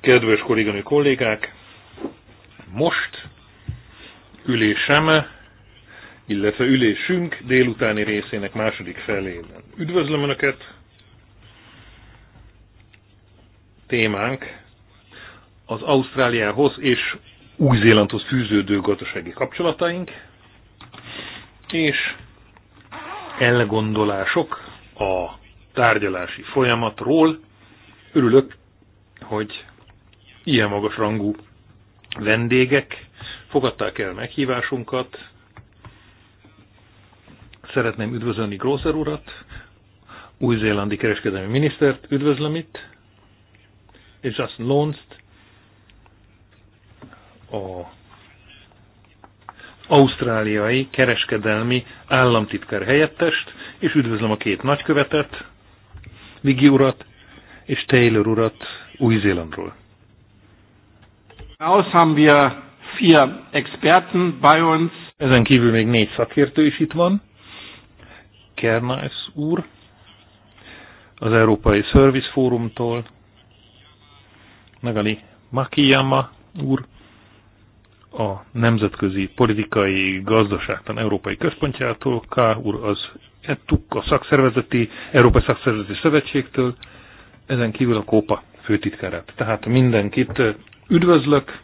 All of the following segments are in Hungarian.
Kedves kolléganő kollégák, most ülésem, illetve ülésünk délutáni részének második felében. Üdvözlöm Önöket! Témánk az Ausztráliához és Új-Zélandhoz fűződő gazdasági kapcsolataink, és elgondolások a tárgyalási folyamatról. Örülök, hogy ilyen magas rangú vendégek fogadták el meghívásunkat. Szeretném üdvözölni Grosser urat, új-zélandi kereskedelmi minisztert, üdvözlöm itt, és Justin Lonst, a ausztráliai kereskedelmi államtitkár helyettest, és üdvözlöm a két nagykövetet, Vigi urat és Taylor urat Új-Zélandról. Hinaus haben wir vier Experten bei uns. Ezen kívül még négy szakértő is itt van. Kernász úr, az Európai Service Fórumtól, Megali Makiyama úr, a Nemzetközi Politikai Gazdaságtan Európai Központjától, K. úr az ETUK, a szakszervezeti, Európai Szakszervezeti Szövetségtől, ezen kívül a Kópa főtitkárát. Tehát mindenkit Üdvözlök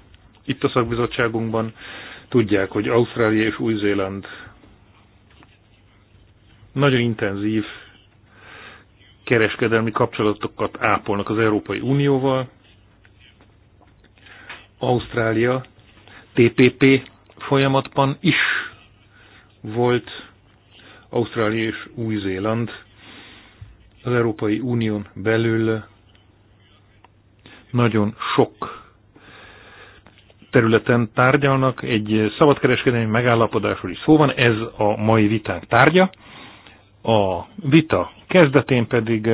itt a szakbizottságunkban. Tudják, hogy Ausztrália és Új-Zéland nagyon intenzív kereskedelmi kapcsolatokat ápolnak az Európai Unióval. Ausztrália TPP folyamatban is volt Ausztrália és Új-Zéland az Európai Unión belül nagyon sok területen tárgyalnak, egy szabadkereskedelmi megállapodásról is szó van, ez a mai vitánk tárgya. A vita kezdetén pedig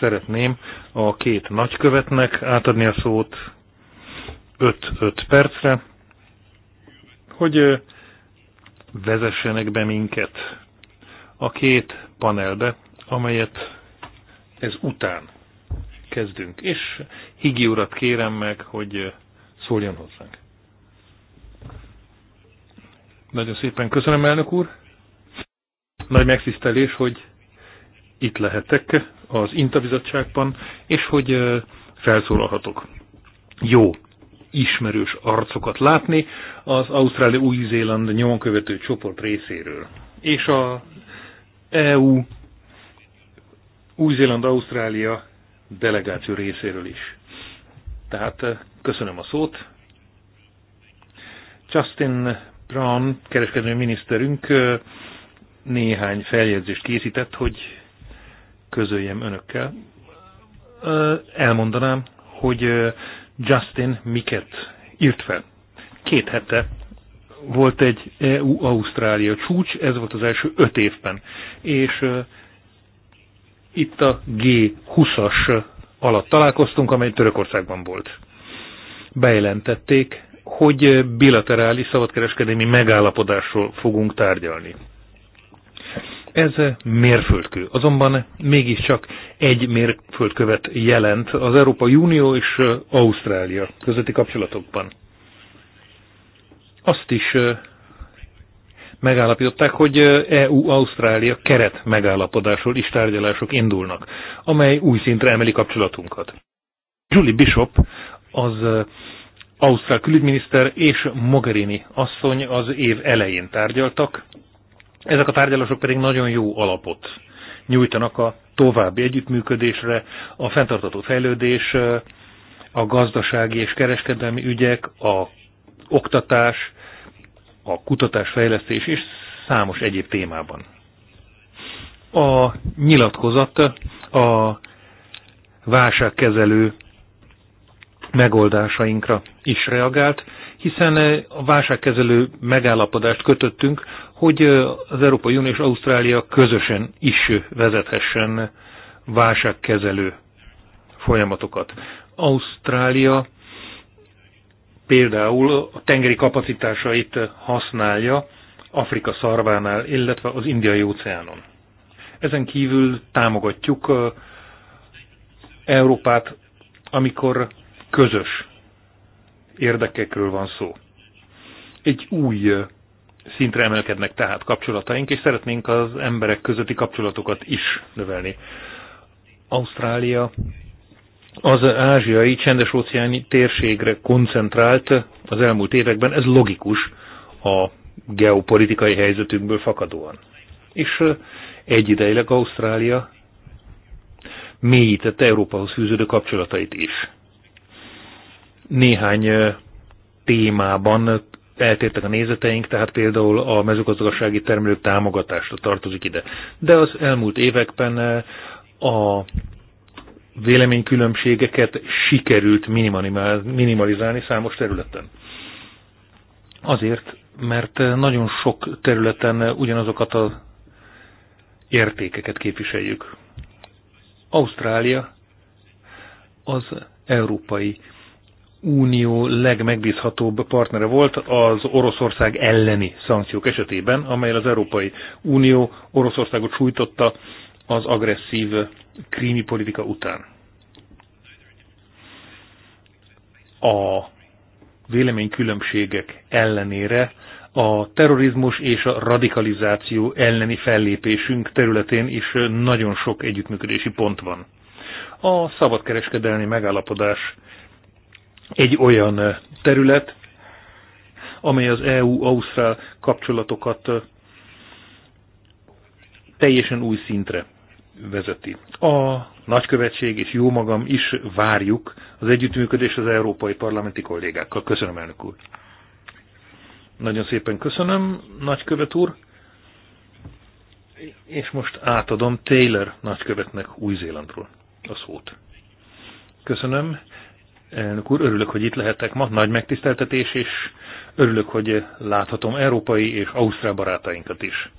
szeretném a két nagykövetnek átadni a szót 5-5 percre, hogy vezessenek be minket a két panelbe, amelyet ez után kezdünk. És Higi urat kérem meg, hogy szóljon hozzánk. Nagyon szépen köszönöm, elnök úr. Nagy megtisztelés, hogy itt lehetek az Intabizottságban, és hogy felszólalhatok. Jó ismerős arcokat látni az Ausztrália Új-Zéland nyomonkövető csoport részéről. És a EU Új-Zéland-Ausztrália delegáció részéről is. Tehát Köszönöm a szót. Justin Brown, kereskedelmi miniszterünk néhány feljegyzést készített, hogy közöljem önökkel. Elmondanám, hogy Justin miket írt fel. Két hete volt egy EU-Ausztrália csúcs, ez volt az első öt évben. És itt a G20-as alatt találkoztunk, amely Törökországban volt bejelentették, hogy bilaterális szabadkereskedelmi megállapodásról fogunk tárgyalni. Ez mérföldkő, azonban mégiscsak egy mérföldkövet jelent az Európai Unió és Ausztrália közötti kapcsolatokban. Azt is megállapították, hogy EU-Ausztrália keret megállapodásról is tárgyalások indulnak, amely új szintre emeli kapcsolatunkat. Julie Bishop az Ausztrál külügyminiszter és Mogherini asszony az év elején tárgyaltak. Ezek a tárgyalások pedig nagyon jó alapot nyújtanak a további együttműködésre, a fenntartató fejlődés, a gazdasági és kereskedelmi ügyek, a oktatás, a kutatásfejlesztés és számos egyéb témában. A nyilatkozat a válságkezelő megoldásainkra is reagált, hiszen eh, a válságkezelő megállapodást kötöttünk, hogy eh, az Európai Unió és Ausztrália közösen is vezethessen válságkezelő folyamatokat. Ausztrália például a tengeri kapacitásait használja Afrika szarvánál, illetve az indiai óceánon. Ezen kívül támogatjuk eh, Európát, amikor közös érdekekről van szó. Egy új szintre emelkednek tehát kapcsolataink, és szeretnénk az emberek közötti kapcsolatokat is növelni. Ausztrália az ázsiai csendes-óceáni térségre koncentrált az elmúlt években, ez logikus a geopolitikai helyzetünkből fakadóan. És egyidejileg Ausztrália mélyítette Európahoz fűződő kapcsolatait is néhány témában eltértek a nézeteink, tehát például a mezőgazdasági termelők támogatásra tartozik ide. De az elmúlt években a véleménykülönbségeket sikerült minimalizálni számos területen. Azért, mert nagyon sok területen ugyanazokat az értékeket képviseljük. Ausztrália az európai Unió legmegbízhatóbb partnere volt az Oroszország elleni szankciók esetében, amely az Európai Unió Oroszországot sújtotta az agresszív krími politika után. A véleménykülönbségek ellenére a terrorizmus és a radikalizáció elleni fellépésünk területén is nagyon sok együttműködési pont van. A szabadkereskedelmi megállapodás egy olyan eh, terület, amely az EU-Ausztrál kapcsolatokat eh, teljesen új szintre vezeti. A nagykövetség és jó magam is várjuk az együttműködés az európai parlamenti kollégákkal. Köszönöm, elnök úr. Nagyon szépen köszönöm, nagykövet úr. És most átadom Taylor nagykövetnek Új-Zélandról a szót. Köszönöm elnök úr, örülök, hogy itt lehetek ma, nagy megtiszteltetés, és örülök, hogy láthatom európai és ausztrál barátainkat is.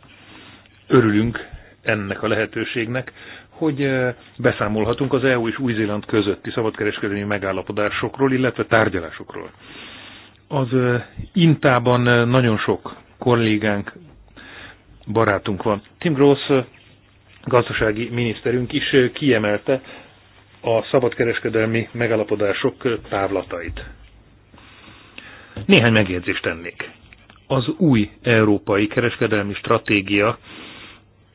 Örülünk ennek a lehetőségnek, hogy eh, beszámolhatunk az EU és Új-Zéland közötti szabadkereskedelmi megállapodásokról, illetve tárgyalásokról. Az eh, Intában eh, nagyon sok kollégánk, barátunk van. Tim Gross, gazdasági miniszterünk is kiemelte a szabadkereskedelmi megalapodások távlatait. Néhány megjegyzést tennék. Az új európai kereskedelmi stratégia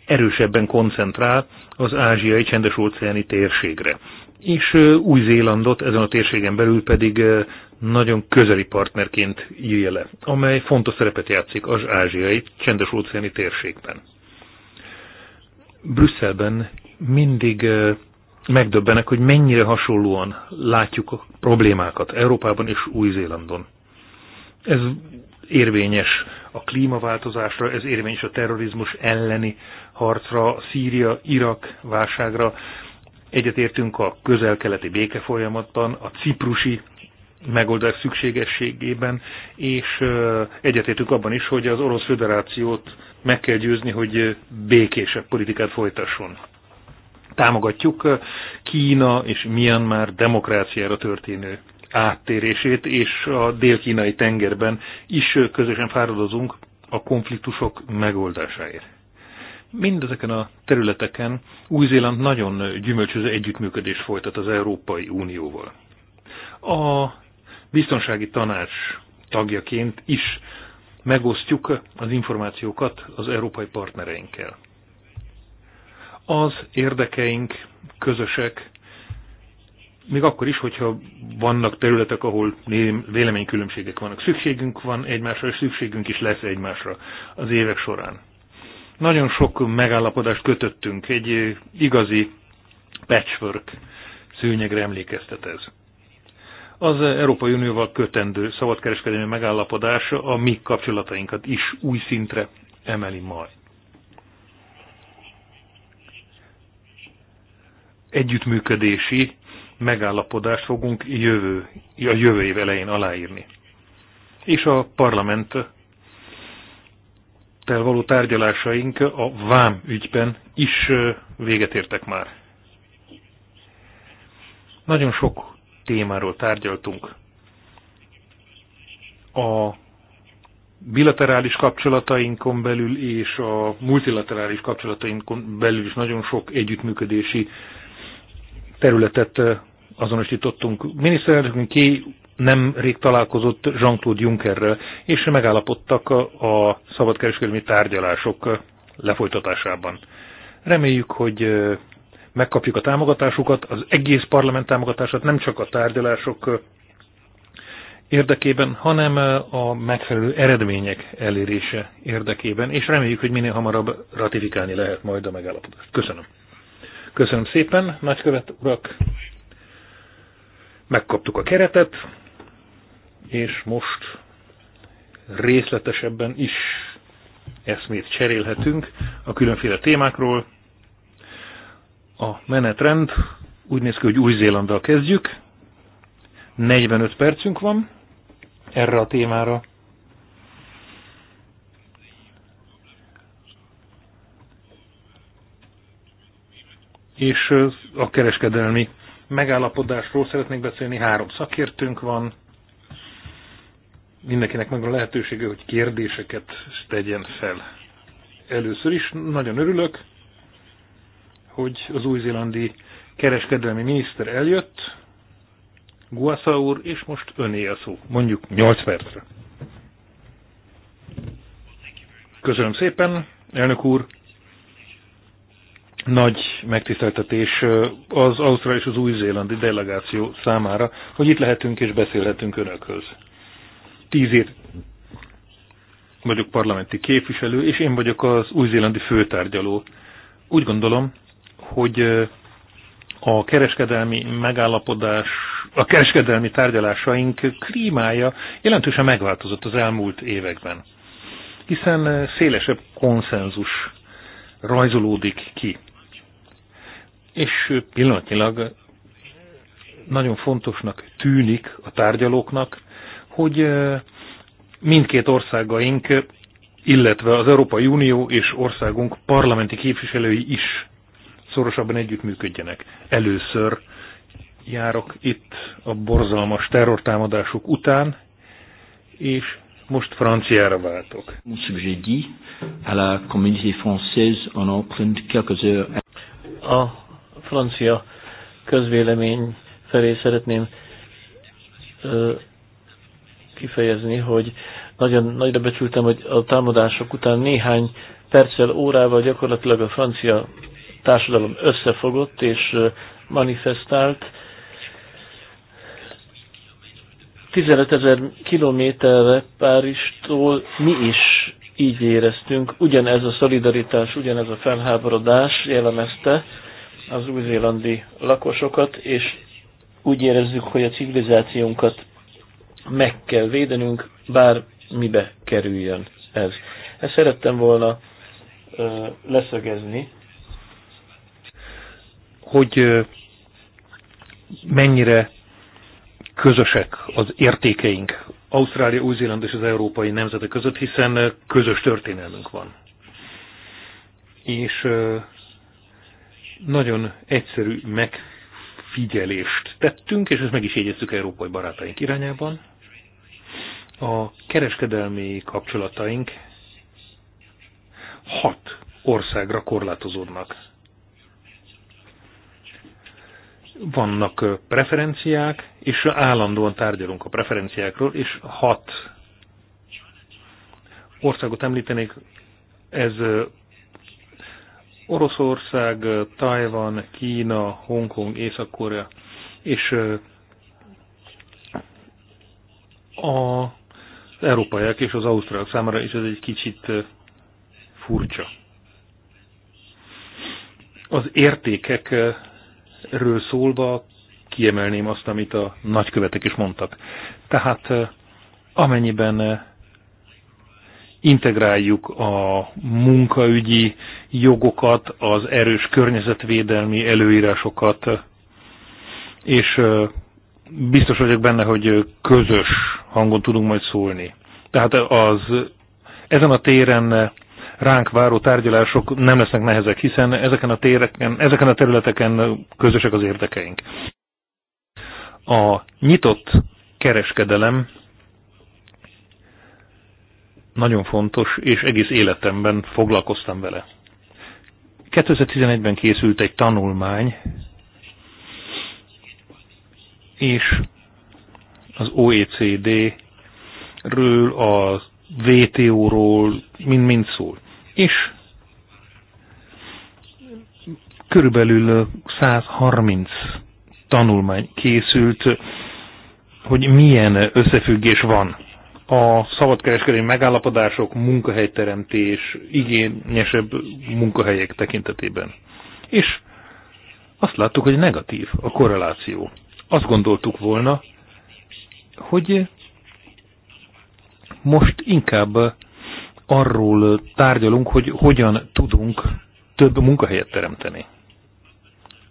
erősebben koncentrál az ázsiai csendes óceáni térségre, és Új-Zélandot ezen a térségen belül pedig nagyon közeli partnerként írja le, amely fontos szerepet játszik az ázsiai csendes óceáni térségben. Brüsszelben mindig megdöbbenek, hogy mennyire hasonlóan látjuk a problémákat Európában és Új-Zélandon. Ez érvényes a klímaváltozásra, ez érvényes a terrorizmus elleni harcra, Szíria-Irak válságra. Egyetértünk a közel-keleti békefolyamatban, a ciprusi megoldás szükségességében, és egyetértünk abban is, hogy az Orosz Föderációt meg kell győzni, hogy békésebb politikát folytasson támogatjuk Kína és Myanmar demokráciára történő áttérését, és a dél-kínai tengerben is közösen fáradozunk a konfliktusok megoldásáért. Mindezeken a területeken Új-Zéland nagyon gyümölcsöző együttműködés folytat az Európai Unióval. A biztonsági tanács tagjaként is megosztjuk az információkat az európai partnereinkkel. Az érdekeink közösek, még akkor is, hogyha vannak területek, ahol véleménykülönbségek vannak. Szükségünk van egymásra, és szükségünk is lesz egymásra az évek során. Nagyon sok megállapodást kötöttünk, egy igazi patchwork szőnyegre emlékeztet ez. Az Európai Unióval kötendő szabadkereskedelmi megállapodás a mi kapcsolatainkat is új szintre emeli majd. együttműködési megállapodást fogunk jövő, a jövő év elején aláírni. És a parlament tel való tárgyalásaink a vám ügyben is véget értek már. Nagyon sok témáról tárgyaltunk. A bilaterális kapcsolatainkon belül és a multilaterális kapcsolatainkon belül is nagyon sok együttműködési területet azonosítottunk. Miniszterelnökünk ki nemrég találkozott Jean-Claude Junckerrel, és megállapodtak a szabadkereskedelmi tárgyalások lefolytatásában. Reméljük, hogy megkapjuk a támogatásukat, az egész parlament támogatását, nem csak a tárgyalások érdekében, hanem a megfelelő eredmények elérése érdekében, és reméljük, hogy minél hamarabb ratifikálni lehet majd a megállapodást. Köszönöm. Köszönöm szépen, nagykövet urak. Megkaptuk a keretet, és most részletesebben is eszmét cserélhetünk a különféle témákról. A menetrend úgy néz ki, hogy Új-Zélanddal kezdjük. 45 percünk van erre a témára. és a kereskedelmi megállapodásról szeretnék beszélni. Három szakértőnk van, mindenkinek megvan a lehetősége, hogy kérdéseket tegyen fel. Először is nagyon örülök, hogy az új-zélandi kereskedelmi miniszter eljött, Guasa úr, és most öné a szó, mondjuk 8 percre. Köszönöm szépen, elnök úr, nagy megtiszteltetés az Ausztrál és az Új-Zélandi delegáció számára, hogy itt lehetünk és beszélhetünk önökhöz. Tíz év vagyok parlamenti képviselő, és én vagyok az új-zélandi főtárgyaló. Úgy gondolom, hogy a kereskedelmi megállapodás, a kereskedelmi tárgyalásaink klímája jelentősen megváltozott az elmúlt években, hiszen szélesebb konszenzus rajzolódik ki és pillanatilag nagyon fontosnak tűnik a tárgyalóknak, hogy mindkét országaink, illetve az Európai Unió és országunk parlamenti képviselői is szorosabban együttműködjenek. Először járok itt a borzalmas terrortámadások után, és most franciára váltok. A francia közvélemény felé szeretném ö, kifejezni, hogy nagyon nagyra becsültem, hogy a támadások után néhány perccel, órával gyakorlatilag a francia társadalom összefogott és manifestált. 15 ezer kilométerre Páristól mi is így éreztünk, ugyanez a szolidaritás, ugyanez a felháborodás jellemezte az új-zélandi lakosokat, és úgy érezzük, hogy a civilizációnkat meg kell védenünk, bár mibe kerüljön ez. Ezt szerettem volna ö, leszögezni. Hogy ö, mennyire közösek az értékeink Ausztrália, Új-Zéland és az európai nemzetek között, hiszen közös történelmünk van. És ö, nagyon egyszerű megfigyelést tettünk, és ezt meg is jegyeztük európai barátaink irányában. A kereskedelmi kapcsolataink hat országra korlátozódnak. Vannak preferenciák, és állandóan tárgyalunk a preferenciákról, és hat országot említenék, ez Oroszország, Tajvan, Kína, Hongkong, Észak-Korea. És az európaiak és az ausztrálok számára is ez egy kicsit furcsa. Az értékekről szólva kiemelném azt, amit a nagykövetek is mondtak. Tehát amennyiben integráljuk a munkaügyi jogokat, az erős környezetvédelmi előírásokat, és biztos vagyok benne, hogy közös hangon tudunk majd szólni. Tehát az ezen a téren ránk váró tárgyalások nem lesznek nehezek, hiszen ezeken a, téreken, ezeken a területeken közösek az érdekeink. A nyitott kereskedelem nagyon fontos, és egész életemben foglalkoztam vele. 2011-ben készült egy tanulmány, és az OECD-ről, a VTO-ról mind-mind szól. És körülbelül 130 tanulmány készült, hogy milyen összefüggés van a szabadkereskedelmi megállapodások munkahelyteremtés igényesebb munkahelyek tekintetében. És azt láttuk, hogy negatív a korreláció. Azt gondoltuk volna, hogy most inkább arról tárgyalunk, hogy hogyan tudunk több munkahelyet teremteni.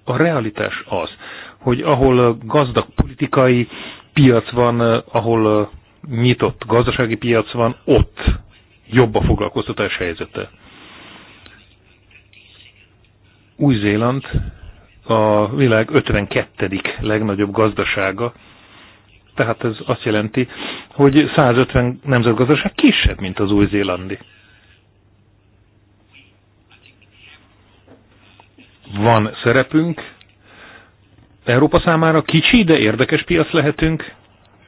A realitás az, hogy ahol gazdag politikai piac van, ahol nyitott gazdasági piac van, ott jobb a foglalkoztatás helyzete. Új-Zéland a világ 52. legnagyobb gazdasága, tehát ez azt jelenti, hogy 150 nemzetgazdaság kisebb, mint az új-zélandi. Van szerepünk, Európa számára kicsi, de érdekes piac lehetünk,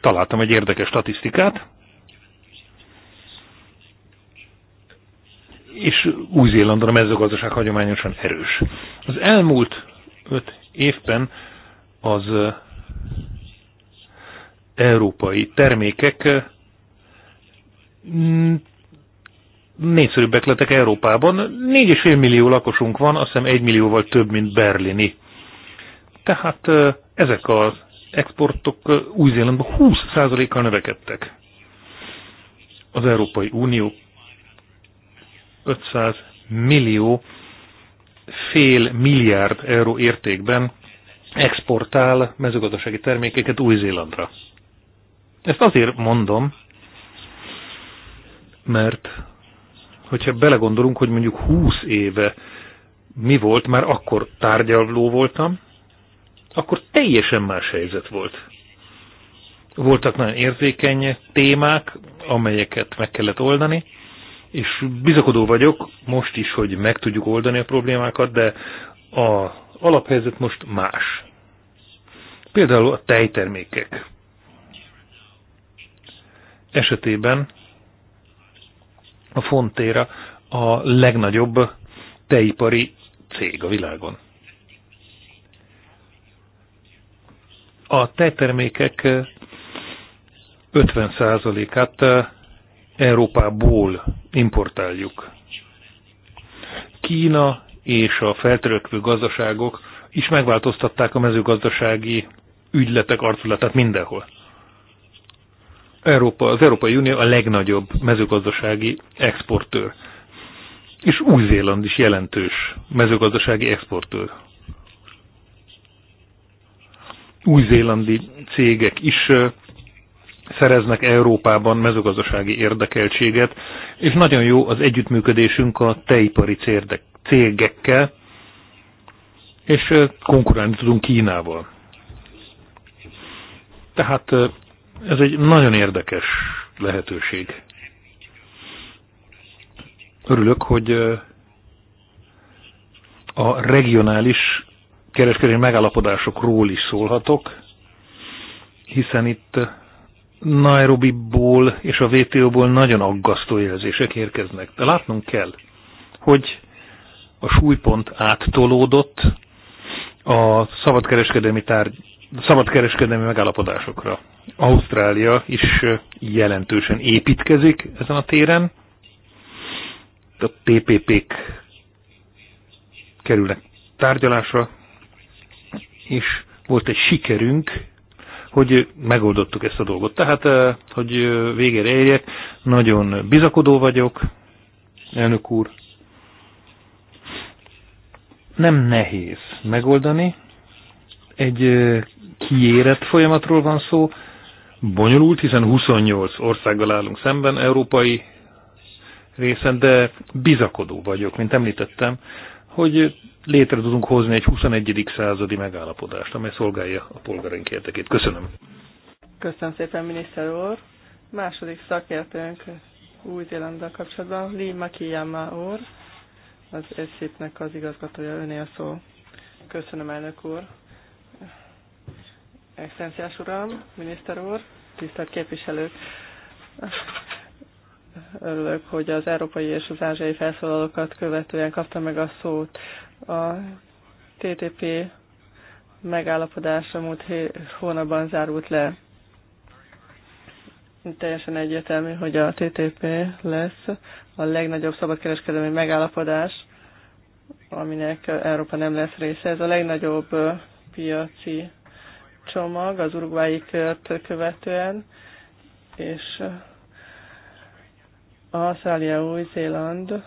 találtam egy érdekes statisztikát, és Új-Zélandon a mezőgazdaság hagyományosan erős. Az elmúlt öt évben az európai termékek négyszerűbbek lettek Európában. 4,5 millió lakosunk van, azt hiszem 1 millióval több, mint berlini. Tehát ezek az exportok Új-Zélandban 20%-kal növekedtek. Az Európai Unió 500 millió fél milliárd euró értékben exportál mezőgazdasági termékeket Új-Zélandra. Ezt azért mondom, mert hogyha belegondolunk, hogy mondjuk 20 éve mi volt, már akkor tárgyaló voltam, akkor teljesen más helyzet volt. Voltak nagyon érzékeny témák, amelyeket meg kellett oldani, és bizakodó vagyok most is, hogy meg tudjuk oldani a problémákat, de a alaphelyzet most más. Például a tejtermékek esetében a Fontéra a legnagyobb tejipari cég a világon. a tejtermékek 50%-át Európából importáljuk. Kína és a feltörökvő gazdaságok is megváltoztatták a mezőgazdasági ügyletek arculatát mindenhol. Európa, az Európai Unió a legnagyobb mezőgazdasági exportőr. És Új-Zéland is jelentős mezőgazdasági exportőr új-zélandi cégek is szereznek Európában mezőgazdasági érdekeltséget, és nagyon jó az együttműködésünk a tejipari cégekkel, és konkurálni tudunk Kínával. Tehát ez egy nagyon érdekes lehetőség. Örülök, hogy a regionális kereskedelmi megállapodásokról is szólhatok, hiszen itt Nairobi-ból és a WTO-ból nagyon aggasztó jelzések érkeznek. De látnunk kell, hogy a súlypont áttolódott a szabadkereskedelmi, tárgy, szabadkereskedelmi megállapodásokra. Ausztrália is jelentősen építkezik ezen a téren. A PPP-k kerülnek tárgyalásra, és volt egy sikerünk, hogy megoldottuk ezt a dolgot. Tehát, eh, hogy eh, végére érjek, nagyon bizakodó vagyok, elnök úr. Nem nehéz megoldani. Egy eh, kiérett folyamatról van szó, bonyolult, hiszen 28 országgal állunk szemben, európai részen, de bizakodó vagyok, mint említettem, hogy létre tudunk hozni egy 21. századi megállapodást, amely szolgálja a polgáraink érdekét. Köszönöm. Köszönöm szépen, miniszter úr. Második szakértőnk Új-Zélanddal kapcsolatban, Lee Makiyama úr, az szép nek az igazgatója, öné a szó. Köszönöm, elnök úr. Excellenciás uram, miniszter úr, tisztelt képviselők örülök, hogy az európai és az ázsiai felszólalókat követően kapta meg a szót. A TTP megállapodása múlt hónapban zárult le. Teljesen egyértelmű, hogy a TTP lesz a legnagyobb szabadkereskedelmi megállapodás, aminek Európa nem lesz része. Ez a legnagyobb piaci csomag az urugvái kört követően, és Ausztrália, Új-Zéland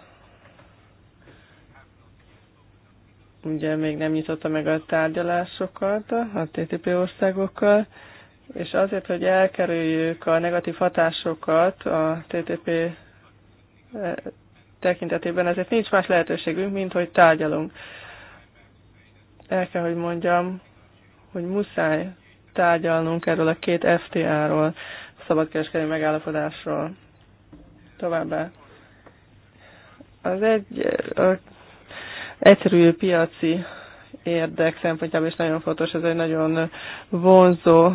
ugye még nem nyitotta meg a tárgyalásokat a TTP országokkal, és azért, hogy elkerüljük a negatív hatásokat a TTP eh, tekintetében, ezért nincs más lehetőségünk, mint hogy tárgyalunk. El kell, hogy mondjam, hogy muszáj tárgyalnunk erről a két FTA-ról, szabadkereskedelmi megállapodásról. Továbbá az egy a egyszerű piaci érdek szempontjából is nagyon fontos, ez egy nagyon vonzó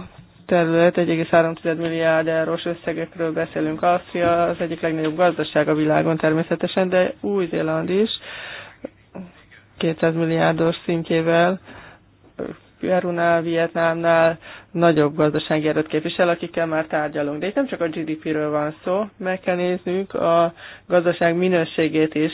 terület, 1,3 milliárd eurós összegekről beszélünk. Ausztria az egyik legnagyobb gazdaság a világon természetesen, de Új-Zéland is 200 milliárdos szintjével Perunál, Vietnámnál nagyobb gazdasági erőt képvisel, akikkel már tárgyalunk. De itt nem csak a GDP-ről van szó, meg kell néznünk a gazdaság minőségét is.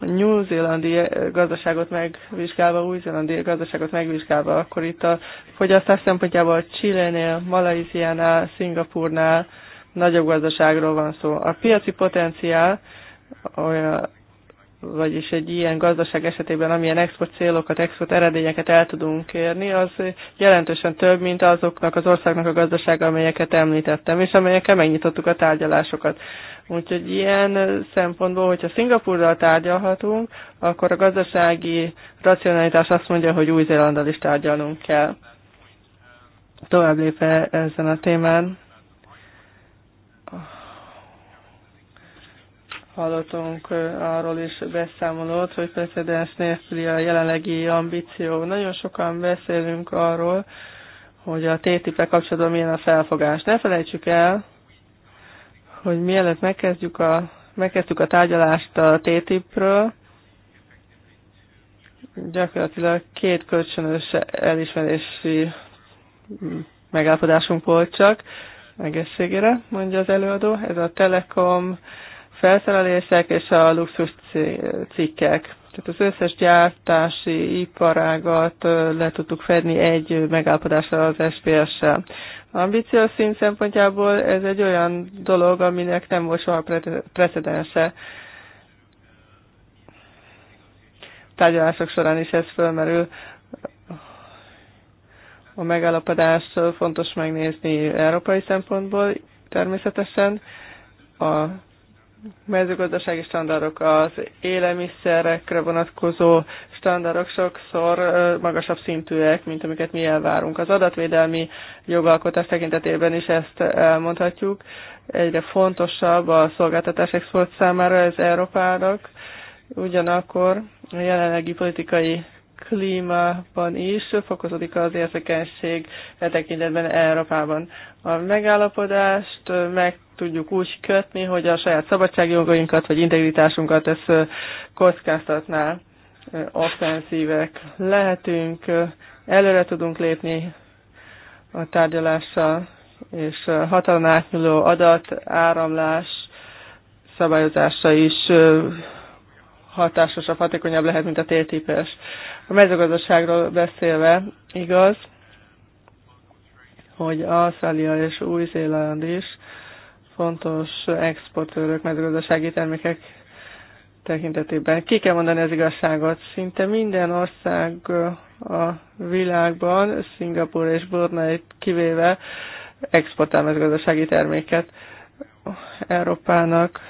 A new Zealandi gazdaságot megvizsgálva, új-zélandi gazdaságot megvizsgálva, akkor itt a fogyasztás szempontjából Chilenél, Malajziánál, Szingapurnál nagyobb gazdaságról van szó. A piaci potenciál olyan vagyis egy ilyen gazdaság esetében, amilyen export célokat, export eredményeket el tudunk érni, az jelentősen több, mint azoknak az országnak a gazdasága, amelyeket említettem, és amelyekkel megnyitottuk a tárgyalásokat. Úgyhogy ilyen szempontból, hogyha Szingapurral tárgyalhatunk, akkor a gazdasági racionalitás azt mondja, hogy Új-Zélandal is tárgyalnunk kell. Tovább lépve ezen a témán, Hallottunk arról is beszámolót, hogy precedens nélküli a jelenlegi ambíció. Nagyon sokan beszélünk arról, hogy a TTIP-e kapcsolatban milyen a felfogás. Ne felejtsük el, hogy mielőtt megkezdjük a, megkezdtük a tárgyalást a TTIP-ről, gyakorlatilag két kölcsönös elismerési megállapodásunk volt csak, egészségére, mondja az előadó. Ez a Telekom felszerelések és a luxus cikkek. Tehát az összes gyártási iparágat le tudtuk fedni egy megállapodásra az SPS-sel. Ambíciós szint szempontjából ez egy olyan dolog, aminek nem volt soha precedense. Tárgyalások során is ez fölmerül. A megállapodás fontos megnézni európai szempontból természetesen. A mezőgazdasági standardok, az élelmiszerekre vonatkozó standardok sokszor magasabb szintűek, mint amiket mi elvárunk. Az adatvédelmi jogalkotás tekintetében is ezt elmondhatjuk. Egyre fontosabb a szolgáltatás export számára ez Európának, ugyanakkor a jelenlegi politikai klímában is fokozódik az érzékenység e tekintetben Európában. A megállapodást meg tudjuk úgy kötni, hogy a saját szabadságjogainkat vagy integritásunkat ezt kockáztatná offenszívek lehetünk, előre tudunk lépni a tárgyalással, és hatalan átnyúló adat, áramlás szabályozása is hatásosabb, hatékonyabb lehet, mint a TTIP-es. A mezőgazdaságról beszélve igaz, hogy Ausztrália és Új-Zéland is fontos exportőrök mezőgazdasági termékek tekintetében. Ki kell mondani az igazságot? Szinte minden ország a világban, Szingapur és Brunei kivéve, exportál mezőgazdasági terméket. Európának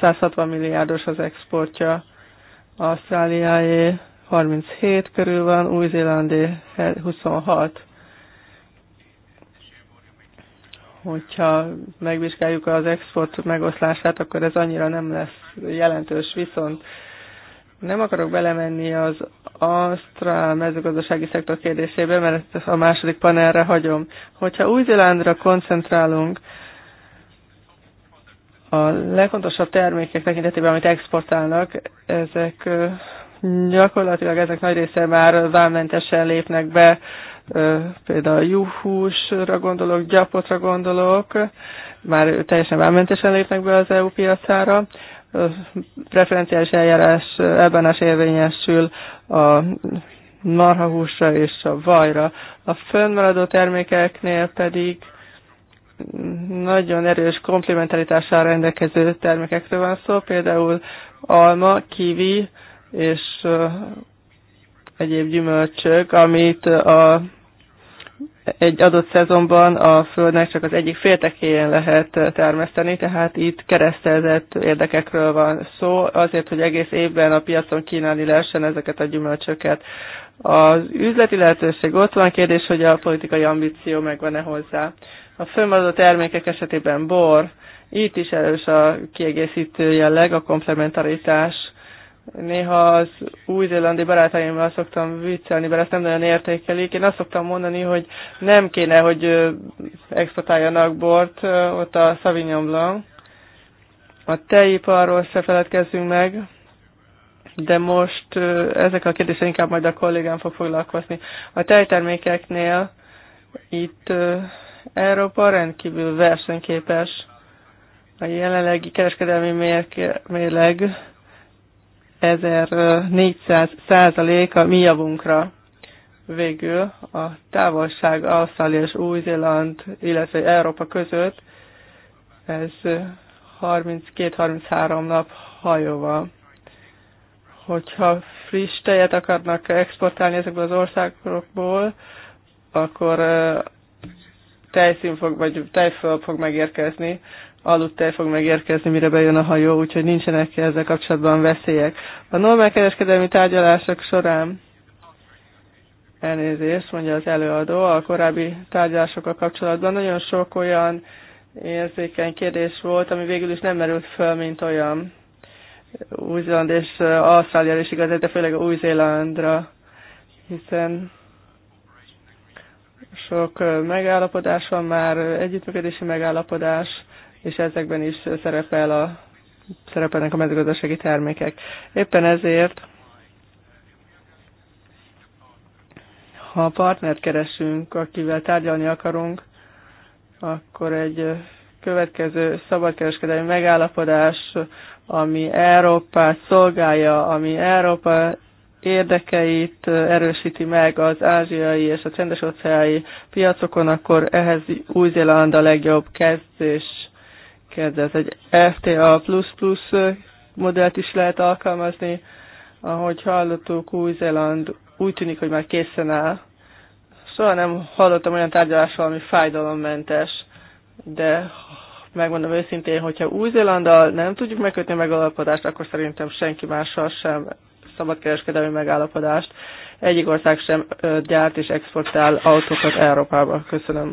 160 milliárdos az exportja, Ausztráliáé 37 körül van, Új-Zélandi 26. Eh, Hogyha megvizsgáljuk az export megoszlását, akkor ez annyira nem lesz jelentős, viszont nem akarok belemenni az asztrál mezőgazdasági szektor kérdésébe, mert ezt a második panelre hagyom. Hogyha Új-Zélandra koncentrálunk, a legfontosabb termékek tekintetében, amit exportálnak, ezek Gyakorlatilag ezek nagy része már vámmentesen lépnek be, például juhúsra gondolok, gyapotra gondolok, már teljesen vámmentesen lépnek be az EU piacára. Preferenciális eljárás ebben az érvényesül a marhahúsra és a vajra. A fönnmaradó termékeknél pedig nagyon erős komplementaritással rendelkező termékekről van szó, például alma, kivi, és egyéb gyümölcsök, amit a, egy adott szezonban a földnek csak az egyik féltekéjén lehet termeszteni, tehát itt keresztelzett érdekekről van szó, azért, hogy egész évben a piacon kínálni lehessen ezeket a gyümölcsöket. Az üzleti lehetőség ott van, kérdés, hogy a politikai ambíció megvan-e hozzá. A fönnmaradó termékek esetében bor, itt is erős a kiegészítő jelleg, a komplementaritás Néha az új-zélandi barátaimmal szoktam viccelni, mert ezt nem nagyon értékelik. Én azt szoktam mondani, hogy nem kéne, hogy exportáljanak bort, ott a Savignon Blanc. A tejiparról se feledkezzünk meg, de most ezek a kérdések inkább majd a kollégám fog foglalkozni. A tejtermékeknél itt Európa rendkívül versenyképes. A jelenlegi kereskedelmi mérleg 1400 százalék a mi javunkra. Végül a távolság Ausztrália és Új-Zéland, illetve Európa között ez 32-33 nap hajóval. Hogyha friss tejet akarnak exportálni ezekből az országokból, akkor eh, tejszín fog, vagy tejföl fog megérkezni aludtej fog megérkezni, mire bejön a hajó, úgyhogy nincsenek ezzel kapcsolatban veszélyek. A normál kereskedelmi tárgyalások során elnézést, mondja az előadó, a korábbi tárgyalásokkal kapcsolatban nagyon sok olyan érzékeny kérdés volt, ami végül is nem merült föl, mint olyan. Új-Zéland és Ausztrália is igaz, de főleg Új-Zélandra, hiszen sok megállapodás van már, együttműködési megállapodás, és ezekben is szerepel a, szerepelnek a mezőgazdasági termékek. Éppen ezért, ha a partnert keresünk, akivel tárgyalni akarunk, akkor egy következő szabadkereskedelmi megállapodás, ami Európát szolgálja, ami Európa érdekeit erősíti meg az ázsiai és a csendes óceáni piacokon, akkor ehhez Új-Zéland a legjobb kezdés kérdez. Egy FTA modellt is lehet alkalmazni. Ahogy hallottuk, Új-Zéland úgy tűnik, hogy már készen áll. Soha nem hallottam olyan tárgyalásról, ami fájdalommentes, de megmondom őszintén, hogyha Új-Zélanddal nem tudjuk megkötni a megállapodást, akkor szerintem senki mással sem szabadkereskedelmi megállapodást. Egyik ország sem gyárt és exportál autókat Európába. Köszönöm.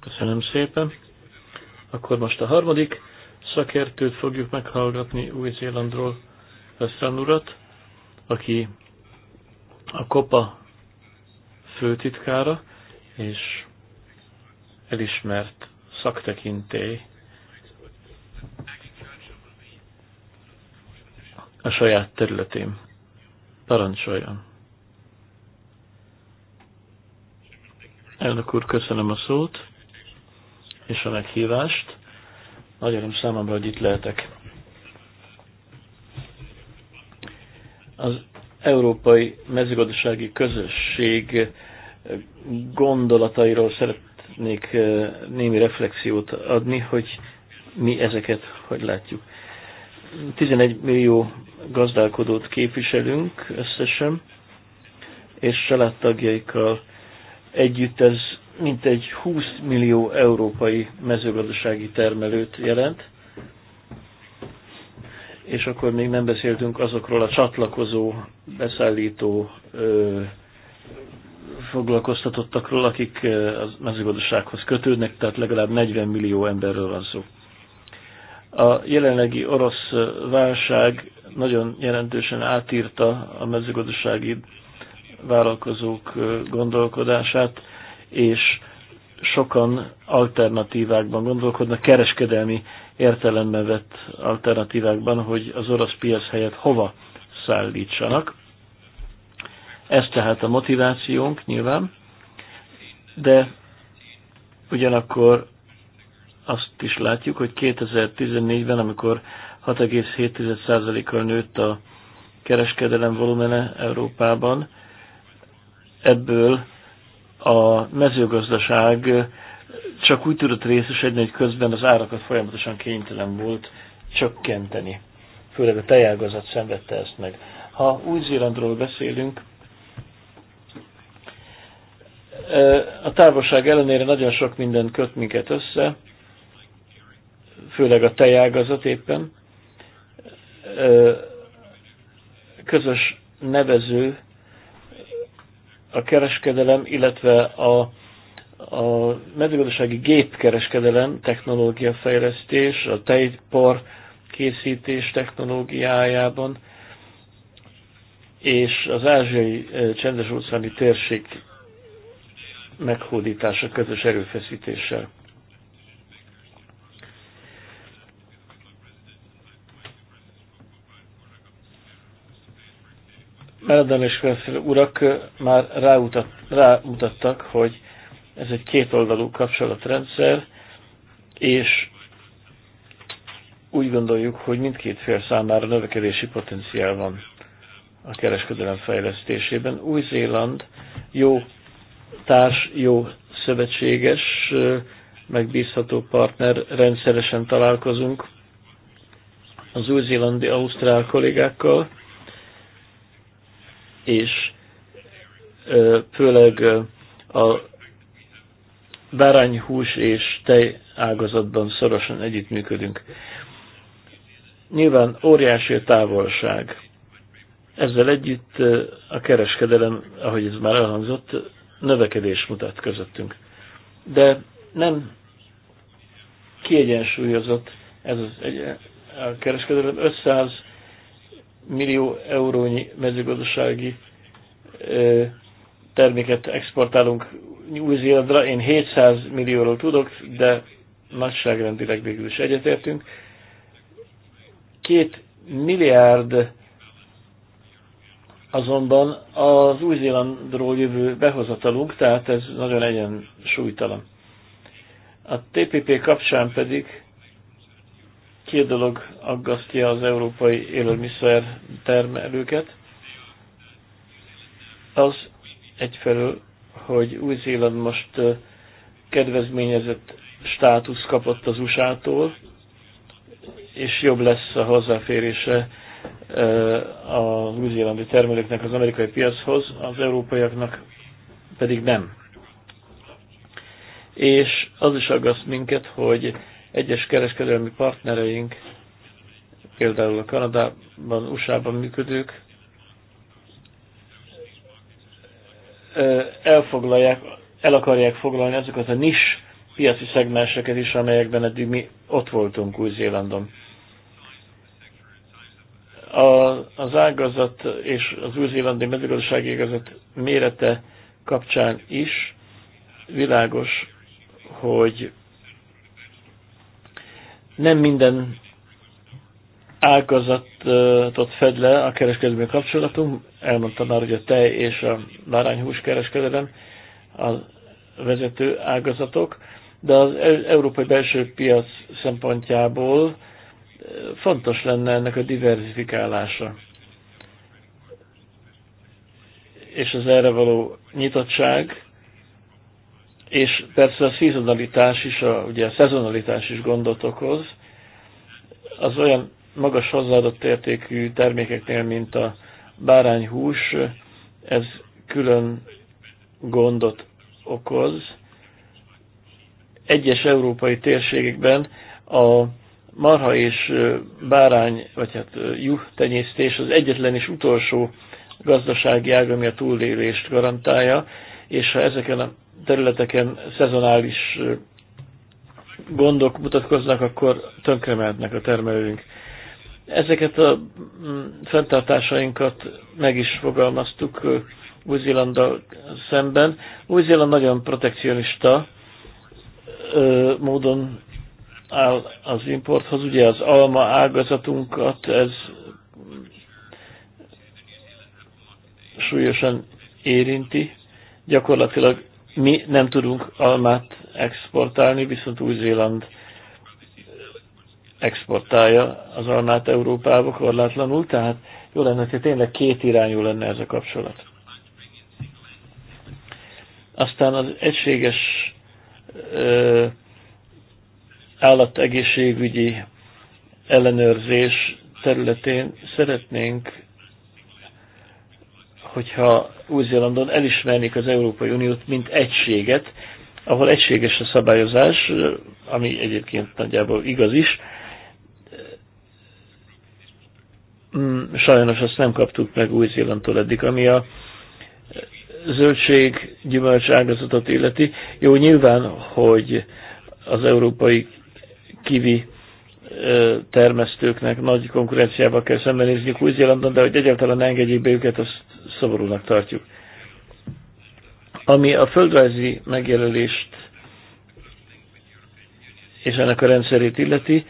Köszönöm szépen. Akkor most a harmadik szakértőt fogjuk meghallgatni Új-Zélandról, Vesztán urat, aki a COPA főtitkára, és elismert szaktekintély a saját területén. Parancsoljon! Elnök úr, köszönöm a szót és a meghívást. Nagy öröm számomra, hogy itt lehetek. Az Európai Mezőgazdasági Közösség gondolatairól szeretnék eh, némi reflexiót adni, hogy mi ezeket hogy látjuk. 11 millió gazdálkodót képviselünk összesen, és családtagjaikkal együtt ez mintegy 20 millió európai mezőgazdasági termelőt jelent, és akkor még nem beszéltünk azokról a csatlakozó, beszállító ö, foglalkoztatottakról, akik a mezőgazdasághoz kötődnek, tehát legalább 40 millió emberről van szó. A jelenlegi orosz válság nagyon jelentősen átírta a mezőgazdasági vállalkozók gondolkodását, és sokan alternatívákban gondolkodnak, kereskedelmi értelemben vett alternatívákban, hogy az orosz piac helyett hova szállítsanak. Ez tehát a motivációnk nyilván, de ugyanakkor azt is látjuk, hogy 2014-ben, amikor 6,7%-kal nőtt a kereskedelem volumene Európában, ebből a mezőgazdaság csak úgy tudott részesedni, hogy közben az árakat folyamatosan kénytelen volt csökkenteni. Főleg a tejágazat szenvedte ezt meg. Ha Új-Zélandról beszélünk, a távolság ellenére nagyon sok minden köt minket össze, főleg a tejágazat éppen. Közös nevező a kereskedelem, illetve a, a mezőgazdasági gépkereskedelem technológiafejlesztés, a tejpor készítés technológiájában, és az ázsiai e, csendes óceáni térség meghódítása közös erőfeszítéssel. Meredem és Fenszél urak már ráutat, rámutattak, hogy ez egy kétoldalú kapcsolatrendszer, és úgy gondoljuk, hogy mindkét fél számára növekedési potenciál van a kereskedelem fejlesztésében. Új-Zéland jó társ, jó szövetséges, megbízható partner, rendszeresen találkozunk az új-zélandi ausztrál kollégákkal, és főleg a bárányhús és tej ágazatban szorosan együttműködünk. Nyilván óriási a távolság. Ezzel együtt a kereskedelem, ahogy ez már elhangzott, növekedés mutat közöttünk. De nem kiegyensúlyozott ez az egy, a kereskedelem. 500 millió eurónyi mezőgazdasági terméket exportálunk Új-Zélandra, én 700 millióról tudok, de nagyságrendileg végül is egyetértünk. Két milliárd azonban az Új-Zélandról jövő behozatalunk, tehát ez nagyon egyen A TPP kapcsán pedig Két dolog aggasztja az európai élelmiszer termelőket. Az egyfelől, hogy Új-Zéland most kedvezményezett státusz kapott az USA-tól, és jobb lesz a hozzáférése a új-zélandi termelőknek az amerikai piachoz, az európaiaknak pedig nem. És az is aggaszt minket, hogy egyes kereskedelmi partnereink, például a Kanadában, USA-ban működők, elfoglalják, el akarják foglalni azokat a nis piaci szegmenseket is, amelyekben eddig mi ott voltunk Új-Zélandon. A, az ágazat és az új-zélandi mezőgazdasági ágazat mérete kapcsán is világos, hogy nem minden ágazatot fed le a kereskedelmi kapcsolatunk. Elmondtam már, hogy a tej és a bárányhús kereskedelem a vezető ágazatok, de az e- európai belső piac szempontjából eh, fontos lenne ennek a diversifikálása. És az erre való nyitottság és persze a szezonalitás is, a, ugye a szezonalitás is gondot okoz. Az olyan magas hozzáadott értékű termékeknél, mint a bárányhús, ez külön gondot okoz. Egyes európai térségekben a marha és bárány, vagy hát juh tenyésztés az egyetlen és utolsó gazdasági ág, ami a túlélést garantálja, és ha ezeken a területeken szezonális gondok mutatkoznak, akkor mehetnek a termelőink. Ezeket a mm, fenntartásainkat meg is fogalmaztuk új szemben. Új-Zéland nagyon protekcionista módon áll az importhoz. Ugye az alma ágazatunkat ez súlyosan érinti. Gyakorlatilag mi nem tudunk almát exportálni, viszont Új-Zéland exportálja az almát Európába korlátlanul, tehát jó lenne, hogy tényleg két irányú lenne ez a kapcsolat. Aztán az egységes ö, állategészségügyi ellenőrzés területén szeretnénk hogyha Új-Zélandon elismernék az Európai Uniót, mint egységet, ahol egységes a szabályozás, ami egyébként nagyjából igaz is. Mm, sajnos azt nem kaptuk meg Új-Zélandtól eddig, ami a zöldség, gyümölcs ágazatot illeti. Jó, nyilván, hogy az európai kivi termesztőknek nagy konkurenciába kell szembenézniük Új-Zélandon, de hogy egyáltalán ne engedjék be őket, azt szomorúnak tartjuk. Ami a földrajzi megjelölést és ennek a rendszerét illeti,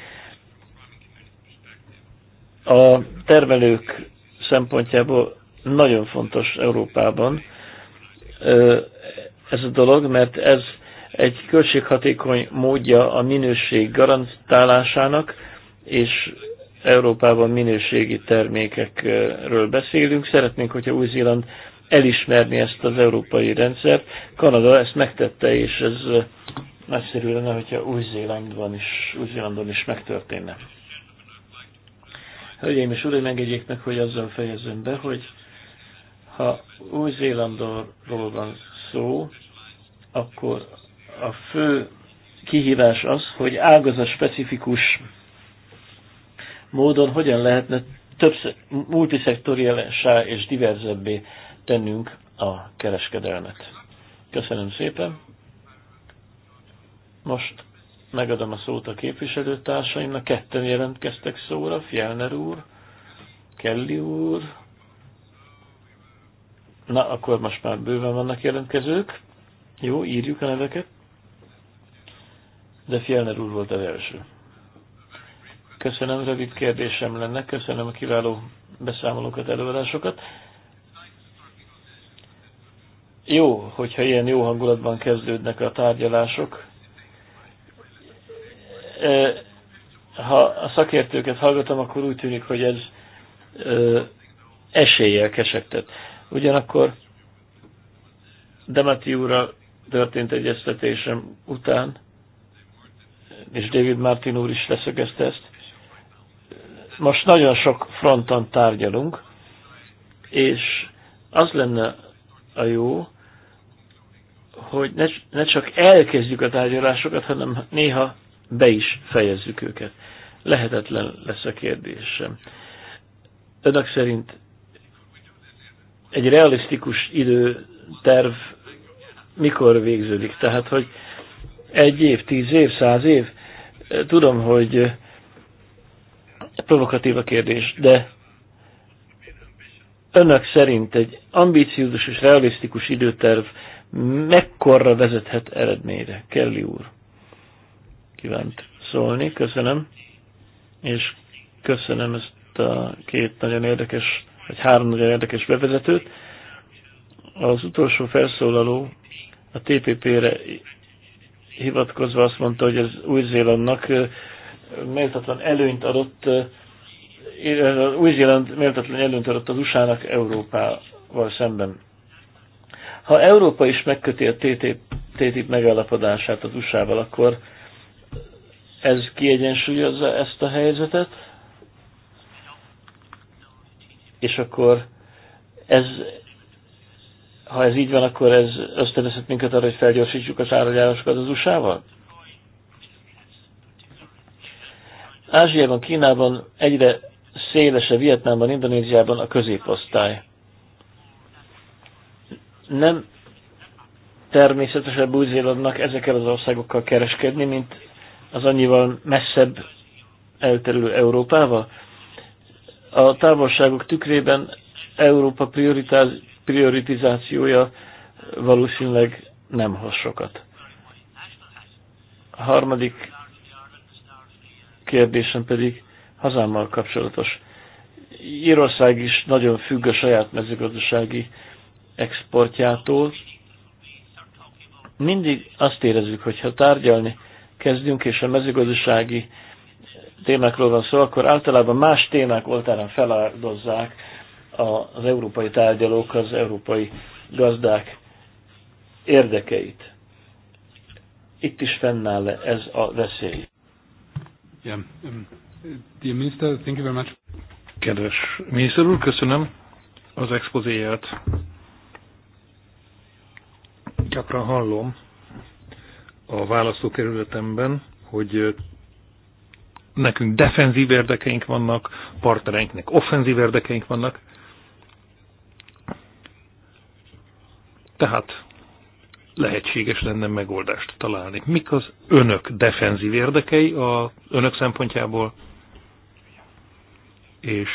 a termelők szempontjából nagyon fontos Európában ez a dolog, mert ez egy költséghatékony módja a minőség garantálásának, és Európában minőségi termékekről beszélünk. Szeretnénk, hogyha Új-Zéland elismerni ezt az európai rendszert. Kanada ezt megtette, és ez nagyszerű lenne, hogyha Új-Zélandon is, Új-Zélandon is megtörténne. Hölgyeim és uraim, engedjék meg, hogy azzal fejezem be, hogy ha Új-Zélandról van szó, akkor a fő kihívás az, hogy ágazat specifikus módon hogyan lehetne több multiszektoriálisá és diverzebbé tennünk a kereskedelmet. Köszönöm szépen. Most megadom a szót a képviselőtársaimnak. Ketten jelentkeztek szóra, Fjellner úr, Kelly úr. Na, akkor most már bőven vannak jelentkezők. Jó, írjuk a neveket de Fjellner úr volt az első. Köszönöm, rövid kérdésem lenne, köszönöm a kiváló beszámolókat, előadásokat. Jó, hogyha ilyen jó hangulatban kezdődnek a tárgyalások. Ha a szakértőket hallgatom, akkor úgy tűnik, hogy ez eséllyel kesektet. Ugyanakkor Demati úrral történt egyeztetésem után, és David Martin úr is leszögezte ezt. Most nagyon sok fronton tárgyalunk, és az lenne a jó, hogy ne, ne csak elkezdjük a tárgyalásokat, hanem néha be is fejezzük őket. Lehetetlen lesz a kérdésem. Önök szerint egy realisztikus időterv mikor végződik? Tehát, hogy egy év, tíz év, száz év? Tudom, hogy provokatív a kérdés, de önök szerint egy ambíciózus és realisztikus időterv mekkorra vezethet eredményre? Kelly úr kívánt szólni. Köszönöm, és köszönöm ezt a két nagyon érdekes, vagy három nagyon érdekes bevezetőt. Az utolsó felszólaló a TPP-re hivatkozva azt mondta, hogy az Új-Zélandnak méltatlan előnyt adott, az Új-Zéland méltatlan előnyt adott az USA-nak Európával szemben. Ha Európa is megköti a TTIP, TTIP megállapodását az USA-val, akkor ez kiegyensúlyozza ezt a helyzetet, és akkor ez ha ez így van, akkor ez ösztönözhet minket arra, hogy felgyorsítsuk a áragyárosokat az USA-val? Ázsiában, Kínában egyre szélesebb, Vietnámban, Indonéziában a középosztály. Nem természetesebb úgy zélodnak ezekkel az országokkal kereskedni, mint az annyival messzebb elterülő Európával. A távolságok tükrében Európa prioritál, prioritizációja valószínűleg nem hoz sokat. A harmadik kérdésem pedig hazámmal kapcsolatos. Írország is nagyon függ a saját mezőgazdasági exportjától. Mindig azt érezzük, hogy ha tárgyalni kezdünk, és a mezőgazdasági témákról van szó, akkor általában más témák oltárán feláldozzák az európai tárgyalók, az európai gazdák érdekeit. Itt is fennáll -e ez a veszély. Yeah. Um, dear Minister, thank you very much. Kedves miniszter úr, köszönöm az expozéját. Gyakran hallom a választókerületemben, hogy nekünk defenzív érdekeink vannak, partnereinknek offenzív érdekeink vannak, Tehát lehetséges lenne megoldást találni. Mik az önök defenzív érdekei a önök szempontjából? És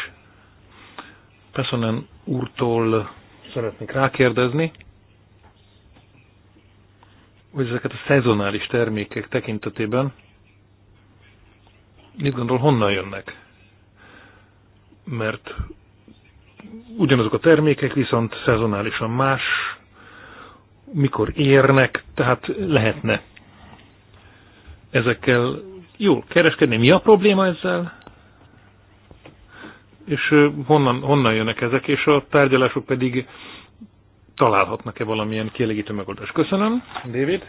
Pessonen úrtól szeretnék rákérdezni, hogy ezeket a szezonális termékek tekintetében mit gondol, honnan jönnek? Mert ugyanazok a termékek, viszont szezonálisan más mikor érnek, tehát lehetne ezekkel jól kereskedni. Mi a probléma ezzel? És honnan, honnan jönnek ezek, és a tárgyalások pedig találhatnak-e valamilyen kielégítő megoldást. Köszönöm, David.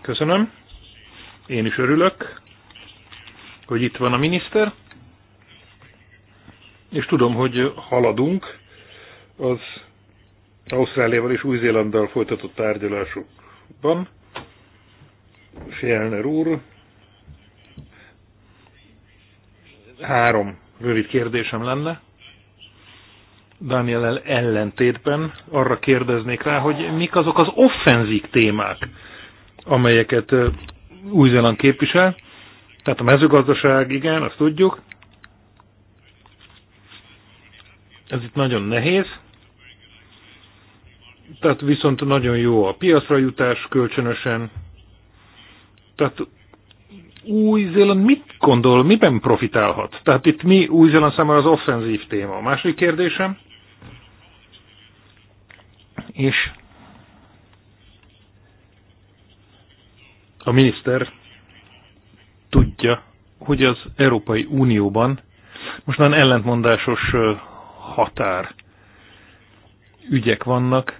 Köszönöm. Én is örülök, hogy itt van a miniszter. És tudom, hogy haladunk az Ausztráliával és Új-Zélanddal folytatott tárgyalásokban. Fjellner úr, három rövid kérdésem lenne. Daniel ellentétben arra kérdeznék rá, hogy mik azok az offenzív témák, amelyeket Új-Zéland képvisel. Tehát a mezőgazdaság, igen, azt tudjuk. Ez itt nagyon nehéz tehát viszont nagyon jó a piacra jutás kölcsönösen. Tehát új-Zéland mit gondol, miben profitálhat? Tehát itt mi Új-Zéland számára az offenzív téma. A másik kérdésem, és a miniszter tudja, hogy az Európai Unióban most már ellentmondásos határ ügyek vannak,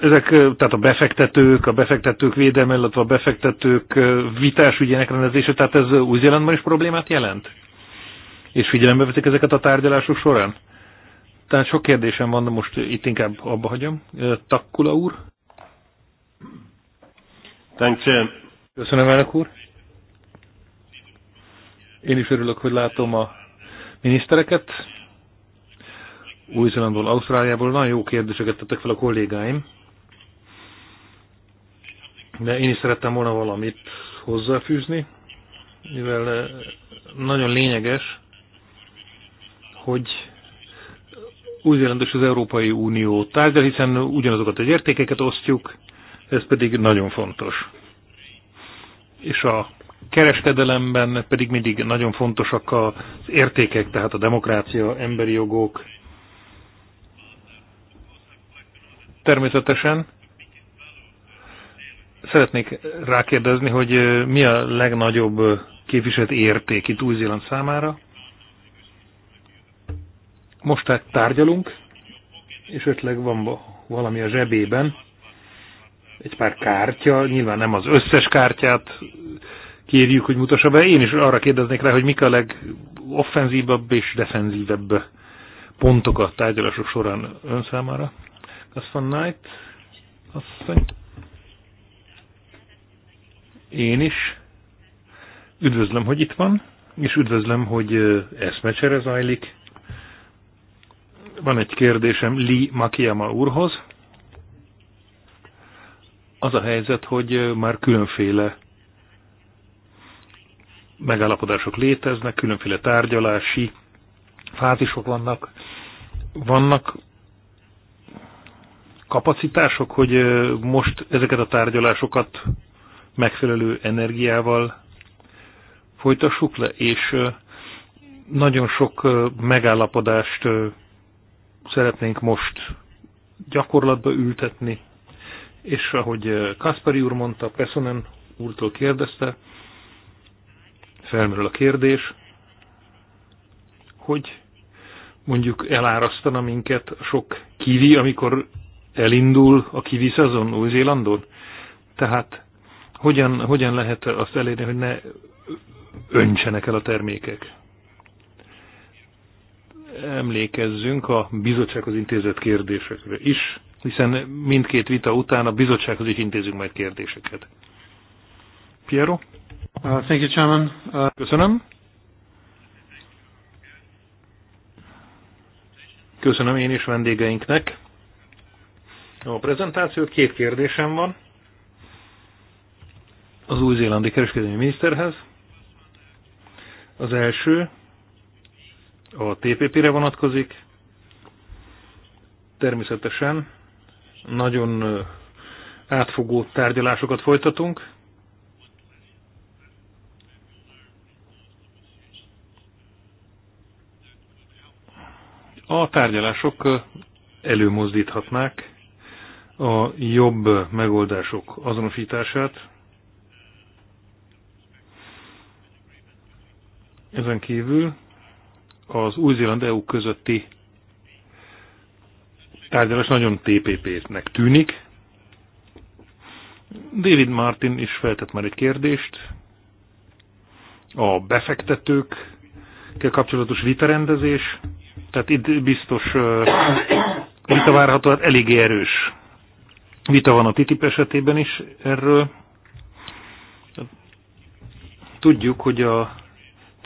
ezek, tehát a befektetők, a befektetők védelme, illetve a befektetők vitás rendezése, tehát ez Új-Zélandban is problémát jelent? És figyelembe veszik ezeket a tárgyalások során? Tehát sok kérdésem van, de most itt inkább abba hagyom. Takkula úr? Thanks, Köszönöm, elnök úr. Én is örülök, hogy látom a minisztereket. új zelandból Ausztráliából nagyon jó kérdéseket tettek fel a kollégáim de én is szerettem volna valamit hozzáfűzni, mivel eh, nagyon lényeges, hogy úgy jelentős az Európai Unió tárgyal, hiszen ugyanazokat az értékeket osztjuk, ez pedig nagyon fontos. És a kereskedelemben pedig mindig nagyon fontosak az értékek, tehát a demokrácia, emberi jogok. Természetesen szeretnék rákérdezni, hogy mi a legnagyobb képviselt érték itt Új-Zéland számára. Most tehát tárgyalunk, és ötleg van valami a zsebében, egy pár kártya, nyilván nem az összes kártyát kérjük, hogy mutassa be. Én is arra kérdeznék rá, hogy mik a legoffenzívabb és defenzívebb pontok a tárgyalások során ön számára. Azt van Knight, azt mondja. Én is üdvözlöm, hogy itt van, és üdvözlöm, hogy eszmecsere zajlik. Van egy kérdésem Lee Makiyama úrhoz. Az a helyzet, hogy már különféle megállapodások léteznek, különféle tárgyalási fázisok vannak. Vannak kapacitások, hogy most ezeket a tárgyalásokat megfelelő energiával folytassuk le, és nagyon sok megállapodást szeretnénk most gyakorlatba ültetni, és ahogy Kaspari úr mondta, Pessonen úrtól kérdezte, felmerül a kérdés, hogy mondjuk elárasztana minket sok kivi, amikor elindul a kivi szezon Új-Zélandon. Tehát hogyan, hogyan lehet azt elérni, hogy ne öntsenek el a termékek? Emlékezzünk a bizottsághoz intézett kérdésekre is, hiszen mindkét vita után a bizottsághoz is intézünk majd kérdéseket. Piero? Uh, thank you, Chairman. Uh... Köszönöm. Köszönöm én is vendégeinknek. A prezentációt két kérdésem van az új-zélandi kereskedelmi miniszterhez. Az első a TPP-re vonatkozik. Természetesen nagyon átfogó tárgyalásokat folytatunk. A tárgyalások előmozdíthatnák a jobb megoldások azonosítását, Ezen kívül az Új-Zéland-EU közötti tárgyalás nagyon TPP-nek tűnik. David Martin is feltett már egy kérdést. A befektetők kapcsolatos vitarendezés. Tehát itt biztos vita várható, hát eléggé erős vita van a TTIP esetében is erről. Tudjuk, hogy a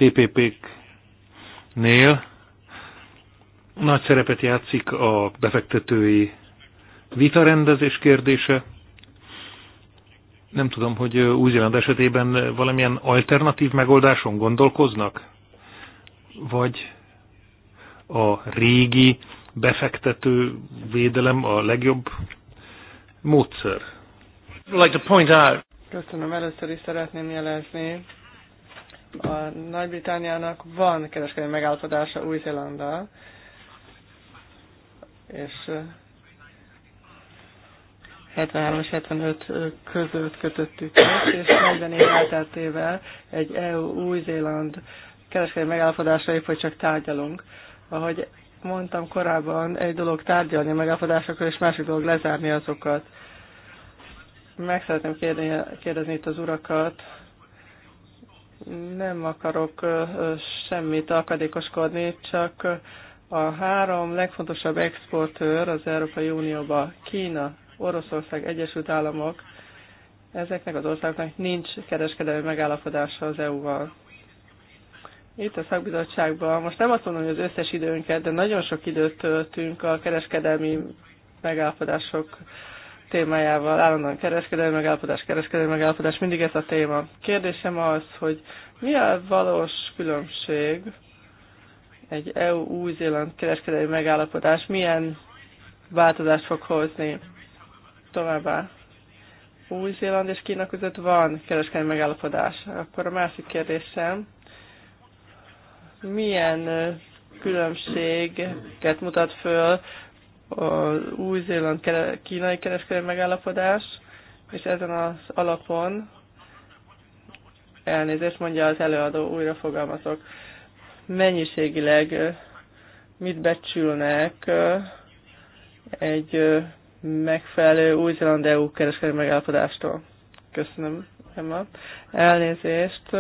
TPP-knél nagy szerepet játszik a befektetői vitarendezés kérdése. Nem tudom, hogy Új-Zéland esetében valamilyen alternatív megoldáson gondolkoznak? Vagy a régi befektető védelem a legjobb módszer? Like to point out. Köszönöm, először is szeretném jelezni, a Nagy-Britániának van kereskedelmi megállapodása Új-Zélanddal, és 73 és 75 között kötöttük ezt, és 40 év elteltével egy EU-Új-Zéland kereskedelmi megállapodásra épp, hogy csak tárgyalunk. Ahogy mondtam korábban, egy dolog tárgyalni a megállapodásokkal, és másik dolog lezárni azokat. Meg szeretném kérdezni, kérdezni itt az urakat, nem akarok semmit akadékoskodni, csak a három legfontosabb exportőr az Európai Unióba, Kína, Oroszország, Egyesült Államok, ezeknek az országoknak nincs kereskedelmi megállapodása az EU-val. Itt a szakbizottságban, most nem azt mondom, hogy az összes időnket, de nagyon sok időt töltünk a kereskedelmi megállapodások témájával, állandóan kereskedelmi megállapodás, kereskedelmi megállapodás, mindig ez a téma. Kérdésem az, hogy mi a valós különbség egy EU-Új-Zéland kereskedelmi megállapodás, milyen változást fog hozni továbbá? Új-Zéland és Kína között van kereskedelmi megállapodás. Akkor a másik kérdésem, milyen különbséget mutat föl az új-zéland-kínai kereskedelmi megállapodás, és ezen az alapon elnézést mondja az előadó, újra fogalmazok, mennyiségileg mit becsülnek egy megfelelő Új-Zéland EU kereskedelmi megállapodástól. Köszönöm, Emma. Elnézést.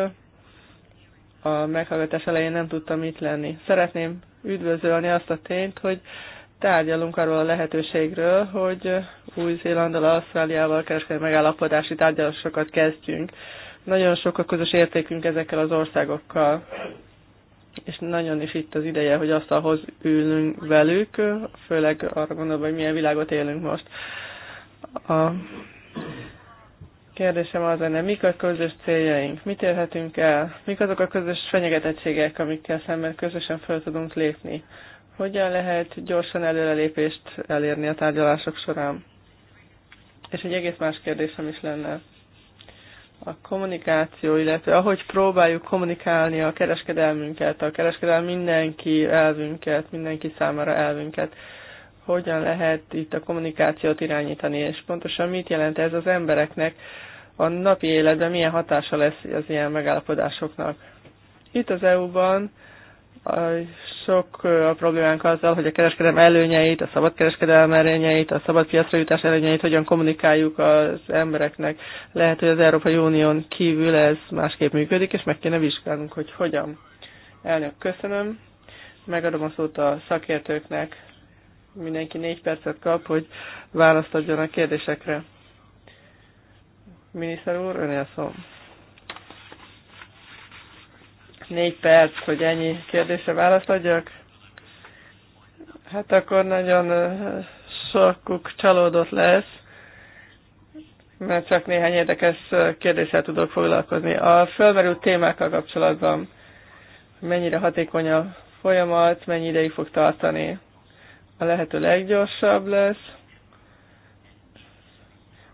A meghallgatás elején nem tudtam itt lenni. Szeretném üdvözölni azt a tényt, hogy tárgyalunk arról a lehetőségről, hogy Új-Zélandal, Ausztráliával kereskedelmi megállapodási tárgyalásokat kezdjünk. Nagyon sok a közös értékünk ezekkel az országokkal, és nagyon is itt az ideje, hogy asztalhoz ülünk velük, főleg arra gondolva, hogy milyen világot élünk most. A kérdésem az lenne, mik a közös céljaink, mit érhetünk el, mik azok a közös fenyegetettségek, amikkel szemben közösen fel tudunk lépni hogyan lehet gyorsan előrelépést elérni a tárgyalások során? És egy egész más kérdésem is lenne. A kommunikáció, illetve ahogy próbáljuk kommunikálni a kereskedelmünket, a kereskedelm mindenki elvünket, mindenki számára elvünket, hogyan lehet itt a kommunikációt irányítani, és pontosan mit jelent ez az embereknek, a napi életben milyen hatása lesz az ilyen megállapodásoknak. Itt az EU-ban sok a problémánk azzal, hogy a kereskedelem előnyeit, a szabad kereskedelem előnyeit, a szabad piacra jutás előnyeit hogyan kommunikáljuk az embereknek. Lehet, hogy az Európai Unión kívül ez másképp működik, és meg kéne vizsgálnunk, hogy hogyan. Elnök, köszönöm. Megadom a szót a szakértőknek. Mindenki négy percet kap, hogy választ adjon a kérdésekre. Miniszter úr, a szó négy perc, hogy ennyi kérdése választ adjak? Hát akkor nagyon sokuk csalódott lesz, mert csak néhány érdekes kérdéssel tudok foglalkozni. A fölmerült témákkal kapcsolatban mennyire hatékony a folyamat, mennyi ideig fog tartani. A lehető leggyorsabb lesz.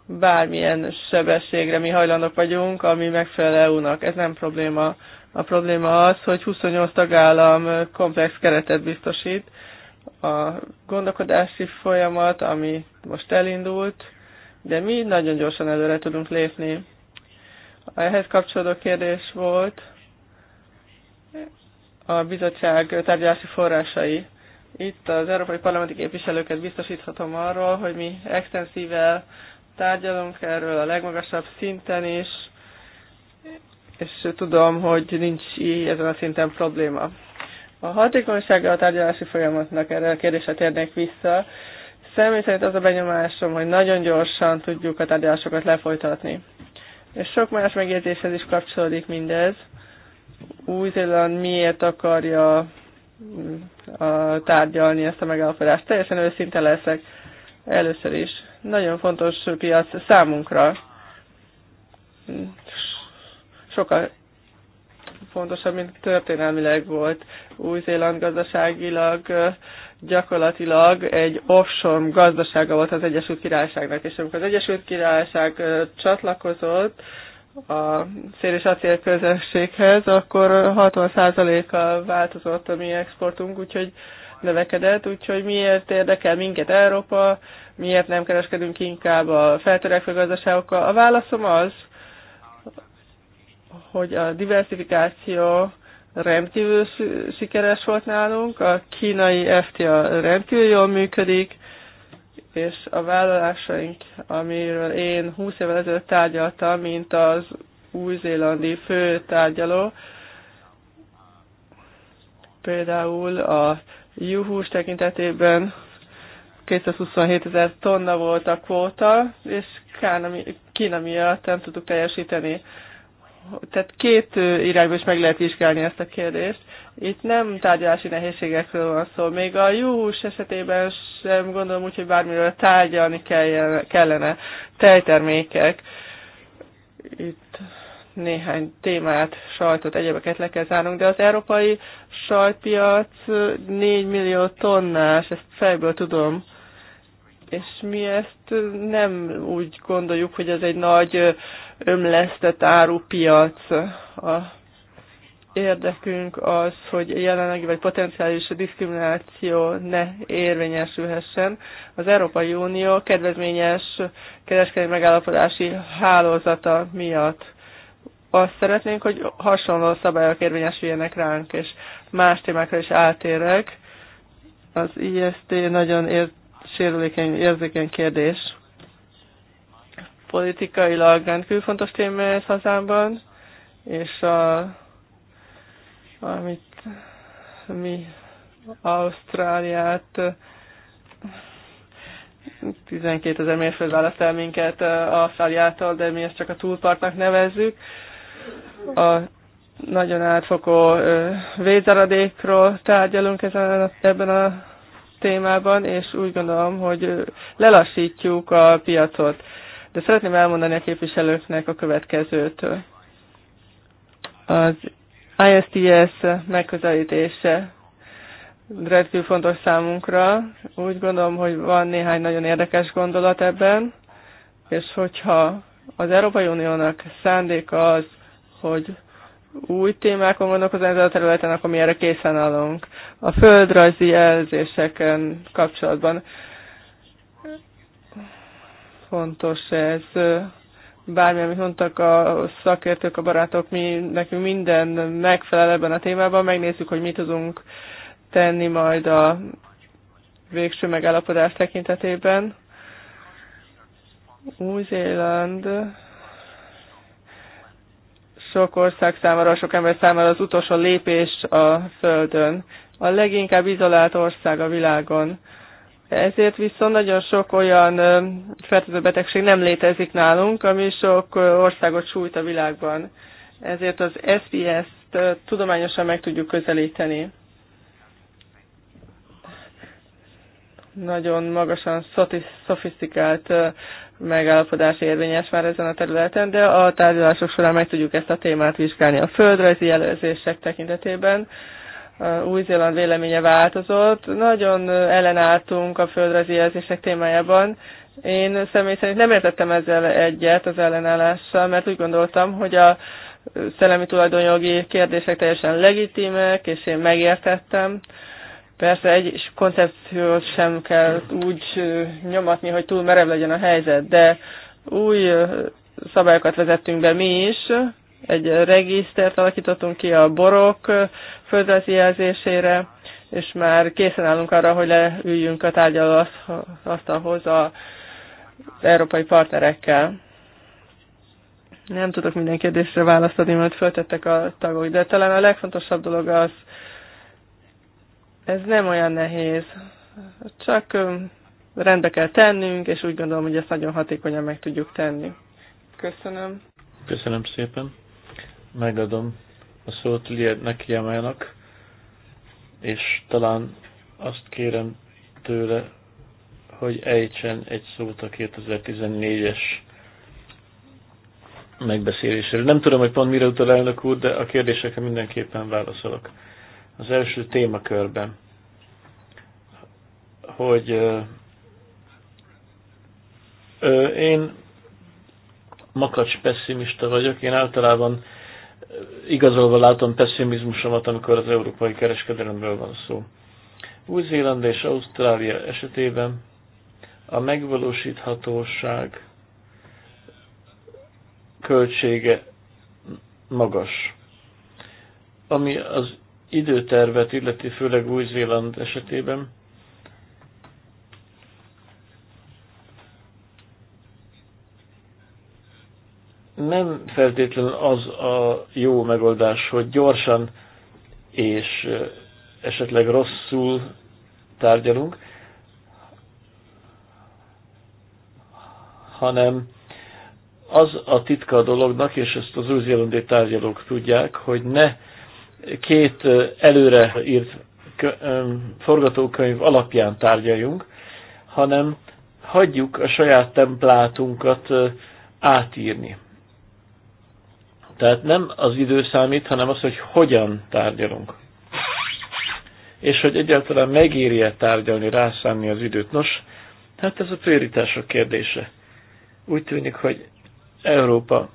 Bármilyen sebességre mi hajlandok vagyunk, ami megfelel EU-nak. Ez nem probléma. A probléma az, hogy 28 tagállam komplex keretet biztosít. A gondolkodási folyamat, ami most elindult, de mi nagyon gyorsan előre tudunk lépni. Ehhez kapcsolódó kérdés volt a bizottság tárgyalási forrásai. Itt az európai parlamenti képviselőket biztosíthatom arról, hogy mi extenzível tárgyalunk erről a legmagasabb szinten is, és tudom, hogy nincs így ezen a szinten probléma. A hatékonysága a tárgyalási folyamatnak erre a kérdésre térnék vissza. Személy szerint az a benyomásom, hogy nagyon gyorsan tudjuk a tárgyalásokat lefolytatni. És sok más megjegyzéshez is kapcsolódik mindez. Új-Zéland miért akarja mm, a, tárgyalni ezt a megállapodást. Teljesen őszinte leszek először is. Nagyon fontos piac számunkra. Mm, sokkal fontosabb, mint történelmileg volt. Új-Zéland gazdaságilag gyakorlatilag egy offshore gazdasága volt az Egyesült Királyságnak, és amikor az Egyesült Királyság csatlakozott a szél és acél közösséghez, akkor 60%-a változott a mi exportunk, úgyhogy növekedett, úgyhogy miért érdekel minket Európa, miért nem kereskedünk inkább a feltörekvő gazdaságokkal. A válaszom az, hogy a diversifikáció rendkívül sikeres volt nálunk, a kínai FTA rendkívül jól működik, és a vállalásaink, amiről én 20 évvel ezelőtt tárgyaltam, mint az új-zélandi fő tárgyaló, például a juhús tekintetében 227 ezer tonna volt a kvóta, és Kína miatt nem tudtuk teljesíteni tehát két irányból is meg lehet vizsgálni ezt a kérdést. Itt nem tárgyalási nehézségekről van szó. Még a juhús esetében sem gondolom úgy, hogy bármiről tárgyalni kellene. Tejtermékek. Itt néhány témát, sajtot, egyebeket le kell zárnunk, de az európai sajtpiac 4 millió tonnás, ezt fejből tudom, és mi ezt nem úgy gondoljuk, hogy ez egy nagy ömlesztett árupiac. A érdekünk az, hogy jelenlegi vagy potenciális diszkrimináció ne érvényesülhessen. Az Európai Unió kedvezményes kereskedelmi megállapodási hálózata miatt azt szeretnénk, hogy hasonló szabályok érvényesüljenek ránk, és más témákra is átérek. Az IST nagyon ér- sérülékeny, érzékeny kérdés politikailag rendkívül fontos téma ez hazámban, és a, amit mi Ausztráliát 12 ezer mérföld választ el minket eh, Ausztráliától, de mi ezt csak a túlpartnak nevezzük. A nagyon átfokó eh, védzaradékról tárgyalunk ezen, ebben a témában, és úgy gondolom, hogy eh, lelassítjuk a piacot. De szeretném elmondani a képviselőknek a következőt. Az ISTS megközelítése rendkívül fontos számunkra. Úgy gondolom, hogy van néhány nagyon érdekes gondolat ebben, és hogyha az Európai Uniónak szándéka az, hogy új témákon gondolkozni ezen a területen, akkor mi erre készen állunk. A földrajzi jelzéseken kapcsolatban fontos ez. Bármi, amit mondtak a szakértők, a barátok, mi nekünk minden megfelel ebben a témában, megnézzük, hogy mit tudunk tenni majd a végső megállapodás tekintetében. Új-Zéland sok ország számára, sok ember számára az utolsó lépés a Földön. A leginkább izolált ország a világon. Ezért viszont nagyon sok olyan fertőző betegség nem létezik nálunk, ami sok országot sújt a világban. Ezért az SPS-t tudományosan meg tudjuk közelíteni. Nagyon magasan szofisztikált megállapodás érvényes már ezen a területen, de a tárgyalások során meg tudjuk ezt a témát vizsgálni a földrajzi jelölzések tekintetében új-Zéland véleménye változott. Nagyon ellenálltunk a földrajzi jelzések témájában. Én személy szerint nem értettem ezzel egyet az ellenállással, mert úgy gondoltam, hogy a szellemi tulajdonjogi kérdések teljesen legitimek, és én megértettem. Persze egy koncepciót sem kell úgy nyomatni, hogy túl merev legyen a helyzet, de új szabályokat vezettünk be mi is, egy regisztert alakítottunk ki a borok földrajzi jelzésére, és már készen állunk arra, hogy leüljünk a tárgyalóasztalhoz az európai partnerekkel. Nem tudok minden kérdésre választ adni, mert föltettek a tagok, de talán a legfontosabb dolog az, ez nem olyan nehéz, csak rendbe kell tennünk, és úgy gondolom, hogy ezt nagyon hatékonyan meg tudjuk tenni. Köszönöm. Köszönöm szépen megadom a szót Liednek Jemának, és talán azt kérem tőle, hogy ejtsen egy szót a 2014-es megbeszélésre. Nem tudom, hogy pont mire utal elnök úr, de a kérdésekre mindenképpen válaszolok. Az első témakörben, hogy ö, ö, én makacs pessimista vagyok, én általában igazolva látom pessimizmusomat, amikor az európai kereskedelemről van szó. Új-Zéland és Ausztrália esetében a megvalósíthatóság költsége magas. Ami az időtervet illeti, főleg Új-Zéland esetében, nem feltétlenül az a jó megoldás, hogy gyorsan és esetleg rosszul tárgyalunk, hanem az a titka a dolognak, és ezt az új tárgyalók tudják, hogy ne két előre írt forgatókönyv alapján tárgyaljunk, hanem hagyjuk a saját templátunkat átírni. Tehát nem az idő számít, hanem az, hogy hogyan tárgyalunk. És hogy egyáltalán megéri-e tárgyalni, rászánni az időt. Nos, hát ez a prioritások kérdése. Úgy tűnik, hogy Európa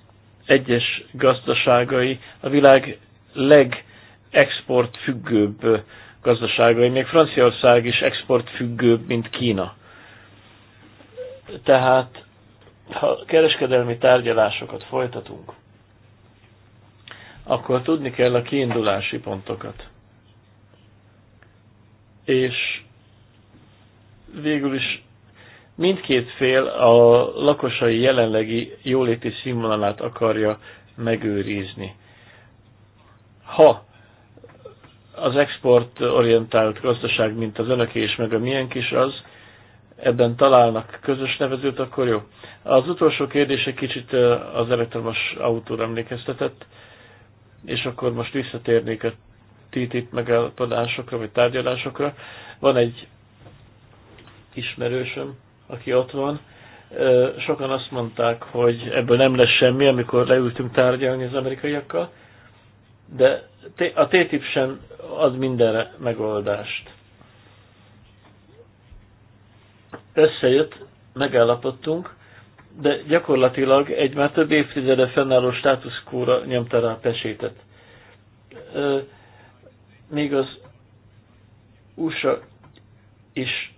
egyes gazdaságai a világ legexportfüggőbb gazdaságai, még Franciaország is exportfüggőbb, mint Kína. Tehát, ha kereskedelmi tárgyalásokat folytatunk, akkor tudni kell a kiindulási pontokat. És végül is mindkét fél a lakosai jelenlegi jóléti színvonalát akarja megőrizni. Ha az exportorientált gazdaság, mint az önöké és meg a miénk is az, ebben találnak közös nevezőt, akkor jó. Az utolsó kérdés egy kicsit az elektromos autóra emlékeztetett és akkor most visszatérnék a TTIP megállapodásokra, vagy tárgyalásokra. Van egy ismerősöm, aki ott van. Sokan azt mondták, hogy ebből nem lesz semmi, amikor leültünk tárgyalni az amerikaiakkal, de a TTIP sem ad mindenre megoldást. Összejött, megállapodtunk, de gyakorlatilag egy már több évtizede fennálló státuszkóra nyomta rá a pesétet. Még az USA is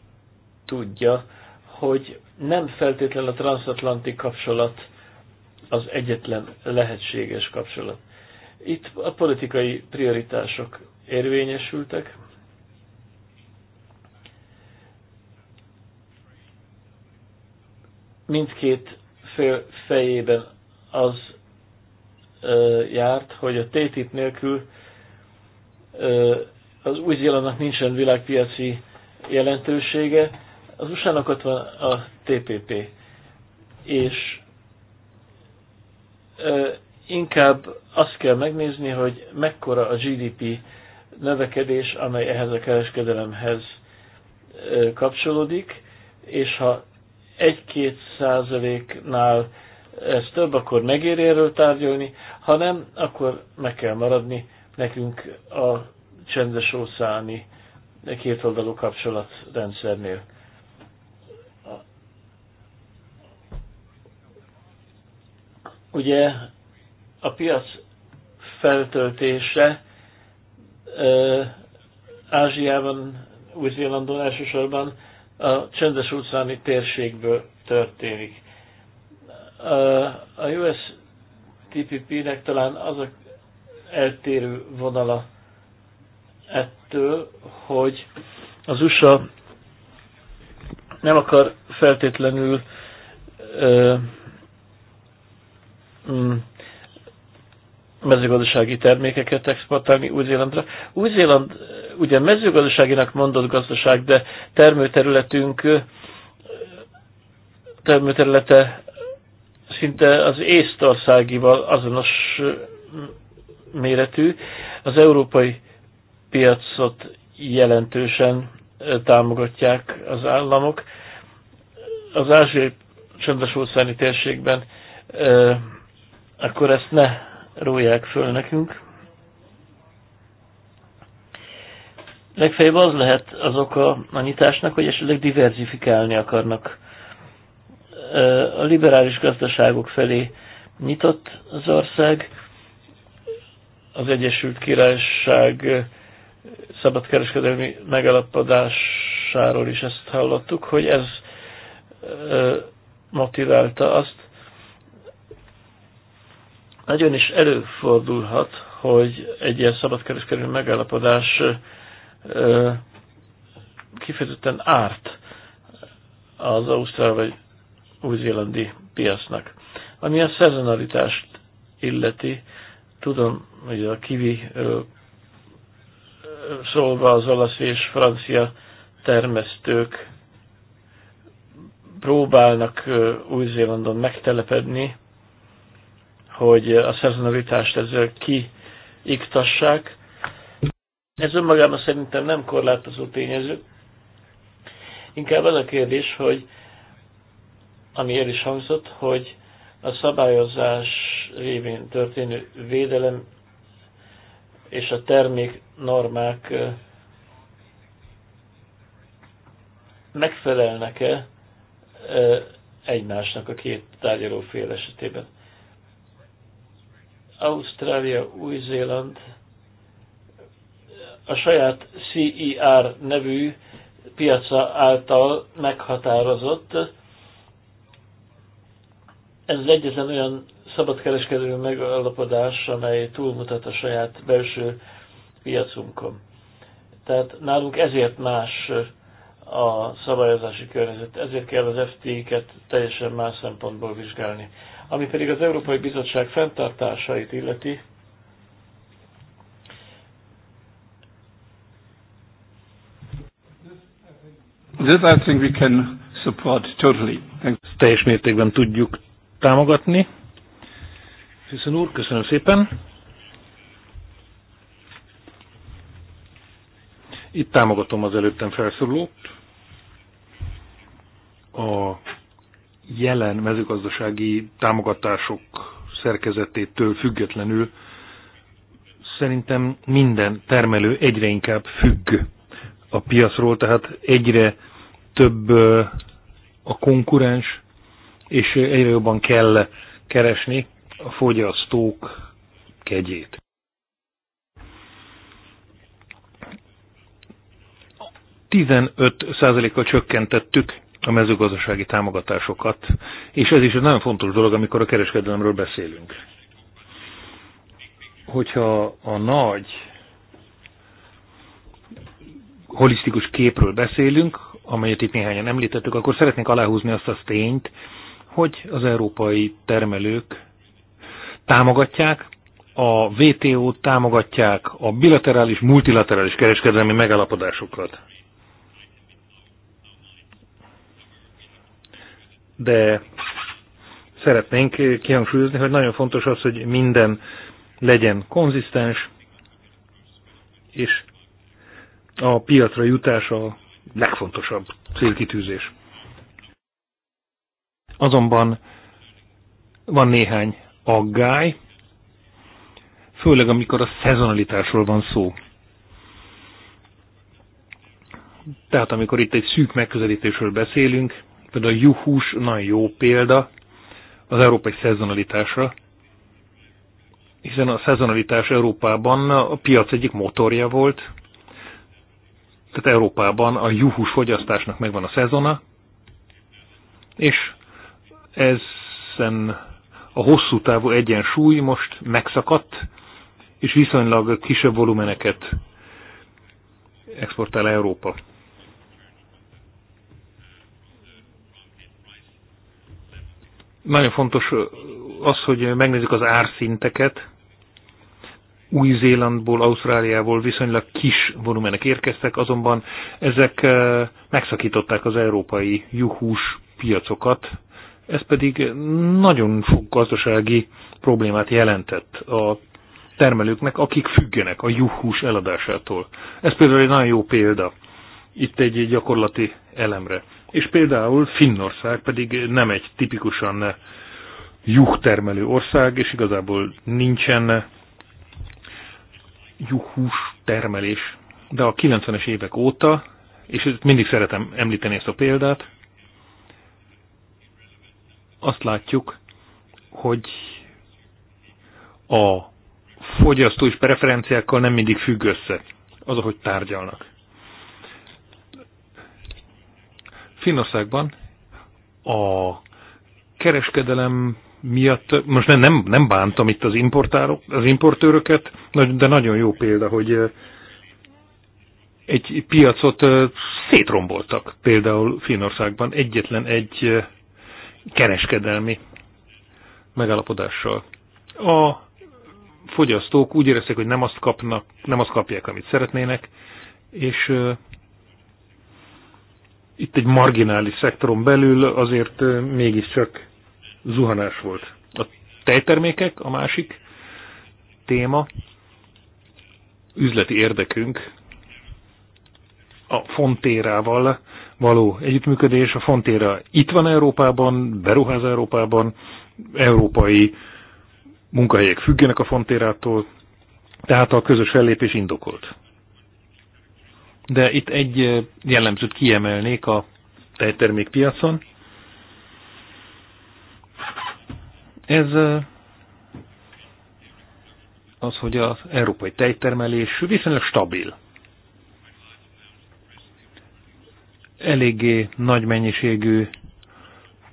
tudja, hogy nem feltétlenül a transatlanti kapcsolat az egyetlen lehetséges kapcsolat. Itt a politikai prioritások érvényesültek, mindkét fél fejében az ö, járt, hogy a TTIP nélkül ö, az új zélandnak nincsen világpiaci jelentősége, az usa ott van a TPP, és ö, inkább azt kell megnézni, hogy mekkora a GDP növekedés, amely ehhez a kereskedelemhez kapcsolódik, és ha 1-2 százaléknál ez több, akkor megéri erről tárgyalni, ha nem, akkor meg kell maradni nekünk a csendes óceáni kétoldalú kapcsolatrendszernél. Ugye a piac feltöltése Ázsiában, Új-Zélandon elsősorban a csendes utcáni térségből történik. A US TPP-nek talán az a eltérő vonala ettől, hogy az USA nem akar feltétlenül mm, mezőgazdasági termékeket exportálni Új-Zélandra. Új-Zéland eh, ugye mezőgazdaságinak mondott gazdaság, de termőterületünk eh, termőterülete szinte az észtországival azonos eh, méretű. Az európai piacot jelentősen támogatják az államok. Az ázsiai csendes óceáni térségben akkor ezt ne róják föl nekünk. Legfeljebb az lehet az oka a nyitásnak, hogy esetleg diverzifikálni akarnak. A liberális gazdaságok felé nyitott az ország, az Egyesült Királyság szabadkereskedelmi megalapodásáról is ezt hallottuk, hogy ez motiválta azt, nagyon is előfordulhat, hogy egy ilyen szabadkereskedelmi megállapodás kifejezetten árt az ausztrál vagy új-zélandi piacnak. Ami a szezonalitást illeti, tudom, hogy a kivi szólva az olasz és francia termesztők próbálnak Új-Zélandon megtelepedni, hogy a szezonalitást ezzel kiiktassák. Ez önmagában szerintem nem korlátozó tényező. Inkább az a kérdés, hogy ami el is hangzott, hogy a szabályozás révén történő védelem és a termék normák megfelelnek-e egymásnak a két fél esetében. Ausztrália, Új-Zéland a saját CIR e nevű piaca által meghatározott. Ez egyetlen olyan szabadkereskedelmi megalapodás, amely túlmutat a saját belső piacunkon. Tehát nálunk ezért más a szabályozási környezet, ezért kell az FT-ket teljesen más szempontból vizsgálni. Ami pedig az Európai Bizottság fenntartásait illeti, This I think we can support totally. Thanks. Teljes mértékben tudjuk támogatni. Hiszen úr, köszönöm szépen. Itt támogatom az előttem felszólót. A jelen mezőgazdasági támogatások szerkezetétől függetlenül szerintem minden termelő egyre inkább függ a piacról, tehát egyre több a konkurens, és egyre jobban kell keresni a fogyasztók kegyét. 15%-kal csökkentettük a mezőgazdasági támogatásokat, és ez is egy nagyon fontos dolog, amikor a kereskedelemről beszélünk. Hogyha a nagy holisztikus képről beszélünk, amelyet itt néhányan említettük, akkor szeretnék aláhúzni azt a tényt, hogy az európai termelők támogatják, a WTO-t támogatják a bilaterális, multilaterális kereskedelmi megállapodásokat. de szeretnénk kihangsúlyozni, hogy nagyon fontos az, hogy minden legyen konzisztens, és a piacra jutás a legfontosabb célkitűzés. Azonban van néhány aggály, főleg amikor a szezonalitásról van szó. Tehát amikor itt egy szűk megközelítésről beszélünk, Például a juhús nagyon jó példa az európai szezonalitásra, hiszen a szezonalitás Európában a piac egyik motorja volt, tehát Európában a juhús fogyasztásnak megvan a szezona, és ezen a hosszú távú egyensúly most megszakadt, és viszonylag kisebb volumeneket exportál Európa. Nagyon fontos az, hogy megnézzük az árszinteket. Új-Zélandból, Ausztráliából viszonylag kis volumenek érkeztek, azonban ezek eh, megszakították az európai juhús piacokat, ez pedig nagyon sok gazdasági problémát jelentett a termelőknek, akik függenek a juhús eladásától. Ez például egy nagyon jó példa itt egy gyakorlati elemre. És például Finnország pedig nem egy tipikusan juhtermelő ország, és igazából nincsen juhús termelés. De a 90-es évek óta, és mindig szeretem említeni ezt a példát, azt látjuk, hogy a fogyasztói preferenciákkal nem mindig függ össze az, ahogy tárgyalnak. Finnországban a kereskedelem miatt, most nem, nem, nem bántam itt az, importárok, az importőröket, de nagyon jó példa, hogy egy piacot szétromboltak például Finnországban egyetlen egy kereskedelmi megállapodással. A fogyasztók úgy érezték, hogy nem azt, kapnak, nem azt kapják, amit szeretnének, és itt egy marginális szektoron belül azért mégiscsak zuhanás volt. A tejtermékek a másik téma, üzleti érdekünk a fontérával való együttműködés. A fontéra itt van Európában, beruház Európában, európai munkahelyek függenek a fontérától, tehát a közös fellépés indokolt. De itt egy jellemzőt kiemelnék a tejtermékpiacon. Ez az, hogy az európai tejtermelés viszonylag stabil. Eléggé nagy mennyiségű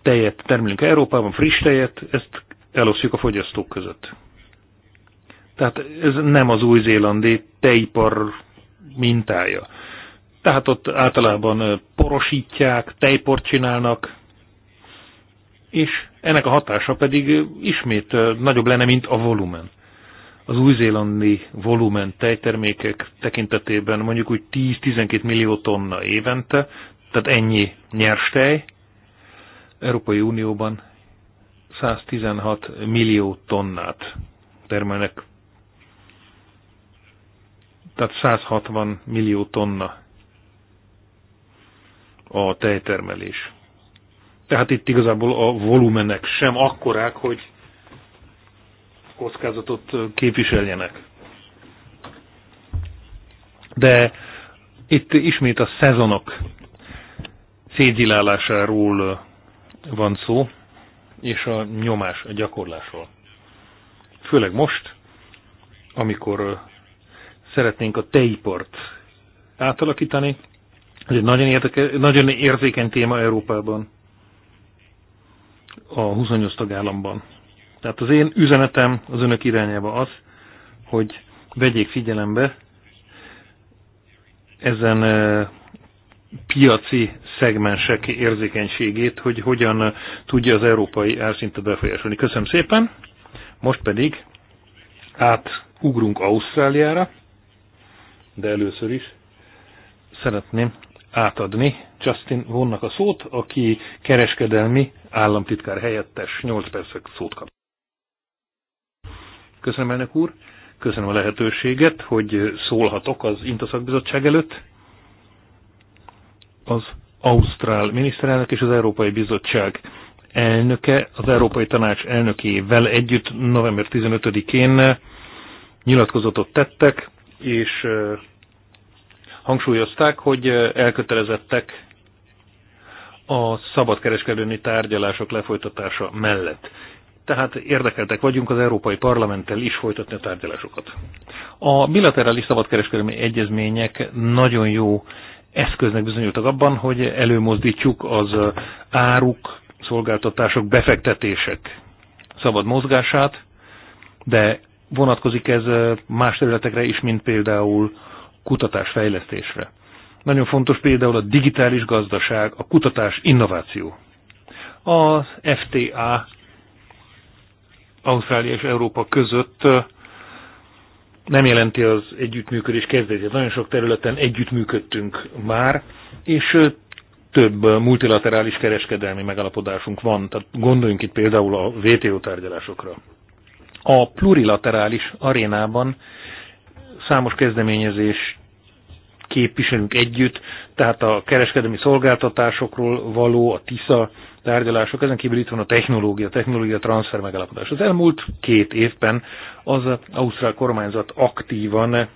tejet termelünk Európában, friss tejet, ezt elosztjuk a fogyasztók között. Tehát ez nem az új-zélandi tejipar mintája. Tehát ott általában porosítják, tejport csinálnak, és ennek a hatása pedig ismét nagyobb lenne, mint a volumen. Az új-zélandi volumen tejtermékek tekintetében mondjuk úgy 10-12 millió tonna évente, tehát ennyi nyers tej, Európai Unióban 116 millió tonnát termelnek tehát 160 millió tonna a tejtermelés. Tehát itt igazából a volumenek sem akkorák, hogy kockázatot képviseljenek. De itt ismét a szezonok szédilálásáról van szó, és a nyomás, a gyakorlásról. Főleg most, amikor szeretnénk a tejipart átalakítani. Ez egy nagyon, érdeke, nagyon érzékeny téma Európában, a 28 tagállamban. Tehát az én üzenetem az önök irányába az, hogy vegyék figyelembe ezen e, piaci szegmensek érzékenységét, hogy hogyan tudja az európai árszintet befolyásolni. Köszönöm szépen! Most pedig átugrunk Ausztráliára de először is szeretném átadni Justin vonnak a szót, aki kereskedelmi államtitkár helyettes 8 percek szót kap. Köszönöm, elnök úr! Köszönöm a lehetőséget, hogy szólhatok az Intaszakbizottság előtt. Az Ausztrál miniszterelnök és az Európai Bizottság elnöke az Európai Tanács elnökével együtt november 15-én nyilatkozatot tettek és hangsúlyozták, hogy elkötelezettek a szabadkereskedelmi tárgyalások lefolytatása mellett. Tehát érdekeltek vagyunk az Európai Parlamenttel is folytatni a tárgyalásokat. A bilaterális szabadkereskedelmi egyezmények nagyon jó eszköznek bizonyultak abban, hogy előmozdítsuk az áruk, szolgáltatások, befektetések szabad mozgását, de vonatkozik ez más területekre is, mint például kutatásfejlesztésre. Nagyon fontos például a digitális gazdaság, a kutatás, innováció. Az FTA Ausztrália és Európa között nem jelenti az együttműködés kezdetét. Nagyon sok területen együttműködtünk már, és több multilaterális kereskedelmi megalapodásunk van. Tehát gondoljunk itt például a WTO tárgyalásokra. A plurilaterális arénában számos kezdeményezés képviselünk együtt, tehát a kereskedelmi szolgáltatásokról való, a TISZA tárgyalások, ezen kívül itt van a technológia, technológia transfer megalapodás. Az elmúlt két évben az Ausztrál kormányzat aktívan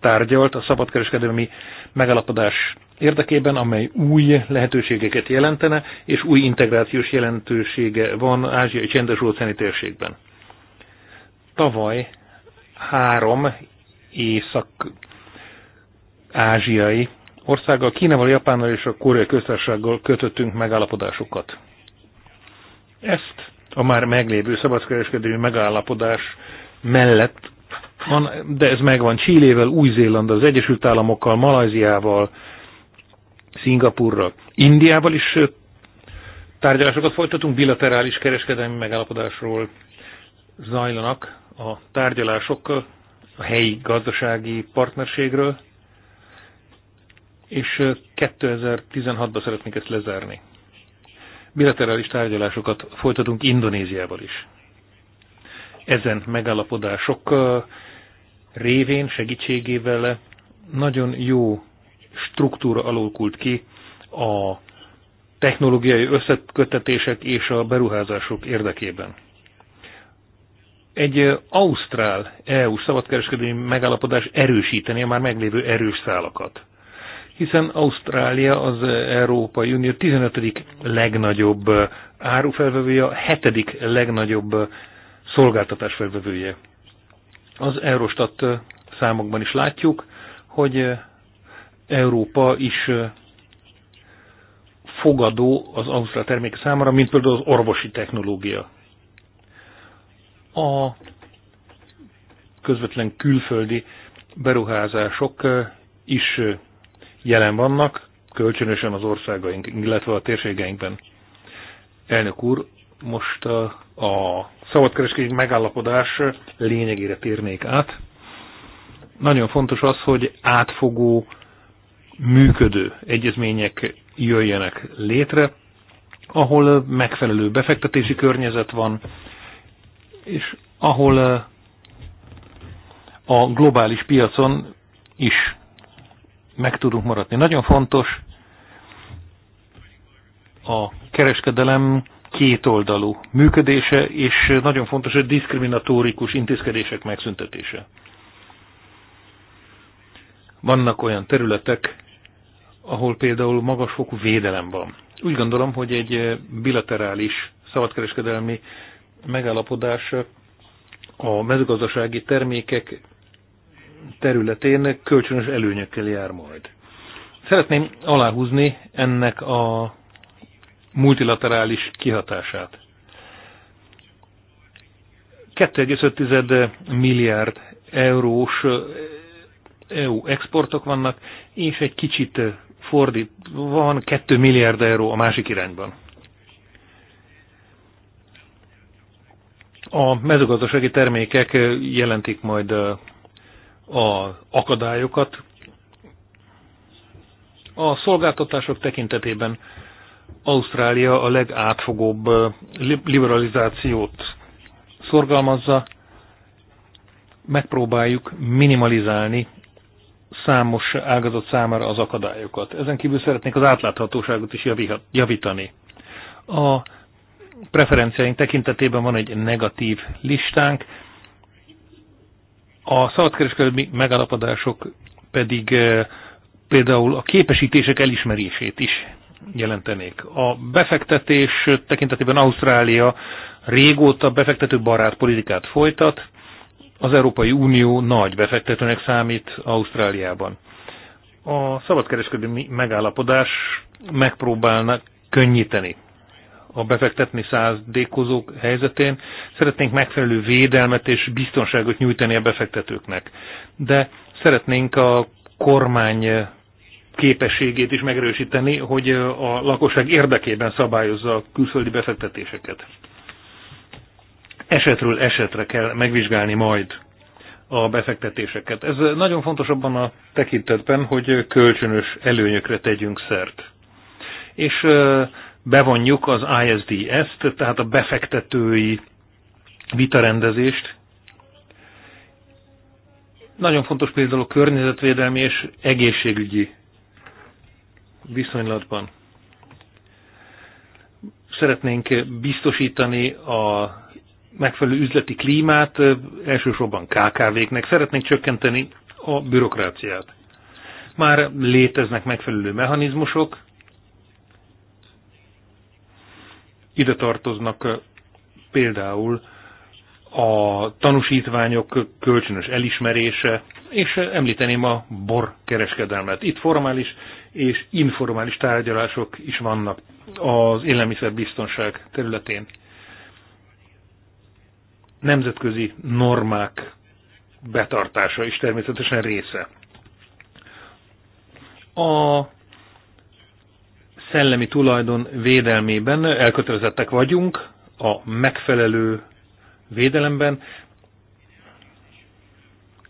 tárgyalt a szabadkereskedelmi megalapodás érdekében, amely új lehetőségeket jelentene, és új integrációs jelentősége van ázsiai csendes óceáni térségben. Tavaly három észak-ázsiai országgal, Kínával, Japánnal és a Koreai Köztársasággal kötöttünk megállapodásokat. Ezt a már meglévő szabadkereskedelmi megállapodás mellett van, de ez megvan Csillével, Új-Zéland, az Egyesült Államokkal, Malajziával, Szingapurral, Indiával is tárgyalásokat folytatunk, bilaterális kereskedelmi megállapodásról zajlanak a tárgyalásokkal a helyi gazdasági partnerségről, és 2016-ban szeretnék ezt lezárni. Bilaterális tárgyalásokat folytatunk Indonéziával is. Ezen megállapodások révén, segítségével nagyon jó struktúra alakult ki a technológiai összekötetések és a beruházások érdekében egy ausztrál EU szabadkereskedelmi megállapodás erősíteni a már meglévő erős szálakat. Hiszen Ausztrália az Európai Unió 15. legnagyobb árufelvevője, a 7. legnagyobb szolgáltatás felvevője. Az Eurostat számokban is látjuk, hogy Európa is fogadó az ausztrál termék számára, mint például az orvosi technológia a közvetlen külföldi beruházások is jelen vannak, kölcsönösen az országaink, illetve a térségeinkben. Elnök úr, most a szabadkereskedési megállapodás lényegére térnék át. Nagyon fontos az, hogy átfogó, működő egyezmények jöjjenek létre, ahol megfelelő befektetési környezet van, és ahol eh, a globális piacon is meg tudunk maradni. Nagyon fontos a kereskedelem kétoldalú működése, és nagyon fontos a diszkriminatórikus intézkedések megszüntetése. Vannak olyan területek, ahol például magasfokú védelem van. Úgy gondolom, hogy egy eh, bilaterális szabadkereskedelmi megállapodás a mezőgazdasági termékek területén kölcsönös előnyökkel jár majd. Szeretném aláhúzni ennek a multilaterális kihatását. 2,5 milliárd eurós EU exportok vannak, és egy kicsit fordít, van 2 milliárd euró a másik irányban. A mezőgazdasági termékek jelentik majd az akadályokat. A szolgáltatások tekintetében Ausztrália a legátfogóbb liberalizációt szorgalmazza. Megpróbáljuk minimalizálni számos ágazat számára az akadályokat. Ezen kívül szeretnék az átláthatóságot is javítani. A preferenciáink tekintetében van egy negatív listánk, a szabadkereskedelmi megállapodások pedig eh, például a képesítések elismerését is jelentenék. A befektetés tekintetében Ausztrália régóta befektető barát politikát folytat, az Európai Unió nagy befektetőnek számít Ausztráliában. A szabadkereskedelmi megállapodás megpróbálnak könnyíteni a befektetni szándékozók helyzetén. Szeretnénk megfelelő védelmet és biztonságot nyújtani a befektetőknek. De szeretnénk a kormány képességét is megerősíteni, hogy a lakosság érdekében szabályozza a külföldi befektetéseket. Esetről esetre kell megvizsgálni majd a befektetéseket. Ez nagyon fontos abban a tekintetben, hogy kölcsönös előnyökre tegyünk szert. És bevonjuk az ISDS-t, tehát a befektetői vitarendezést. Nagyon fontos például a környezetvédelmi és egészségügyi viszonylatban. Szeretnénk biztosítani a megfelelő üzleti klímát, elsősorban KKV-knek. Szeretnénk csökkenteni a bürokráciát. Már léteznek megfelelő mechanizmusok, Ide tartoznak például a tanúsítványok kölcsönös elismerése, és említeném a borkereskedelmet. Itt formális és informális tárgyalások is vannak az élelmiszerbiztonság területén. Nemzetközi normák betartása is természetesen része. A szellemi tulajdon védelmében elkötelezettek vagyunk a megfelelő védelemben.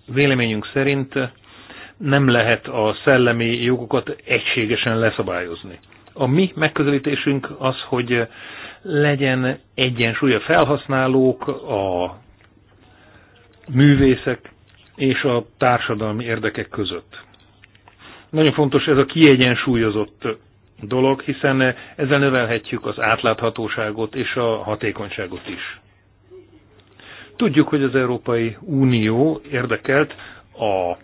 Véleményünk szerint nem lehet a szellemi jogokat egységesen leszabályozni. A mi megközelítésünk az, hogy legyen egyensúly a felhasználók, a művészek és a társadalmi érdekek között. Nagyon fontos ez a kiegyensúlyozott dolog, hiszen ezzel növelhetjük az átláthatóságot és a hatékonyságot is. Tudjuk, hogy az Európai Unió érdekelt a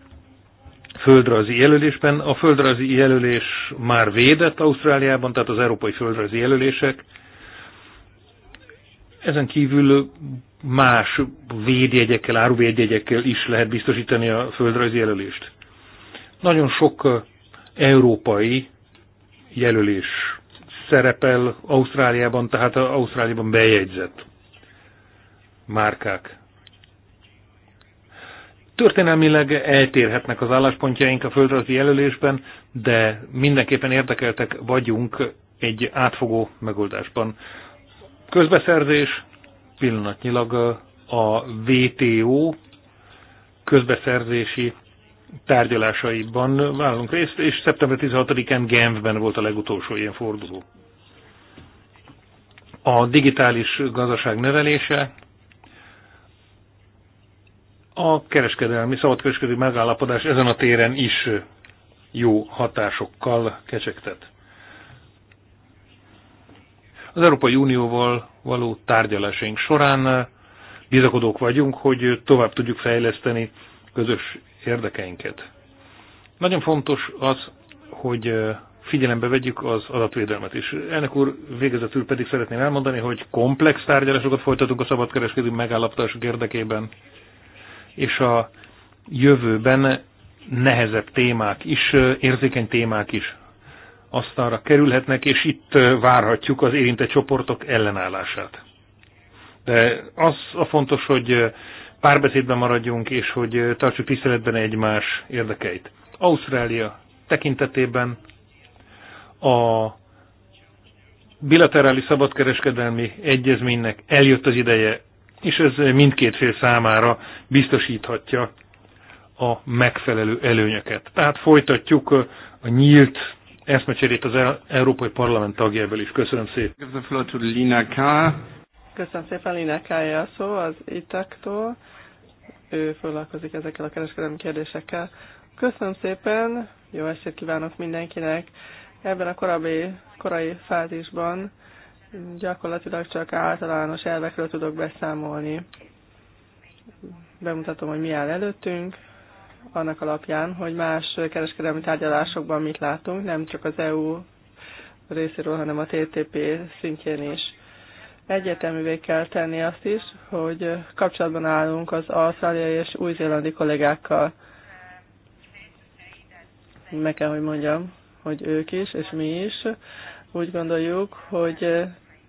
földrajzi jelölésben. A földrajzi jelölés már védett Ausztráliában, tehát az európai földrajzi jelölések. Ezen kívül más védjegyekkel, áruvédjegyekkel is lehet biztosítani a földrajzi jelölést. Nagyon sok európai jelölés szerepel Ausztráliában, tehát Ausztráliában bejegyzett márkák. Történelmileg eltérhetnek az álláspontjaink a földrajzi jelölésben, de mindenképpen érdekeltek vagyunk egy átfogó megoldásban. Közbeszerzés pillanatnyilag a VTO közbeszerzési tárgyalásaiban vállunk részt, és szeptember 16-án Genfben volt a legutolsó ilyen forduló. A digitális gazdaság növelése, a kereskedelmi, szabadkereskedelmi megállapodás ezen a téren is jó hatásokkal kecsegtet. Az Európai Unióval való tárgyalásaink során bizakodók vagyunk, hogy tovább tudjuk fejleszteni közös érdekeinket. Nagyon fontos az, hogy figyelembe vegyük az adatvédelmet is. Ennek úr végezetül pedig szeretném elmondani, hogy komplex tárgyalásokat folytatunk a szabadkereskedő megállapodások érdekében, és a jövőben nehezebb témák is, érzékeny témák is asztalra kerülhetnek, és itt várhatjuk az érintett csoportok ellenállását. De az a fontos, hogy párbeszédben maradjunk, és hogy tartsuk tiszteletben egymás érdekeit. Ausztrália tekintetében a bilaterális szabadkereskedelmi egyezménynek eljött az ideje, és ez mindkét fél számára biztosíthatja a megfelelő előnyöket. Tehát folytatjuk a nyílt eszmecserét az e- Európai Parlament tagjából is. Köszönöm szépen. Köszönöm szépen, Linekája a szó az itaktól. Ő foglalkozik ezekkel a kereskedelmi kérdésekkel. Köszönöm szépen, jó estét kívánok mindenkinek. Ebben a korábbi, korai fázisban gyakorlatilag csak általános elvekről tudok beszámolni. Bemutatom, hogy mi áll előttünk, annak alapján, hogy más kereskedelmi tárgyalásokban mit látunk, nem csak az EU részéről, hanem a TTP szintjén is Egyeteművé kell tenni azt is, hogy kapcsolatban állunk az ausztráliai és új-zélandi kollégákkal. Meg kell, hogy mondjam, hogy ők is, és mi is úgy gondoljuk, hogy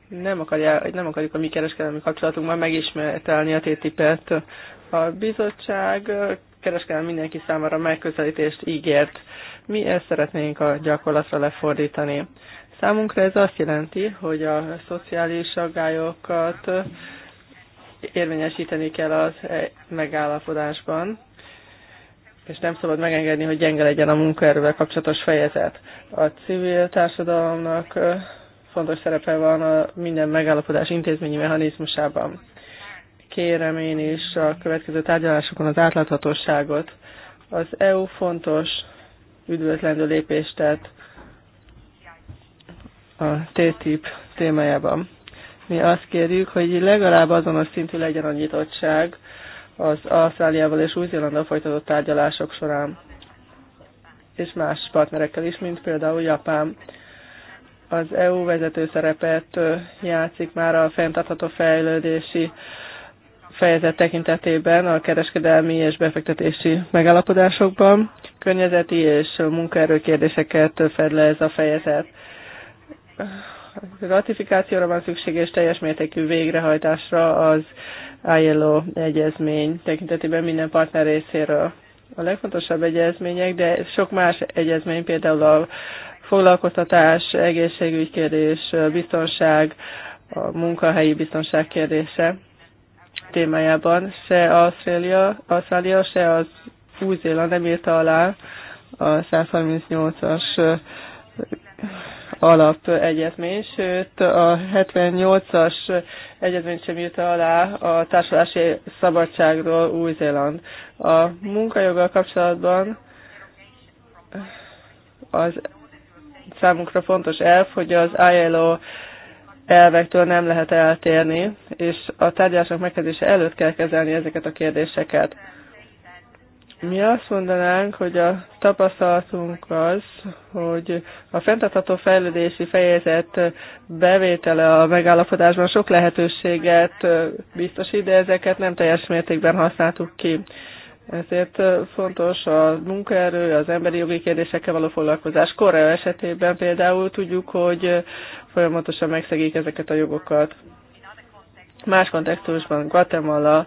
nem, akarja, nem akarjuk a mi kereskedelmi kapcsolatunkban megismételni a TTIP-et. A bizottság kereskedelmi mindenki számára megközelítést ígért. Mi ezt szeretnénk a gyakorlatra lefordítani. Számunkra ez azt jelenti, hogy a szociális aggályokat érvényesíteni kell az e megállapodásban, és nem szabad megengedni, hogy gyenge legyen a munkaerővel kapcsolatos fejezet. A civil társadalomnak fontos szerepe van a minden megállapodás intézményi mechanizmusában. Kérem én is a következő tárgyalásokon az átláthatóságot. Az EU fontos üdvözlendő lépést tett a TTIP témájában. Mi azt kérjük, hogy legalább azonos szintű legyen a nyitottság az Ausztráliával és Új-Zélandal folytatott tárgyalások során, és más partnerekkel is, mint például Japán. Az EU vezető szerepet játszik már a fenntartható fejlődési fejezet tekintetében a kereskedelmi és befektetési megállapodásokban. Környezeti és munkaerő kérdéseket fed le ez a fejezet ratifikációra van szükség és teljes mértékű végrehajtásra az ILO egyezmény tekintetében minden partner részéről. A legfontosabb egyezmények, de sok más egyezmény, például a foglalkoztatás, egészségügy kérdés, biztonság, a munkahelyi biztonság kérdése témájában se Ausztrália, Ausztrália se az Új-Zéland nem írta alá a 138-as alapegyezmény, sőt a 78-as egyezmény sem jut alá a társulási szabadságról Új-Zéland. A munkajoggal kapcsolatban az számunkra fontos elf, hogy az ILO elvektől nem lehet eltérni, és a tárgyalások megkezdése előtt kell kezelni ezeket a kérdéseket. Mi azt mondanánk, hogy a tapasztalatunk az, hogy a fenntartható fejlődési fejezet bevétele a megállapodásban sok lehetőséget biztosít, de ezeket nem teljes mértékben használtuk ki. Ezért fontos a munkaerő, az emberi jogi kérdésekkel való foglalkozás. Korea esetében például tudjuk, hogy folyamatosan megszegik ezeket a jogokat. Más kontextusban Guatemala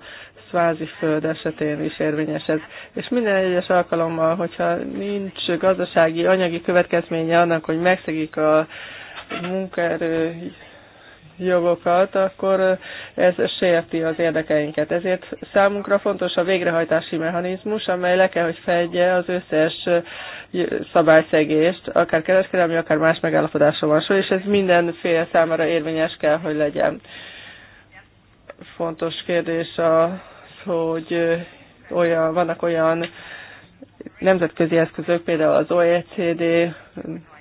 föld esetén is érvényes ez. És minden egyes alkalommal, hogyha nincs gazdasági, anyagi következménye annak, hogy megszegik a munkaerő jogokat, akkor ez sérti az érdekeinket. Ezért számunkra fontos a végrehajtási mechanizmus, amely le kell, hogy fedje az összes szabályszegést, akár kereskedelmi, akár más megállapodásra van és ez minden fél számára érvényes kell, hogy legyen. Fontos kérdés a hogy olyan, vannak olyan nemzetközi eszközök, például az OECD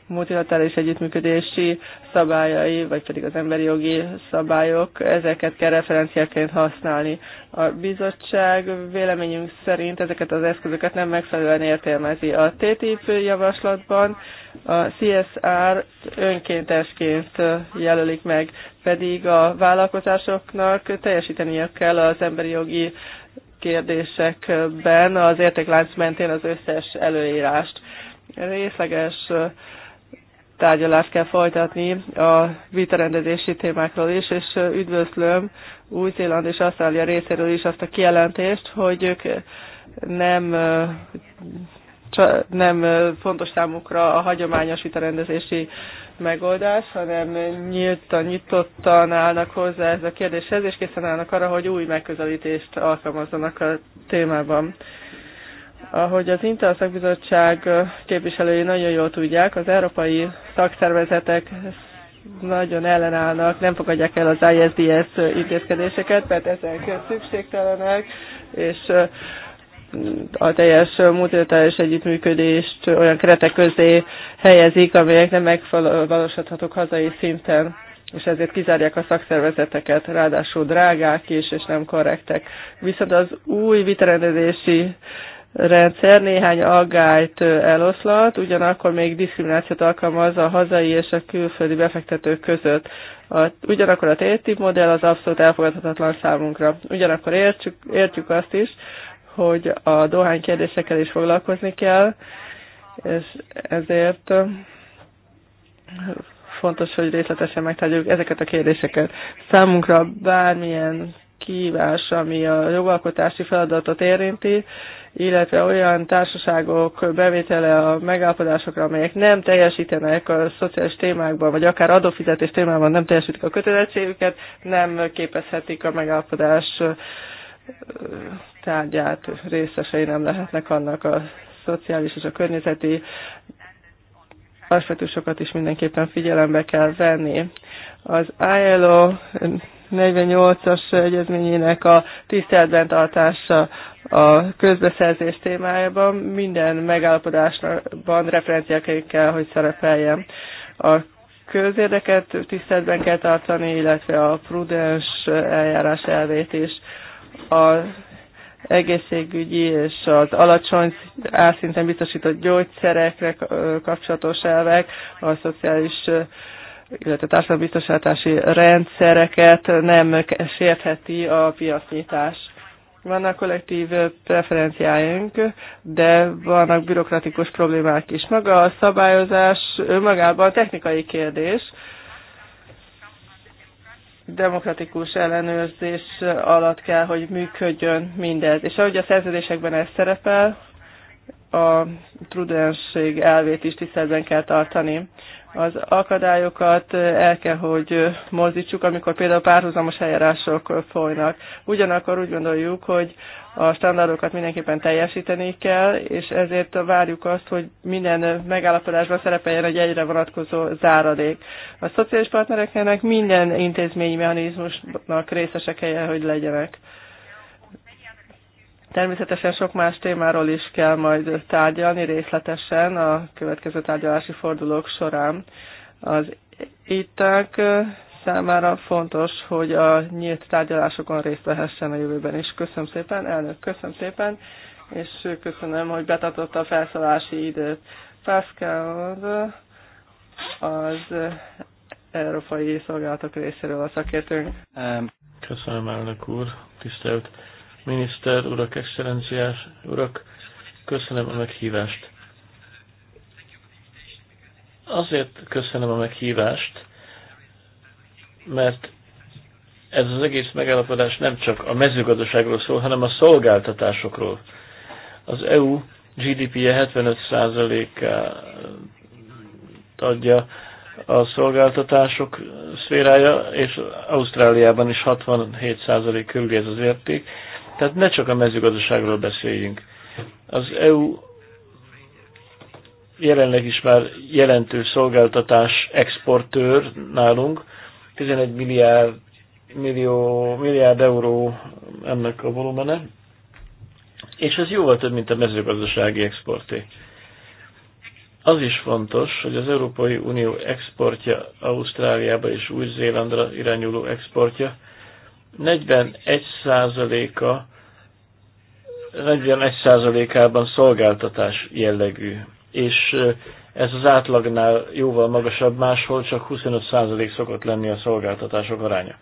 multilaterális együttműködési szabályai, vagy pedig az emberi jogi szabályok, ezeket kell referenciaként használni. A bizottság véleményünk szerint ezeket az eszközöket nem megfelelően értelmezi. A TTIP javaslatban a CSR önkéntesként jelölik meg, pedig a vállalkozásoknak teljesíteniük kell az emberi jogi kérdésekben az értéklánc mentén az összes előírást. Részleges tárgyalást kell folytatni a vitarendezési témákról is, és üdvözlöm Új-Zéland és Ausztrália részéről is azt a kijelentést, hogy ők nem, nem fontos számukra a hagyományos vitarendezési megoldás, hanem nyíltan, nyitottan állnak hozzá ez a kérdéshez, és készen állnak arra, hogy új megközelítést alkalmazzanak a témában. Ahogy az Intel szakbizottság képviselői nagyon jól tudják, az európai szakszervezetek nagyon ellenállnak, nem fogadják el az ISDS intézkedéseket, mert ezek szükségtelenek, és a teljes multilaterális együttműködést olyan keretek közé helyezik, amelyek nem megvalósíthatók hazai szinten és ezért kizárják a szakszervezeteket, ráadásul drágák is, és nem korrektek. Viszont az új vitarendezési rendszer néhány aggályt eloszlat, ugyanakkor még diszkriminációt alkalmaz a hazai és a külföldi befektetők között. A, ugyanakkor a tértip modell az abszolút elfogadhatatlan számunkra. Ugyanakkor értjük, értjük azt is, hogy a dohány kérdésekkel is foglalkozni kell, és ezért fontos, hogy részletesen megtárgyaljuk ezeket a kérdéseket. Számunkra bármilyen kívás, ami a jogalkotási feladatot érinti, illetve olyan társaságok bevétele a megállapodásokra, amelyek nem teljesítenek a szociális témákban, vagy akár adófizetés témában nem teljesítik a kötelezettségüket, nem képezhetik a megállapodás tárgyát, részesei nem lehetnek annak a szociális és a környezeti aspektusokat is mindenképpen figyelembe kell venni. Az ILO 48-as egyezményének a tiszteletben tartása a közbeszerzés témájában minden megállapodásban referenciáként kell, hogy szerepeljen. A közérdeket tiszteletben kell tartani, illetve a prudens eljárás elvét is. a egészségügyi és az alacsony álszinten biztosított gyógyszerekre kapcsolatos elvek, a szociális illetve társadalombiztosítási rendszereket nem sértheti a piacnyitás. Vannak kollektív preferenciáink, de vannak bürokratikus problémák is. Maga a szabályozás önmagában technikai kérdés, demokratikus ellenőrzés alatt kell, hogy működjön mindez. És ahogy a szerződésekben ez szerepel, a trudenség elvét is tiszteletben kell tartani. Az akadályokat el kell, hogy mozdítsuk, amikor például párhuzamos eljárások folynak. Ugyanakkor úgy gondoljuk, hogy a standardokat mindenképpen teljesíteni kell, és ezért várjuk azt, hogy minden megállapodásban szerepeljen egy egyre vonatkozó záradék. A szociális partnereknek minden intézményi mechanizmusnak részesek kell, hogy legyenek. Természetesen sok más témáról is kell majd tárgyalni részletesen a következő tárgyalási fordulók során. Az itták számára fontos, hogy a nyílt tárgyalásokon részt vehessen a jövőben is. Köszönöm szépen, elnök, köszönöm szépen, és köszönöm, hogy betartotta a felszólási időt. Pascal az Európai Szolgálatok részéről a szakértőnk. Köszönöm, elnök úr, tisztelt Miniszter urak, excellenciás urak, köszönöm a meghívást. Azért köszönöm a meghívást, mert ez az egész megállapodás nem csak a mezőgazdaságról szól, hanem a szolgáltatásokról. Az EU GDP-je 75%-át adja a szolgáltatások szférája, és Ausztráliában is 67% körül ez az érték. Tehát ne csak a mezőgazdaságról beszéljünk. Az EU jelenleg is már jelentős szolgáltatás exportőr nálunk, 11 milliárd, millió, milliárd euró ennek a volumene, és ez jóval több, mint a mezőgazdasági exporté. Az is fontos, hogy az Európai Unió exportja Ausztráliába és Új-Zélandra irányuló exportja 41%-a 41%-ában szolgáltatás jellegű, és ez az átlagnál jóval magasabb, máshol csak 25% szokott lenni a szolgáltatások aránya.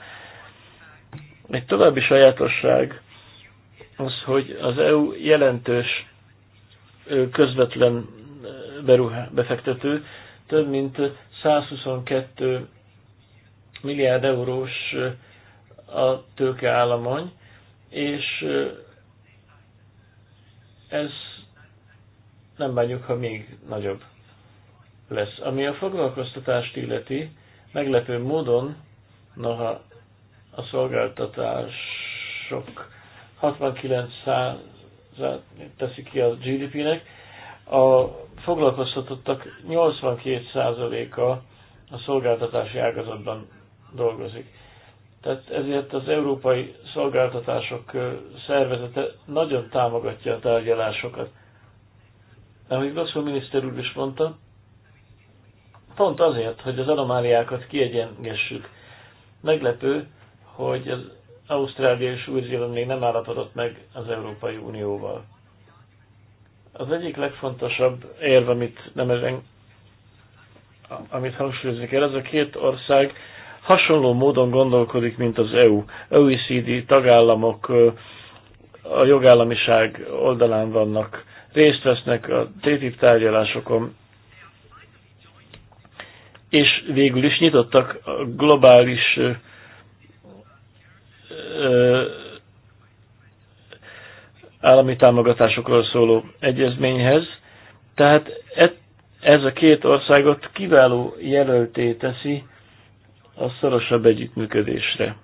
Egy további sajátosság az, hogy az EU jelentős közvetlen befektető, több mint 122 milliárd eurós a tőkeállamony, és ez nem bánjuk, ha még nagyobb lesz. Ami a foglalkoztatást illeti, meglepő módon, noha a szolgáltatások 69%-át teszi ki a GDP-nek, a foglalkoztatottak 82%-a a szolgáltatási ágazatban dolgozik. Tehát ezért az Európai Szolgáltatások Szervezete nagyon támogatja a tárgyalásokat. Amíg Lasszó miniszter úr is mondta, pont azért, hogy az anomáliákat kiegyengessük. Meglepő, hogy az Ausztrália és Új-Zéland még nem állapodott meg az Európai Unióval. Az egyik legfontosabb érv, amit, nem ezen, amit hangsúlyozni kell, ez a két ország hasonló módon gondolkodik, mint az EU. OECD tagállamok a jogállamiság oldalán vannak, részt vesznek a TTIP tárgyalásokon, és végül is nyitottak a globális állami támogatásokról szóló egyezményhez. Tehát e, ez a két országot kiváló jelölté teszi a szorosabb együttműködésre.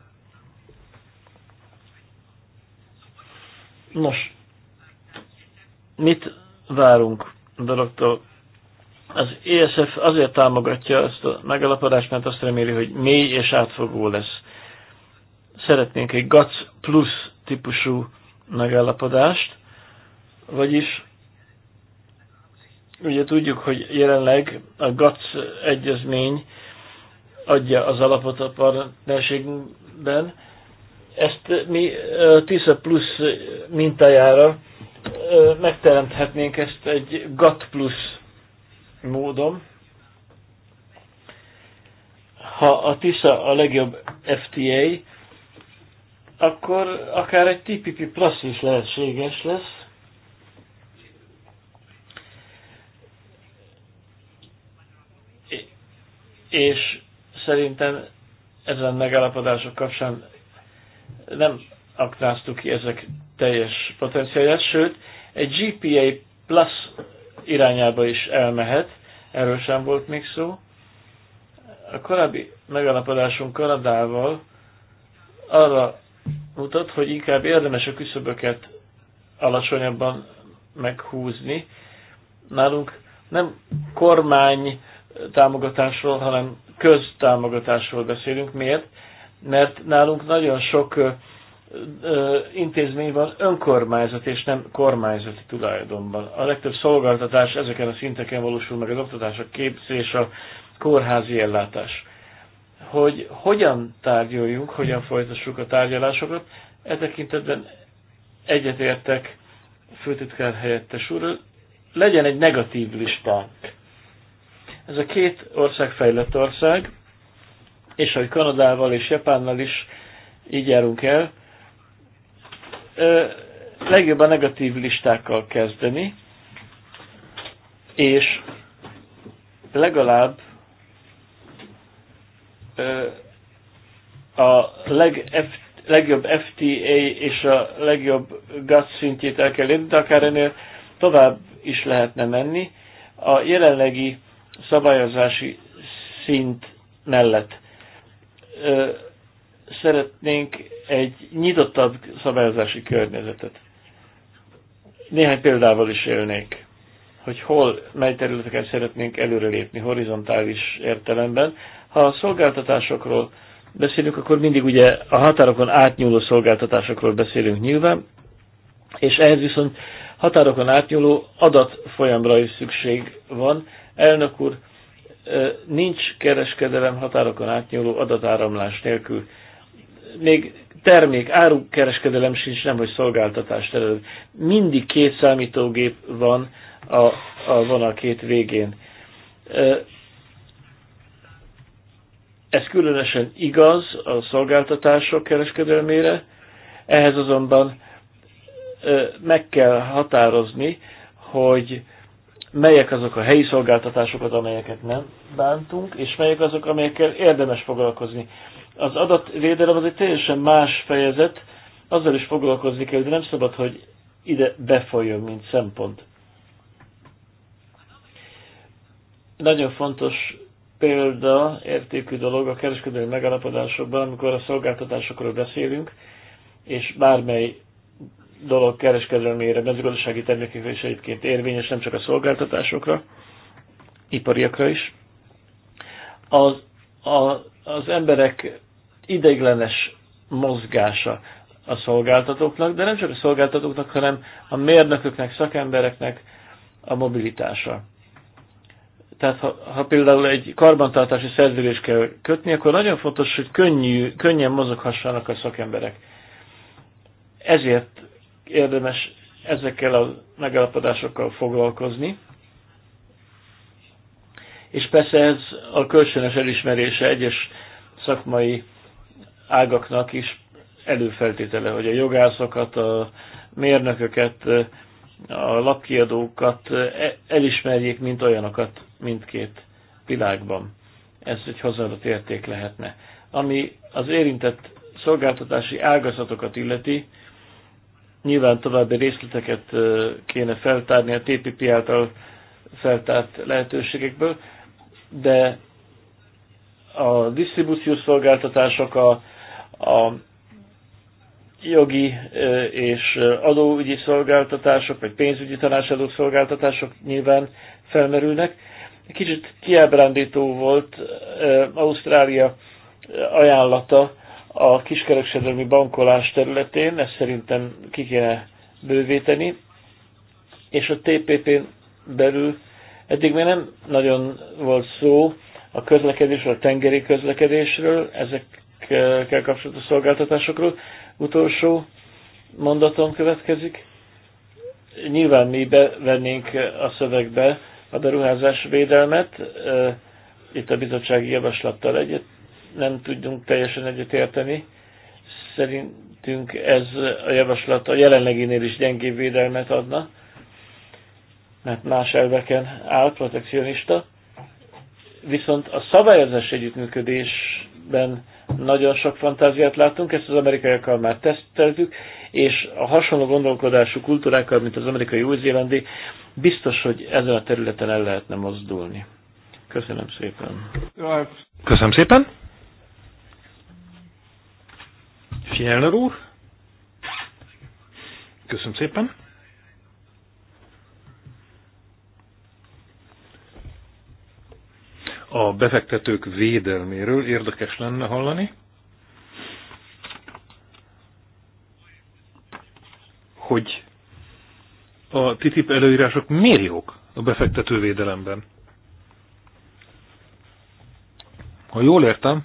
Nos, mit várunk a dologtól? Az ESF azért támogatja ezt a megalapodást, mert azt reméli, hogy mély és átfogó lesz. Szeretnénk egy GATS plusz típusú megállapodást, vagyis ugye tudjuk, hogy jelenleg a GATS egyezmény adja az alapot a partnerségünkben. Ezt mi TISA plusz mintájára megteremthetnénk ezt egy Gat plusz módon. Ha a TISA a legjobb FTA, akkor akár egy TPP plusz is lehetséges lesz, és Szerintem ezen megállapodások kapcsán nem aknáztuk ki ezek teljes potenciáját, sőt, egy GPA plus irányába is elmehet, erről sem volt még szó. A korábbi megalapodásunk Kanadával arra mutat, hogy inkább érdemes a küszöböket alacsonyabban meghúzni. Nálunk nem kormány támogatásról, hanem köztámogatásról beszélünk. Miért? Mert nálunk nagyon sok intézmény van önkormányzat és nem kormányzati tulajdonban. A legtöbb szolgáltatás ezeken a szinteken valósul meg, az oktatás, a képzés, a kórházi ellátás. Hogy hogyan tárgyaljunk, hogyan folytassuk a tárgyalásokat, e tekintetben egyetértek főtitkár helyettes úr, legyen egy negatív listánk. Ez a két ország fejlett ország, és ahogy Kanadával és Japánnal is így járunk el, legjobb a negatív listákkal kezdeni, és legalább a leg, legjobb FTA és a legjobb GATT szintjét el kell érni, de akár ennél tovább is lehetne menni. A jelenlegi szabályozási szint mellett. Szeretnénk egy nyitottabb szabályozási környezetet. Néhány példával is élnék, hogy hol, mely területeken szeretnénk előrelépni horizontális értelemben. Ha a szolgáltatásokról beszélünk, akkor mindig ugye a határokon átnyúló szolgáltatásokról beszélünk nyilván, és ehhez viszont határokon átnyúló adatfolyamra is szükség van, Elnök úr, nincs kereskedelem határokon átnyúló adatáramlás nélkül. Még termék, áru kereskedelem sincs, nem hogy szolgáltatás terület. Mindig két számítógép van a, a vonal két végén. Ez különösen igaz a szolgáltatások kereskedelmére, ehhez azonban meg kell határozni, hogy melyek azok a helyi szolgáltatásokat, amelyeket nem bántunk, és melyek azok, amelyekkel érdemes foglalkozni. Az adatvédelem az egy teljesen más fejezet, azzal is foglalkozni kell, de nem szabad, hogy ide befolyjon, mint szempont. Nagyon fontos példa, értékű dolog a kereskedelmi megállapodásokban, amikor a szolgáltatásokról beszélünk, és bármely dolog kereskedelmére, mezőgazdasági termékekre is egyébként érvényes, nem csak a szolgáltatásokra, ipariakra is. Az, a, az emberek ideiglenes mozgása a szolgáltatóknak, de nem csak a szolgáltatóknak, hanem a mérnököknek, szakembereknek a mobilitása. Tehát ha, ha például egy karbantartási szerződést kell kötni, akkor nagyon fontos, hogy könnyű, könnyen mozoghassanak a szakemberek. Ezért érdemes ezekkel a megállapodásokkal foglalkozni. És persze ez a kölcsönös elismerése egyes szakmai ágaknak is előfeltétele, hogy a jogászokat, a mérnököket, a lapkiadókat e- elismerjék, mint olyanokat mindkét világban. Ez egy hozzáadott érték lehetne. Ami az érintett szolgáltatási ágazatokat illeti, Nyilván további részleteket kéne feltárni a TPP által feltárt lehetőségekből, de a disztribúciós szolgáltatások, a, a jogi és adóügyi szolgáltatások, vagy pénzügyi tanácsadó szolgáltatások nyilván felmerülnek. Kicsit kiábrándító volt Ausztrália ajánlata a kiskereskedelmi bankolás területén, ezt szerintem ki kéne bővíteni, és a tpp belül eddig még nem nagyon volt szó a közlekedésről, a tengeri közlekedésről, ezekkel kapcsolatos szolgáltatásokról. Utolsó mondatom következik. Nyilván mi bevennénk a szövegbe a beruházás védelmet, itt a bizottsági javaslattal egyet nem tudjunk teljesen egyetérteni. Szerintünk ez a javaslat a jelenleginél is gyengébb védelmet adna, mert más elveken áll protekcionista. Viszont a szabályozás együttműködésben nagyon sok fantáziát látunk, ezt az amerikaiakkal már teszteltük, és a hasonló gondolkodású kultúrákkal, mint az amerikai új-zélandi, biztos, hogy ezen a területen el lehetne mozdulni. Köszönöm szépen. Hát- Köszönöm szépen. Fjellner úr. Köszönöm szépen. A befektetők védelméről érdekes lenne hallani. Hogy a TTIP előírások miért jók a befektetővédelemben? Ha jól értem,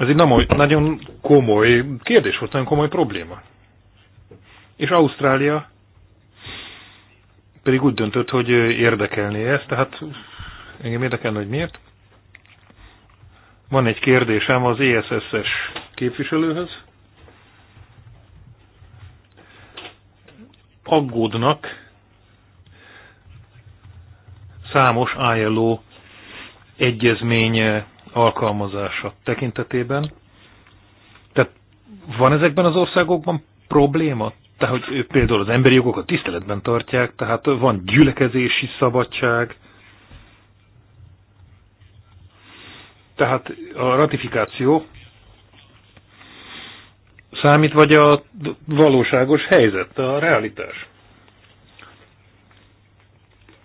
ez egy nagyon komoly kérdés volt, nagyon komoly probléma. És Ausztrália pedig úgy döntött, hogy érdekelné ezt, tehát engem érdekelne, hogy miért. Van egy kérdésem az ESSS képviselőhöz. Aggódnak számos ILO egyezménye alkalmazása tekintetében. Tehát van ezekben az országokban probléma? Tehát, hogy például az emberi jogokat tiszteletben tartják, tehát van gyülekezési szabadság, tehát a ratifikáció számít, vagy a valóságos helyzet, a realitás.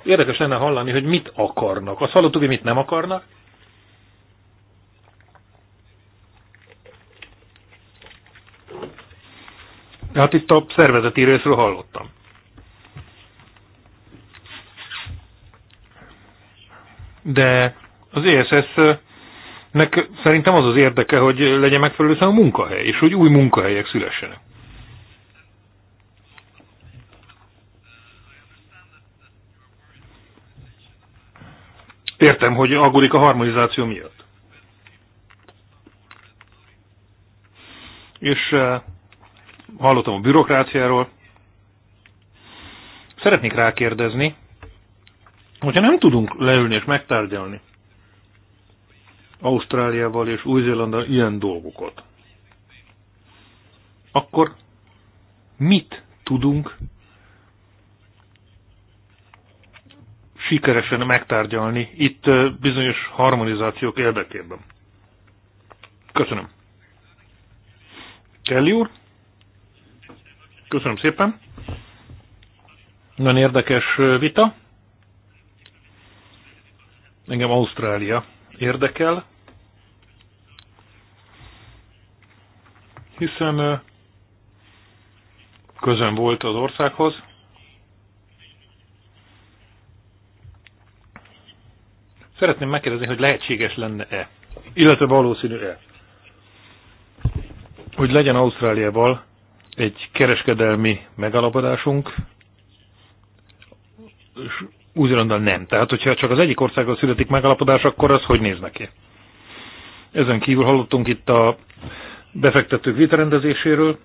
Érdekes lenne hallani, hogy mit akarnak. Azt hallottuk, hogy mit nem akarnak, Hát itt a szervezeti részről hallottam. De az ESS-nek szerintem az az érdeke, hogy legyen megfelelő a munkahely, és hogy új munkahelyek szülessenek. Értem, hogy aggódik a harmonizáció miatt. És eh, hallottam a bürokráciáról. Szeretnék rákérdezni, hogyha nem tudunk leülni és megtárgyalni Ausztráliával és Új-Zélandal ilyen dolgokat, akkor mit tudunk sikeresen megtárgyalni itt bizonyos harmonizációk érdekében. Köszönöm. Kelly úr? Köszönöm szépen. Nagyon érdekes vita. Engem Ausztrália érdekel, hiszen közön volt az országhoz. Szeretném megkérdezni, hogy lehetséges lenne-e, illetve valószínű-e, hogy legyen Ausztráliával egy kereskedelmi megalapodásunk, és új nem. Tehát, hogyha csak az egyik országgal születik megalapodás, akkor az hogy néz neki? Ezen kívül hallottunk itt a befektetők vitarendezéséről.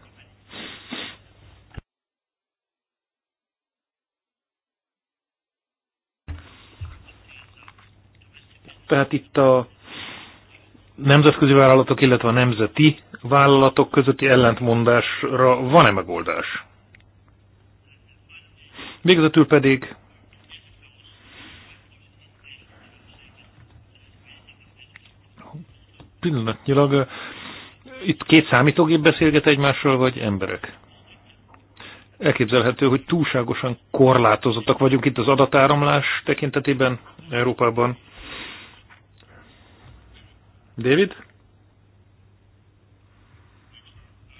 Tehát itt a nemzetközi vállalatok, illetve a nemzeti vállalatok közötti ellentmondásra van-e megoldás? Végezetül pedig pillanatnyilag eh, itt két számítógép beszélget egymással, vagy emberek? Elképzelhető, hogy túlságosan korlátozottak vagyunk itt az adatáramlás tekintetében Európában. David?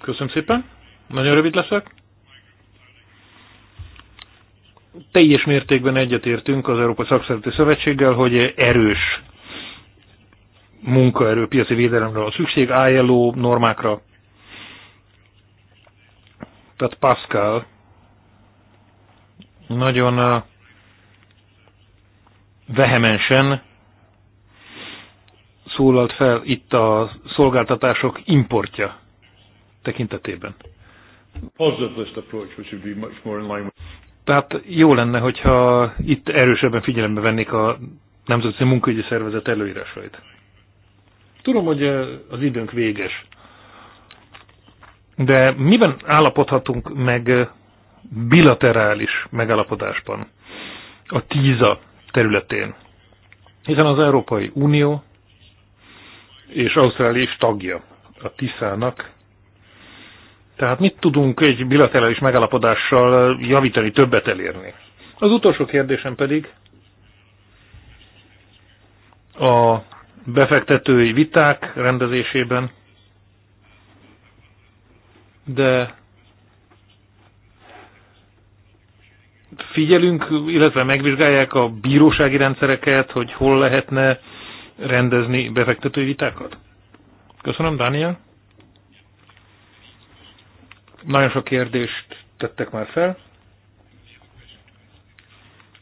Köszönöm szépen. Nagyon rövid leszek. Teljes mértékben egyetértünk az Európai Szakszereti Szövetséggel, hogy erős munkaerőpiaci védelemre van szükség, ILO normákra. Tehát Pascal nagyon eh, vehemensen szólalt fel itt a szolgáltatások importja tekintetében. Tehát jó lenne, hogyha itt erősebben figyelembe vennék a Nemzetközi Munkaügyi Szervezet előírásait. Tudom, hogy eh, az időnk véges, de miben állapodhatunk meg eh, bilaterális megállapodásban a TISA területén? Hiszen az Európai Unió és Ausztrália is tagja a Tiszának. Tehát mit tudunk egy bilaterális megállapodással javítani, többet elérni? Az utolsó kérdésem pedig a befektetői viták rendezésében, de figyelünk, illetve megvizsgálják a bírósági rendszereket, hogy hol lehetne rendezni befektetői vitákat? Köszönöm, Dániel. Nagyon sok kérdést tettek már fel.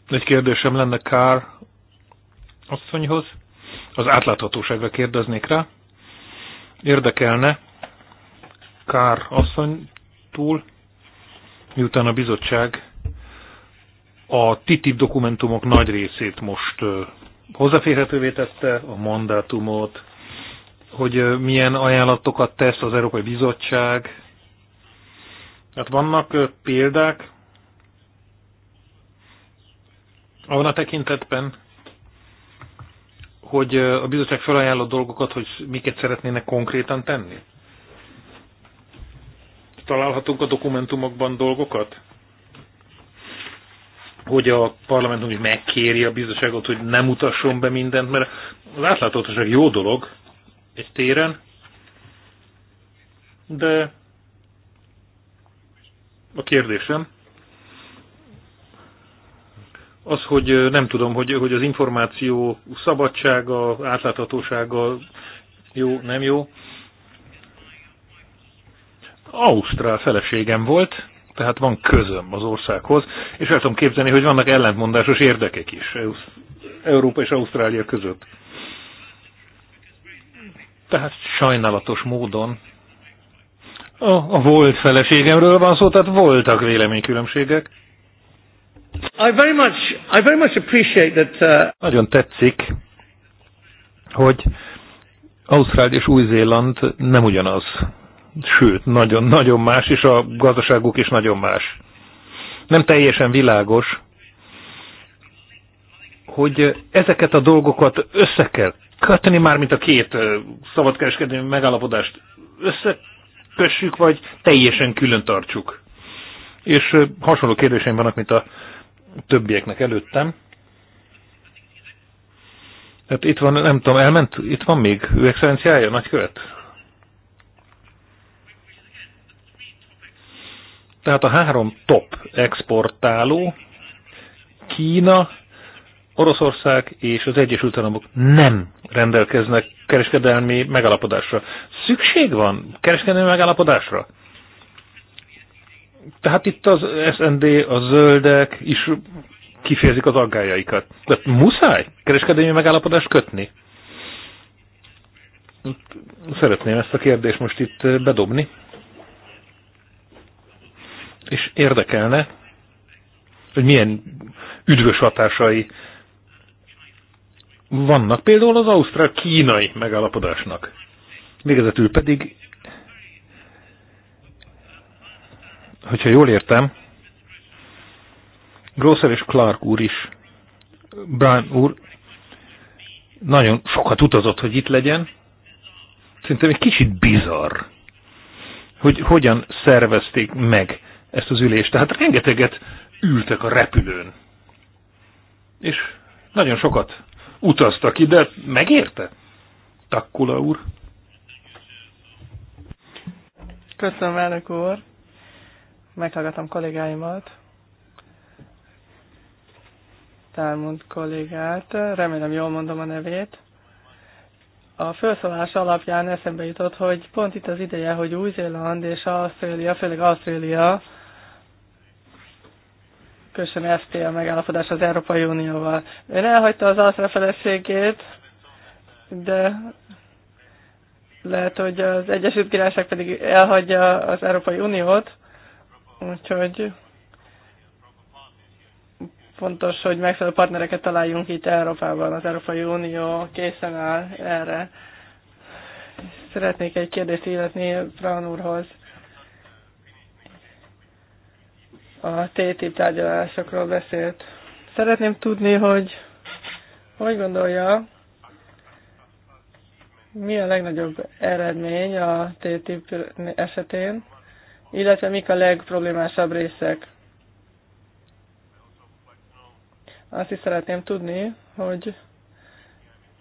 Egy kérdésem lenne Kár asszonyhoz. Az átláthatóságra kérdeznék rá. Érdekelne Kár asszonytól, miután a bizottság a TTIP dokumentumok nagy részét most hozzáférhetővé tette a mandátumot, hogy milyen ajánlatokat tesz az Európai Bizottság. Hát vannak példák abban a tekintetben, hogy a bizottság felajánlott dolgokat, hogy miket szeretnének konkrétan tenni? Találhatunk a dokumentumokban dolgokat? hogy a parlament úgy megkéri a bizottságot, hogy nem mutasson be mindent, mert az átláthatóság jó dolog egy téren, de a kérdésem az, hogy nem tudom, hogy, hogy az információ szabadsága, átláthatósága jó, nem jó. Ausztrál feleségem volt, tehát van közöm az országhoz, és el tudom képzelni, hogy vannak ellentmondásos érdekek is Európa és Ausztrália között. Tehát sajnálatos módon a, a volt feleségemről van szó, tehát voltak véleménykülönbségek. I very much, I very much appreciate that, uh... Nagyon tetszik, hogy Ausztrália és Új-Zéland nem ugyanaz sőt, nagyon-nagyon más, és a gazdaságuk is nagyon más. Nem teljesen világos, hogy ezeket a dolgokat össze kell kötni, mármint a két szabadkereskedelmi megállapodást összekössük, vagy teljesen külön tartsuk. És hasonló kérdéseim vannak, mint a többieknek előttem. Tehát itt van, nem tudom, elment, itt van még ő excellenciája, nagykövet? Tehát a három top exportáló, Kína, Oroszország és az Egyesült Államok nem rendelkeznek kereskedelmi megállapodásra. Szükség van kereskedelmi megállapodásra? Tehát itt az SND, a zöldek is kifejezik az aggájaikat. Tehát muszáj kereskedelmi megállapodást kötni? Szeretném ezt a kérdést most itt bedobni. És érdekelne, hogy milyen üdvös hatásai vannak például az ausztrál-kínai megállapodásnak. Végezetül pedig, hogyha jól értem, Grosser és Clark úr is, Brian úr, nagyon sokat utazott, hogy itt legyen. Szerintem egy kicsit bizarr, hogy hogyan szervezték meg ezt az ülést. Tehát rengeteget ültek a repülőn. És nagyon sokat utaztak ide, megérte? Takkula úr. Köszönöm, elnök úr. Meghallgatom kollégáimat. Tálmond kollégát. Remélem jól mondom a nevét. A felszólás alapján eszembe jutott, hogy pont itt az ideje, hogy Új-Zéland és Ausztrália, főleg Ausztrália különösen FTA megállapodás az Európai Unióval. Ön elhagyta az alszrefeleségét, de lehet, hogy az Egyesült Királyság pedig elhagyja az Európai Uniót, úgyhogy fontos, hogy megfelelő partnereket találjunk itt Európában. Az Európai Unió készen áll erre. Szeretnék egy kérdést illetni Brown úrhoz a TTIP tárgyalásokról beszélt. Szeretném tudni, hogy hogy gondolja, mi a legnagyobb eredmény a TTIP esetén, illetve mik a legproblémásabb részek. Azt is szeretném tudni, hogy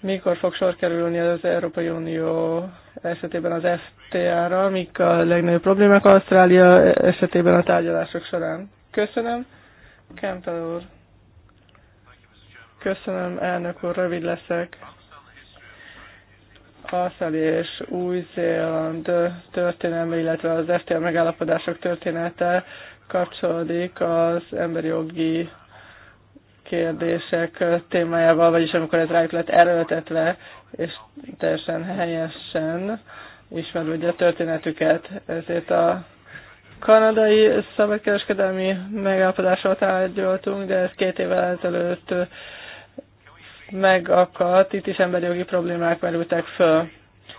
mikor fog sor kerülni az Európai Unió esetében az FTA-ra, mik a legnagyobb problémák Ausztrália esetében a tárgyalások során. Köszönöm. Kempel úr. Köszönöm, elnök úr, rövid leszek. Ausztrália és Új-Zéland történelme, illetve az FTA megállapodások története kapcsolódik az emberi jogi kérdések témájával, vagyis amikor ez rájuk lett erőltetve, és teljesen helyesen ismerve ugye a történetüket. Ezért a kanadai szabadkereskedelmi megállapodásra tárgyaltunk, de ez két évvel ezelőtt megakadt, itt is emberi jogi problémák merültek föl.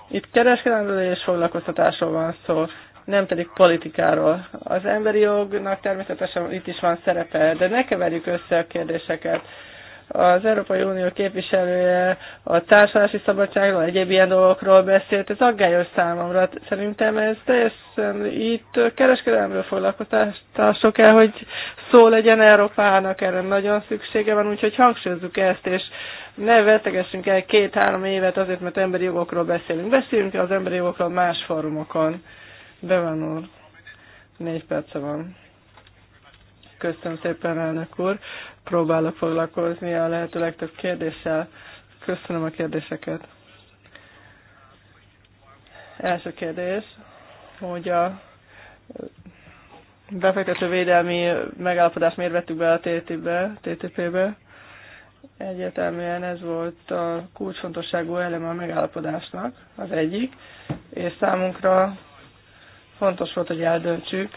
Itt kereskedelmi és foglalkoztatásról van szó nem pedig politikáról. Az emberi jognak természetesen itt is van szerepe, de ne keverjük össze a kérdéseket. Az Európai Unió képviselője a társadalmi szabadságról, egyéb ilyen dolgokról beszélt, ez aggályos számomra. Szerintem ez teljesen itt kereskedelemről foglalkoztatások el, hogy szó legyen Európának, erre nagyon szüksége van, úgyhogy hangsúlyozzuk ezt, és ne vetegessünk el két-három évet azért, mert emberi jogokról beszélünk. Beszéljünk az emberi jogokról más fórumokon. Bevan úr, négy perce van. Köszönöm szépen, elnök úr. Próbálok foglalkozni a lehető legtöbb kérdéssel. Köszönöm a kérdéseket. Első kérdés, hogy a védelmi megállapodás miért vettük be a be TTP-be. Egyértelműen ez volt a kulcsfontosságú eleme a megállapodásnak, az egyik, és számunkra Fontos volt, hogy eldöntsük,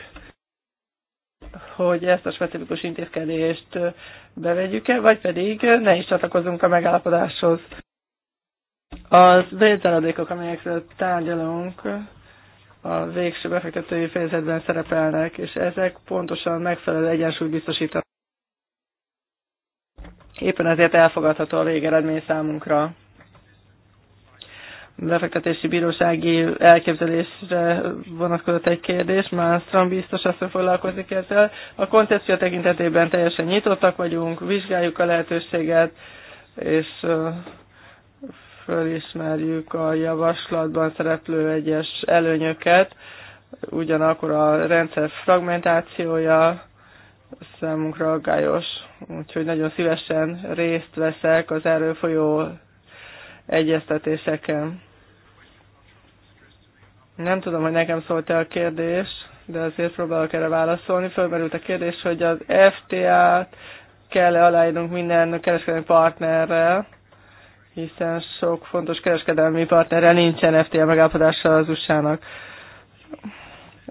hogy ezt a specifikus intézkedést bevegyük-e, vagy pedig ne is csatlakozunk a megállapodáshoz. Az védzeladékok, amelyekről tárgyalunk, a végső befektetői fejezetben szerepelnek, és ezek pontosan megfelelő egyensúly biztosítanak. Éppen ezért elfogadható a végeredmény számunkra lefektetési bírósági elképzelésre vonatkozott egy kérdés, Malmström biztos azt foglalkozik ezzel. A koncepció tekintetében teljesen nyitottak vagyunk, vizsgáljuk a lehetőséget, és fölismerjük a javaslatban szereplő egyes előnyöket, ugyanakkor a rendszer fragmentációja számunkra aggályos, úgyhogy nagyon szívesen részt veszek az erőfolyó egyeztetéseken. Nem tudom, hogy nekem szólt-e a kérdés, de azért próbálok erre válaszolni. Fölmerült a kérdés, hogy az FTA-t kell-e aláírnunk minden kereskedelmi partnerrel, hiszen sok fontos kereskedelmi partnerrel nincsen FTA megállapodása az USA-nak.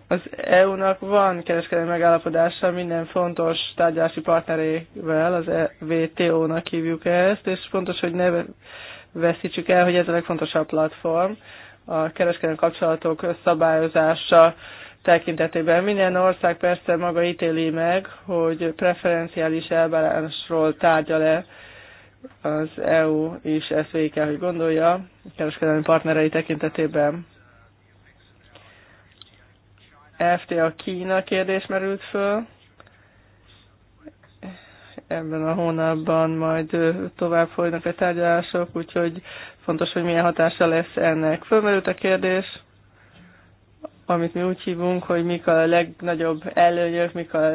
Az EU-nak van kereskedelmi megállapodása minden fontos tárgyalási partnerével, az WTO-nak e hívjuk ezt, és fontos, hogy ne veszítsük el, hogy ez a legfontosabb platform a kereskedelmi kapcsolatok szabályozása tekintetében. Minden ország persze maga ítéli meg, hogy preferenciális elbánásról tárgyal-e az EU is ezt végig kell, hogy gondolja a kereskedelmi partnerei tekintetében. FTA Kína kérdés merült föl ebben a hónapban majd tovább folynak a tárgyalások, úgyhogy fontos, hogy milyen hatása lesz ennek. Fölmerült a kérdés, amit mi úgy hívunk, hogy mik a legnagyobb előnyök, mik a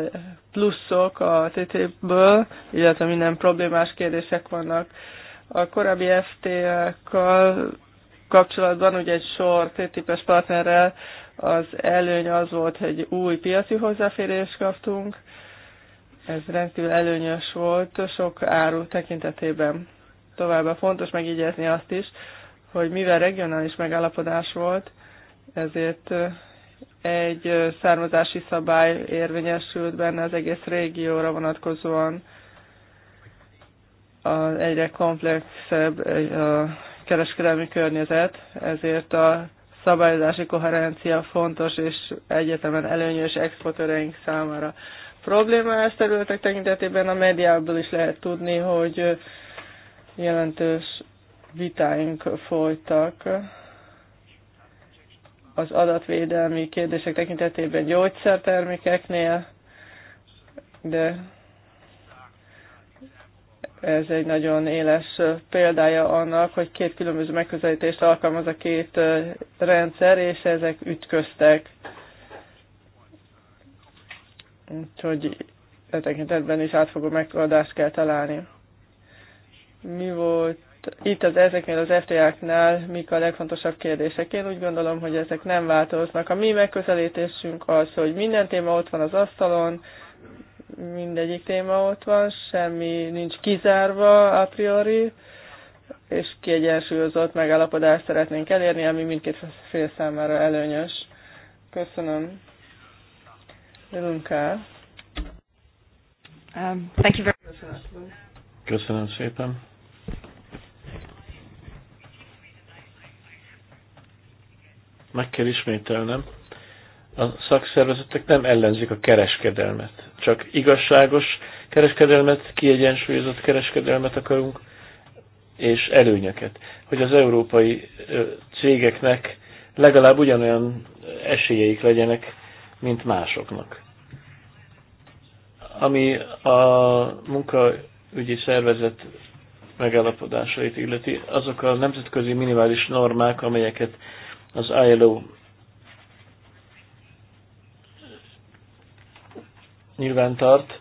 pluszok a TTIP-ből, illetve minden problémás kérdések vannak. A korábbi ft kkal kapcsolatban ugye egy sor TTIP-es partnerrel az előny az volt, hogy új piaci hozzáférést kaptunk, ez rendkívül előnyös volt sok áru tekintetében. Továbbá fontos megígézni azt is, hogy mivel regionális megállapodás volt, ezért egy származási szabály érvényesült benne az egész régióra vonatkozóan az egyre komplexebb a kereskedelmi környezet, ezért a szabályozási koherencia fontos és egyetemen előnyös exportőreink számára problémás területek tekintetében a médiából is lehet tudni, hogy jelentős vitáink folytak az adatvédelmi kérdések tekintetében gyógyszertermékeknél, de ez egy nagyon éles példája annak, hogy két különböző megközelítést alkalmaz a két rendszer, és ezek ütköztek. Úgyhogy e tekintetben is átfogó megoldást kell találni. Mi volt itt az ezeknél az FTA-knál mik a legfontosabb kérdések? Én úgy gondolom, hogy ezek nem változnak. A mi megközelítésünk az, hogy minden téma ott van az asztalon, mindegyik téma ott van, semmi nincs kizárva a priori, és kiegyensúlyozott megállapodást szeretnénk elérni, ami mindkét fél számára előnyös. Köszönöm. Jövünk el. Um, thank you very much. Köszönöm szépen. Meg kell ismételnem. A szakszervezetek nem ellenzik a kereskedelmet, csak igazságos kereskedelmet, kiegyensúlyozott kereskedelmet akarunk, és előnyöket. Hogy az európai cégeknek legalább ugyanolyan esélyeik legyenek mint másoknak. Ami a munkaügyi szervezet megállapodásait illeti, azok a nemzetközi minimális normák, amelyeket az ILO nyilván tart,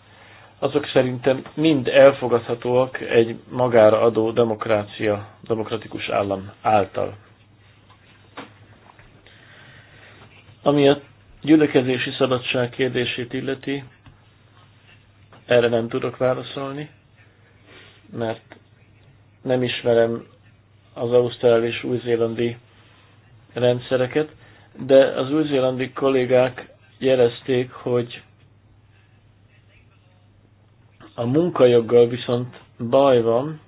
azok szerintem mind elfogadhatóak egy magára adó demokrácia, demokratikus állam által. Ami a gyülekezési szabadság kérdését illeti, erre nem tudok válaszolni, mert nem ismerem az ausztrál és új-zélandi rendszereket, de az új-zélandi kollégák jelezték, hogy a munkajoggal viszont baj van,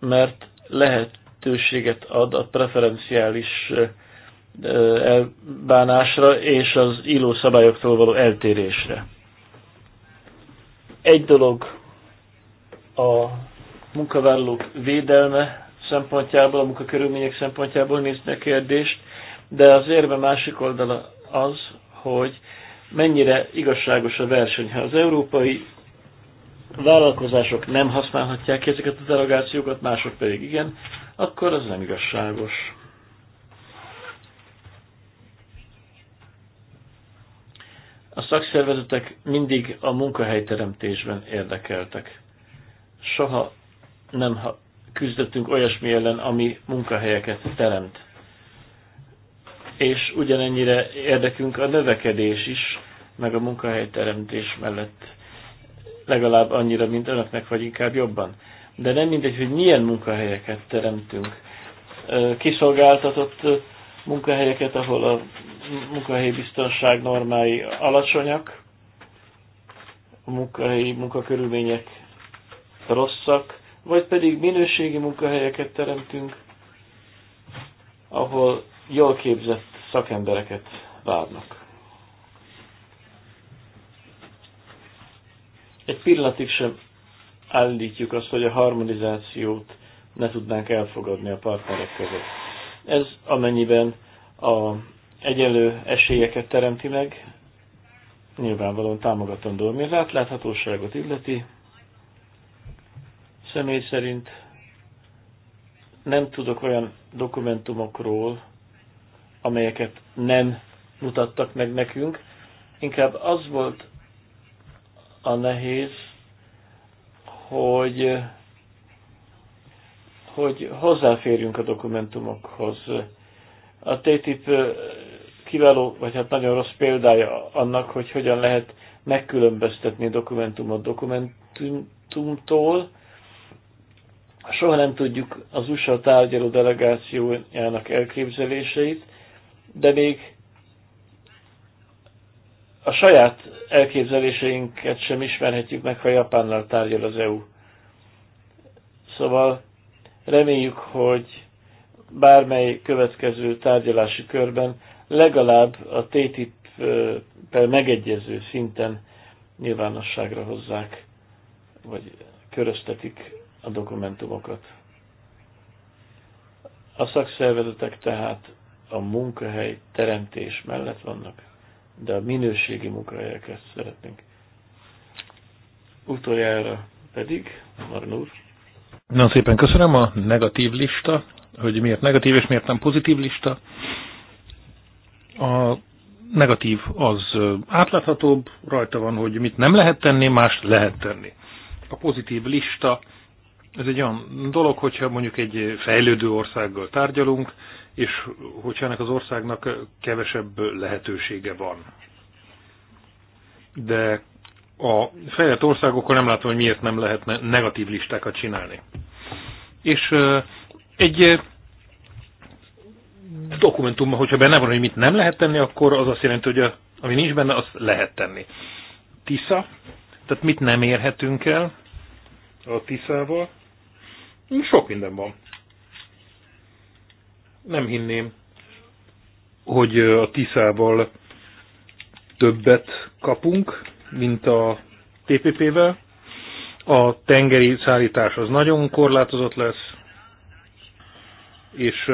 mert lehetőséget ad a preferenciális elbánásra és az illó szabályoktól való eltérésre. Egy dolog a munkavállalók védelme szempontjából, a munkakörülmények szempontjából nézni a kérdést, de az érve másik oldala az, hogy mennyire igazságos a verseny. Ha az európai vállalkozások nem használhatják ezeket a delegációkat, mások pedig igen, akkor az nem igazságos. A szakszervezetek mindig a munkahelyteremtésben érdekeltek. Soha nem küzdöttünk olyasmi ellen, ami munkahelyeket teremt. És ugyanennyire érdekünk a növekedés is, meg a munkahelyteremtés mellett legalább annyira, mint önöknek, vagy inkább jobban. De nem mindegy, hogy milyen munkahelyeket teremtünk. Kiszolgáltatott munkahelyeket, ahol a munkahelyi biztonság normái alacsonyak, a munkahelyi munkakörülmények rosszak, vagy pedig minőségi munkahelyeket teremtünk, ahol jól képzett szakembereket várnak. Egy pillanatig sem állítjuk azt, hogy a harmonizációt ne tudnánk elfogadni a partnerek között. Ez amennyiben a egyenlő esélyeket teremti meg, nyilvánvalóan támogatandó, ami az átláthatóságot illeti. Személy szerint nem tudok olyan dokumentumokról, amelyeket nem mutattak meg nekünk. Inkább az volt a nehéz, hogy, hogy hozzáférjünk a dokumentumokhoz. A TTIP kiváló, vagy hát nagyon rossz példája annak, hogy hogyan lehet megkülönböztetni dokumentumot dokumentumtól. Soha nem tudjuk az USA tárgyaló delegációjának elképzeléseit, de még a saját elképzeléseinket sem ismerhetjük meg, ha Japánnal tárgyal az EU. Szóval reméljük, hogy bármely következő tárgyalási körben legalább a ttip per megegyező szinten nyilvánosságra hozzák, vagy köröztetik a dokumentumokat. A szakszervezetek tehát a munkahely teremtés mellett vannak, de a minőségi munkahelyeket szeretnénk. Utoljára pedig, Marnur. Nagyon szépen köszönöm a negatív lista, hogy miért negatív és miért nem pozitív lista. A negatív az átláthatóbb, rajta van, hogy mit nem lehet tenni, más lehet tenni. A pozitív lista ez egy olyan dolog, hogyha mondjuk egy fejlődő országgal tárgyalunk, és hogyha ennek az országnak kevesebb lehetősége van. De a fejlett országokkal nem látom, hogy miért nem lehetne negatív listákat csinálni. És egy dokumentumban, hogyha benne van, hogy mit nem lehet tenni, akkor az azt jelenti, hogy a, ami nincs benne, azt lehet tenni. Tisza, tehát mit nem érhetünk el a Tiszával. Sok minden van. Nem hinném, hogy a Tiszával többet kapunk, mint a TPP-vel. A tengeri szállítás az nagyon korlátozott lesz, és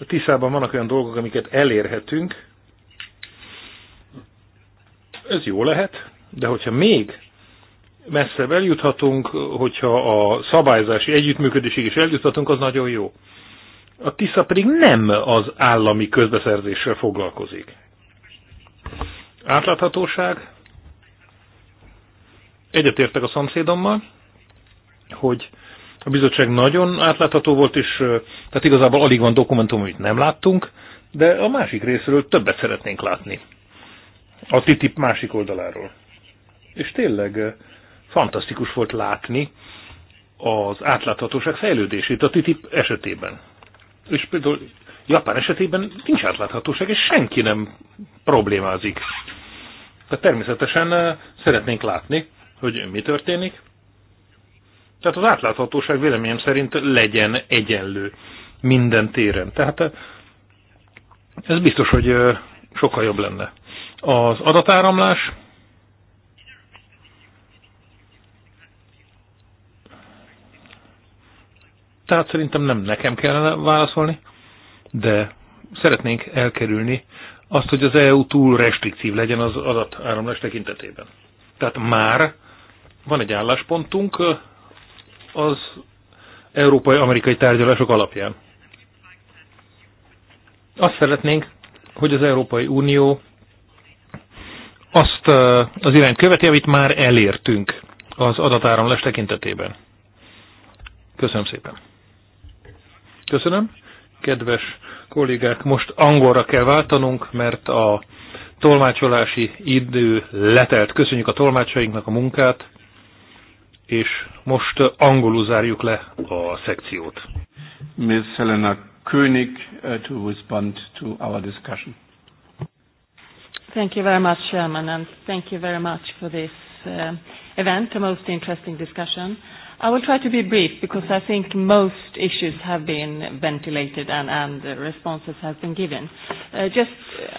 a Tiszában vannak olyan dolgok, amiket elérhetünk. Ez jó lehet, de hogyha még messzebb eljuthatunk, hogyha a szabályzási együttműködésig is eljuthatunk, az nagyon jó. A TISZA pedig nem az állami közbeszerzéssel foglalkozik. Átláthatóság. Egyetértek a szomszédommal, hogy a bizottság nagyon átlátható volt, és tehát igazából alig van dokumentum, amit nem láttunk, de a másik részről többet szeretnénk látni. A TTIP másik oldaláról. És tényleg fantasztikus volt látni az átláthatóság fejlődését a TTIP esetében. És például Japán esetében nincs átláthatóság, és senki nem problémázik. Tehát természetesen szeretnénk látni, hogy mi történik, tehát az átláthatóság véleményem szerint legyen egyenlő minden téren. Tehát eh, ez biztos, hogy eh, sokkal jobb lenne. Az adatáramlás Tehát szerintem nem nekem kellene válaszolni, de szeretnénk elkerülni azt, hogy az EU túl restriktív legyen az adatáramlás tekintetében. Tehát már van egy álláspontunk, eh, az európai-amerikai tárgyalások alapján. Azt szeretnénk, hogy az Európai Unió azt az irányt követi, amit már elértünk az adatáramlás tekintetében. Köszönöm szépen. Köszönöm. Kedves kollégák, most angolra kell váltanunk, mert a tolmácsolási idő letelt. Köszönjük a tolmácsainknak a munkát és most eh, angolul zárjuk le a szekciót. Ms. Helena König uh, to respond to our discussion. Thank you very much, Chairman, and thank you very much for this uh, event, a most interesting discussion. I will try to be brief because I think most issues have been ventilated and, and responses have been given. Uh, just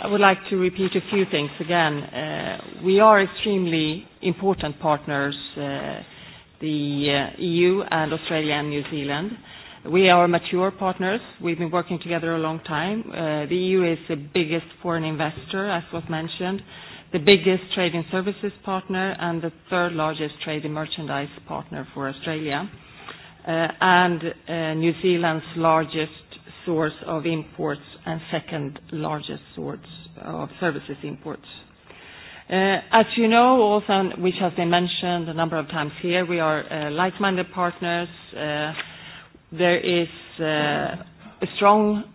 I would like to repeat a few things again. Uh, we are extremely important partners uh, the uh, EU and Australia and New Zealand. We are mature partners. We've been working together a long time. Uh, the EU is the biggest foreign investor, as was mentioned, the biggest trade and services partner, and the third largest trade and merchandise partner for Australia, uh, and uh, New Zealand's largest source of imports and second largest source of services imports. Uh, as you know, also, which has been mentioned a number of times here, we are uh, like-minded partners. Uh, there is uh, a strong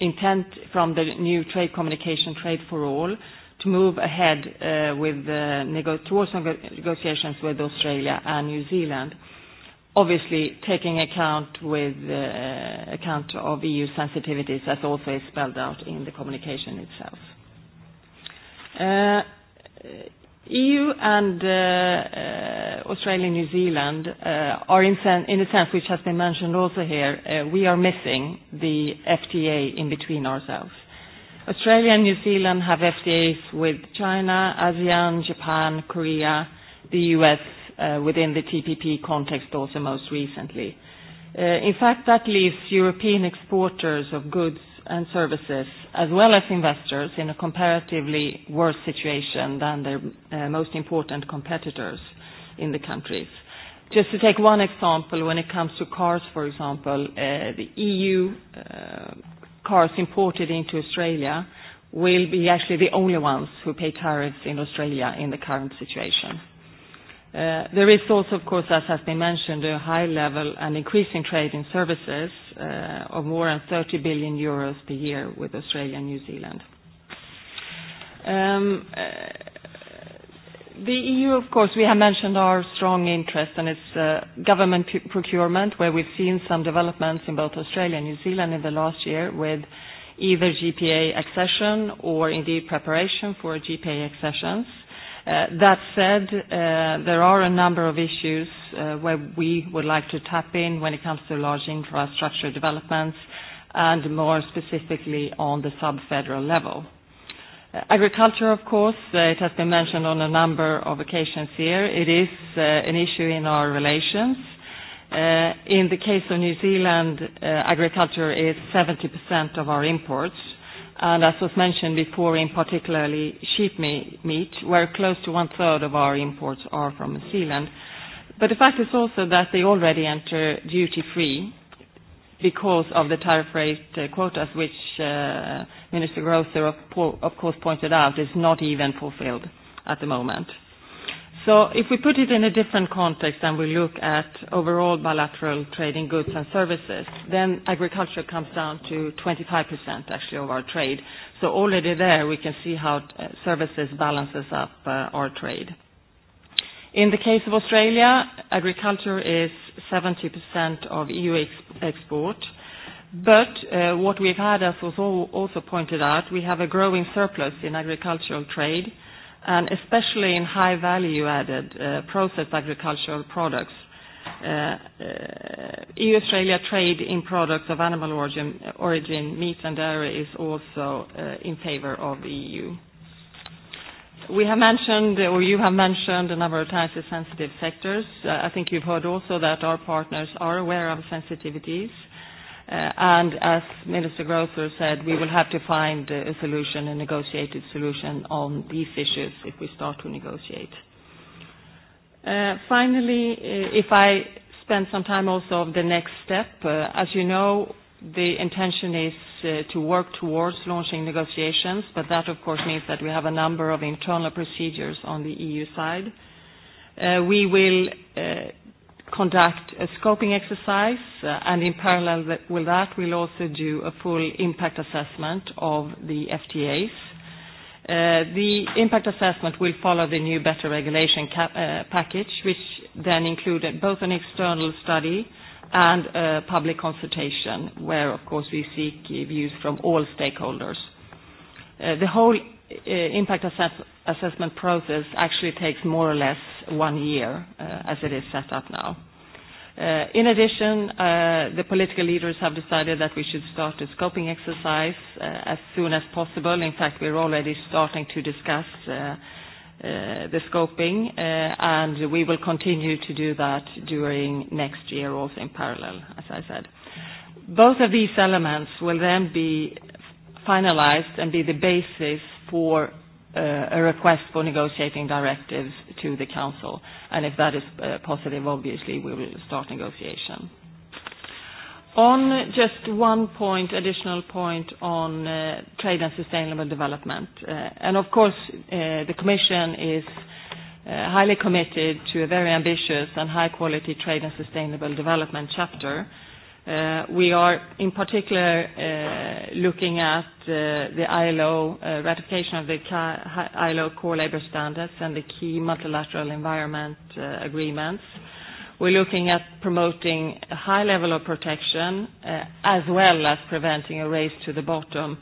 intent from the new trade communication, Trade for All, to move ahead uh, with the nego towards negotiations with Australia and New Zealand, obviously taking account with uh, account of EU sensitivities, as also is spelled out in the communication itself. Uh, EU and uh, uh, Australia and New Zealand uh, are, in, sen- in a sense, which has been mentioned also here, uh, we are missing the FTA in between ourselves. Australia and New Zealand have FTAs with China, ASEAN, Japan, Korea, the US uh, within the TPP context also most recently. Uh, in fact, that leaves European exporters of goods and services, as well as investors, in a comparatively worse situation than their uh, most important competitors in the countries. Just to take one example, when it comes to cars, for example, uh, the EU uh, cars imported into Australia will be actually the only ones who pay tariffs in Australia in the current situation. Uh, there is also, of course, as has been mentioned, a high level and increasing trade in services uh, of more than 30 billion euros per year with Australia and New Zealand. Um, uh, the EU, of course, we have mentioned our strong interest and in its uh, government procurement, where we've seen some developments in both Australia and New Zealand in the last year with either GPA accession or indeed preparation for GPA accessions. Uh, that said, uh, there are a number of issues uh, where we would like to tap in when it comes to large infrastructure developments and more specifically on the sub-federal level. Agriculture, of course, it has been mentioned on a number of occasions here. It is an issue in our relations. In the case of New Zealand, agriculture is 70% of our imports, and as was mentioned before, in particularly sheep meat, where close to one-third of our imports are from New Zealand. But the fact is also that they already enter duty-free because of the tariff rate uh, quotas, which uh, Minister Grosser, of course, pointed out is not even fulfilled at the moment. So if we put it in a different context and we look at overall bilateral trade in goods and services, then agriculture comes down to 25% actually of our trade. So already there we can see how uh, services balances up uh, our trade. In the case of Australia, agriculture is 70% of EU ex export. But uh, what we've had, as was also pointed out, we have a growing surplus in agricultural trade, and especially in high value-added uh, processed agricultural products. Uh, uh, EU-Australia trade in products of animal origin, origin, meat and dairy is also uh, in favor of the EU. We have mentioned, or you have mentioned, a number of times the sensitive sectors. Uh, I think you've heard also that our partners are aware of sensitivities. Uh, and as Minister Grosser said, we will have to find a solution, a negotiated solution on these issues if we start to negotiate. Uh, finally, uh, if I spend some time also on the next step, uh, as you know, the intention is uh, to work towards launching negotiations, but that of course means that we have a number of internal procedures on the EU side. Uh, we will uh, conduct a scoping exercise, uh, and in parallel that, with that, we'll also do a full impact assessment of the FTAs. Uh, the impact assessment will follow the new better regulation cap, uh, package, which then included both an external study and a public consultation, where, of course, we seek views from all stakeholders. Uh, the whole Uh, impact assess assessment process actually takes more or less one year uh, as it is set up now. Uh, in addition, uh, the political leaders have decided that we should start a scoping exercise uh, as soon as possible. In fact, we're already starting to discuss uh, uh, the scoping, uh, and we will continue to do that during next year also in parallel, as I said. Both of these elements will then be finalized and be the basis for uh, a request for negotiating directives to the Council. And if that is uh, positive, obviously, we will start negotiation. On just one point, additional point on uh, trade and sustainable development. Uh, and of course, uh, the Commission is uh, highly committed to a very ambitious and high-quality trade and sustainable development chapter. Uh, Uh, we are in particular uh, looking at uh, the ILO uh, ratification of the ILO core labor standards and the key multilateral environment uh, agreements. We're looking at promoting a high level of protection, uh, as well as preventing a race to the bottom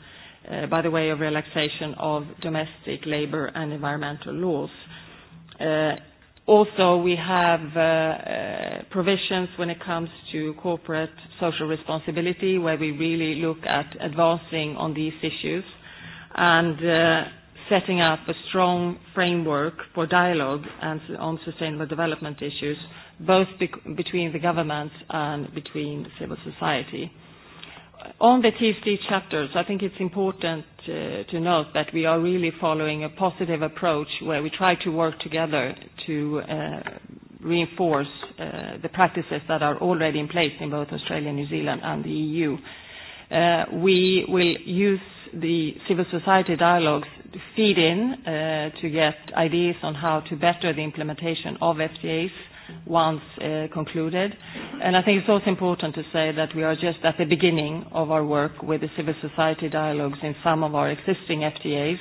by the way of relaxation of domestic labor and environmental laws. Also, we have uh, uh, provisions when it comes to corporate social responsibility, where we really look at advancing on these issues and uh, setting up a strong framework for dialogue and on sustainable development issues, both be between the government and between civil society. On the TSD chapters, I think it's important uh, to note that we are really following a positive approach where we try to work together to uh, reinforce uh, the practices that are already in place in both Australia, New Zealand, and the EU. Uh, we will use the civil society dialogues to feed in uh, to get ideas on how to better the implementation of FTAs once uh, concluded. And I think it's also important to say that we are just at the beginning of our work with the civil society dialogues in some of our existing FTAs.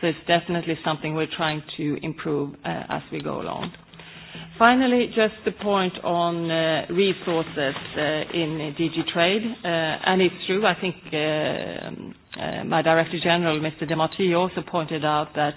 So it's definitely something we're trying to improve uh, as we go along. Finally, just the point on uh, resources uh, in DG Trade. Uh, and it's true, I think uh, um, uh, my Director General, Mr. DeMartini, also pointed out that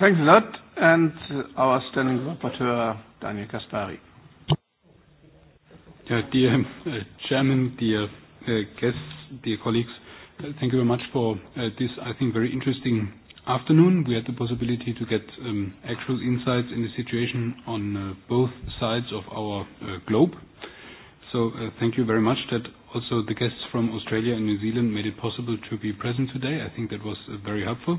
Thanks a lot, and our standing rapporteur, Daniel Kaspari. Yeah, dear uh, Chairman, dear uh, guests, dear colleagues, uh, thank you very much for uh, this, I think, very interesting afternoon. We had the possibility to get um, actual insights in the situation on uh, both sides of our uh, globe. So uh, thank you very much that also the guests from Australia and New Zealand made it possible to be present today. I think that was uh, very helpful.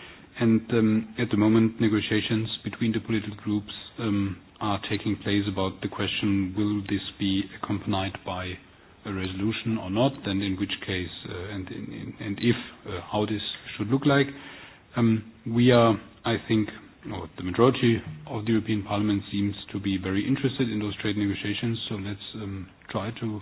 And um, at the moment, negotiations between the political groups um, are taking place about the question, will this be accompanied by a resolution or not, and in which case, uh, and, in, in, and if, uh, how this should look like. Um, we are, I think, or the majority of the European Parliament seems to be very interested in those trade negotiations, so let's um, try to